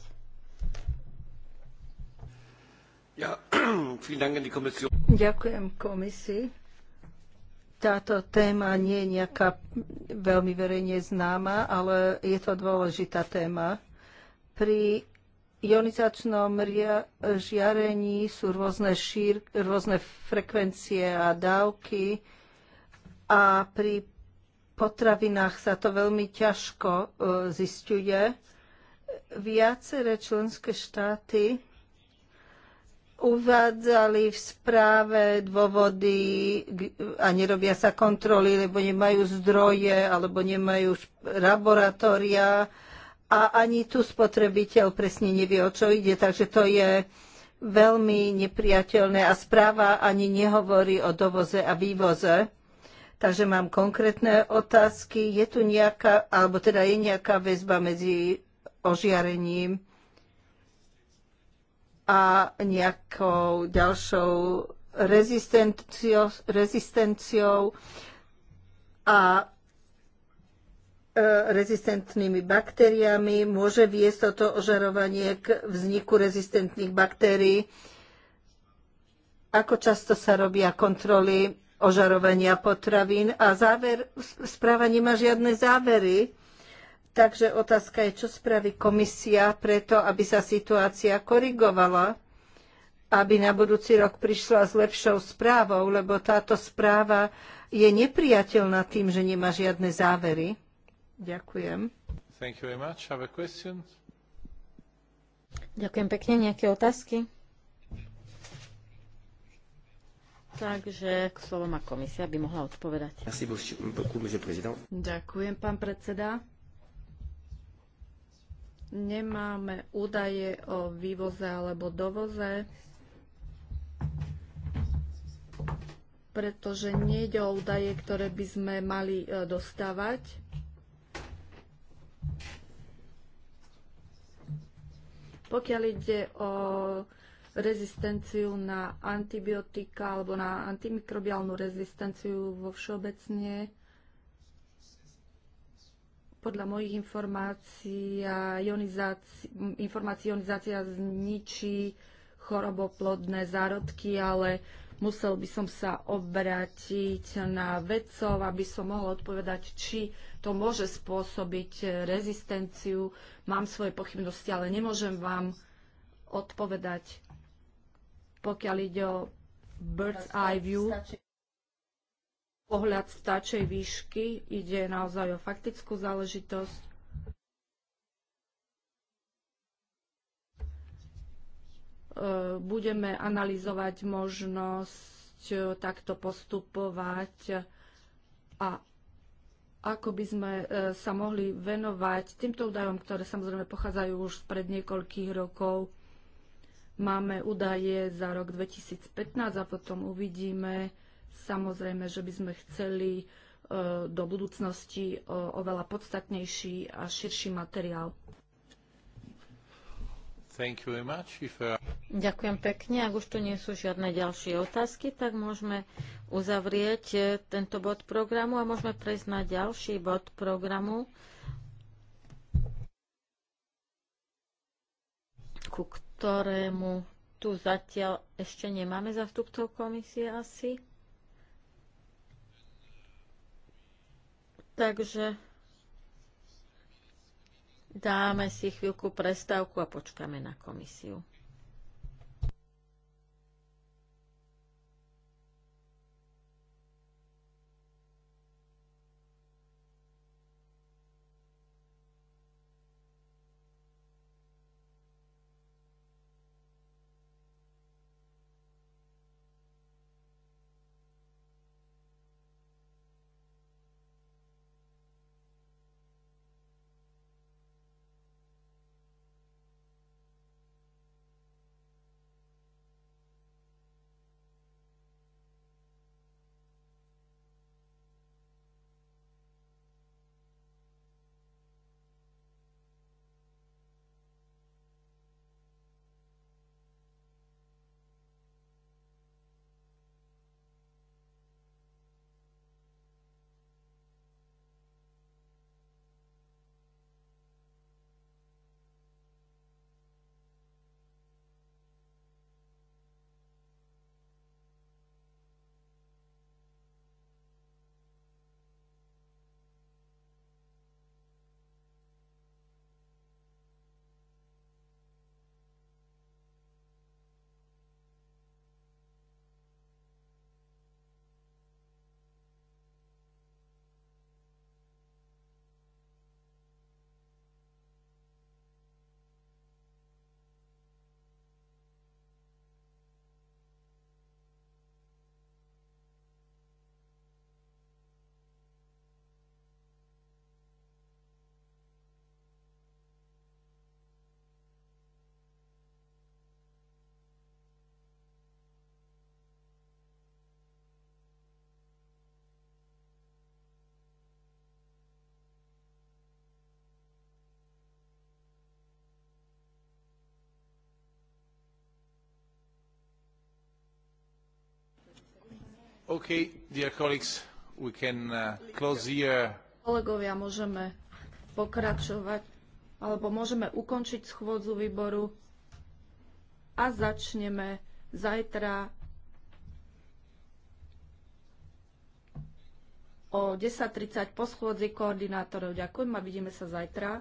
Ja, Ďakujem komisii táto téma nie je nejaká veľmi verejne známa, ale je to dôležitá téma. Pri ionizačnom žiarení sú rôzne, šír, rôzne frekvencie a dávky a pri potravinách sa to veľmi ťažko e, zistuje. Viaceré členské štáty uvádzali v správe dôvody a nerobia sa kontroly, lebo nemajú zdroje alebo nemajú laboratória a ani tu spotrebiteľ presne nevie, o čo ide. Takže to je veľmi nepriateľné a správa ani nehovorí o dovoze a vývoze. Takže mám konkrétne otázky. Je tu nejaká, alebo teda je nejaká väzba medzi ožiarením a nejakou ďalšou rezistenciou, rezistenciou a e, rezistentnými baktériami. Môže viesť toto ožarovanie k vzniku rezistentných baktérií. Ako často sa robia kontroly ožarovania potravín a záver, správa nemá žiadne závery Takže otázka je, čo spraví komisia preto, aby sa situácia korigovala, aby na budúci rok prišla s lepšou správou, lebo táto správa je nepriateľná tým, že nemá žiadne závery. Ďakujem. Ďakujem pekne. Nejaké otázky? Takže k slovom a komisia by mohla odpovedať. Ďakujem, pán predseda nemáme údaje o vývoze alebo dovoze, pretože nejde o údaje, ktoré by sme mali e, dostávať. Pokiaľ ide o rezistenciu na antibiotika alebo na antimikrobiálnu rezistenciu vo všeobecne, podľa mojich informácií ionizácia, zničí choroboplodné zárodky, ale musel by som sa obrátiť na vedcov, aby som mohol odpovedať, či to môže spôsobiť rezistenciu. Mám svoje pochybnosti, ale nemôžem vám odpovedať, pokiaľ ide o bird's eye view pohľad vtáčej výšky. Ide naozaj o faktickú záležitosť. E, budeme analyzovať možnosť e, takto postupovať a ako by sme e, sa mohli venovať týmto údajom, ktoré samozrejme pochádzajú už pred niekoľkých rokov. Máme údaje za rok 2015 a potom uvidíme, Samozrejme, že by sme chceli e, do budúcnosti e, oveľa podstatnejší a širší materiál. Uh, Ďakujem pekne. Ak už tu nie sú žiadne ďalšie otázky, tak môžeme uzavrieť e, tento bod programu a môžeme prejsť na ďalší bod programu, ku ktorému tu zatiaľ ešte nemáme zastupcov komisie asi. Takže dáme si chvíľku prestávku a počkáme na komisiu. Okay, dear colleagues, we can uh, close here. Kolegovia, môžeme pokračovať, alebo môžeme ukončiť schôdzu výboru a začneme zajtra o 10.30 po schôdzi koordinátorov. Ďakujem a vidíme sa zajtra.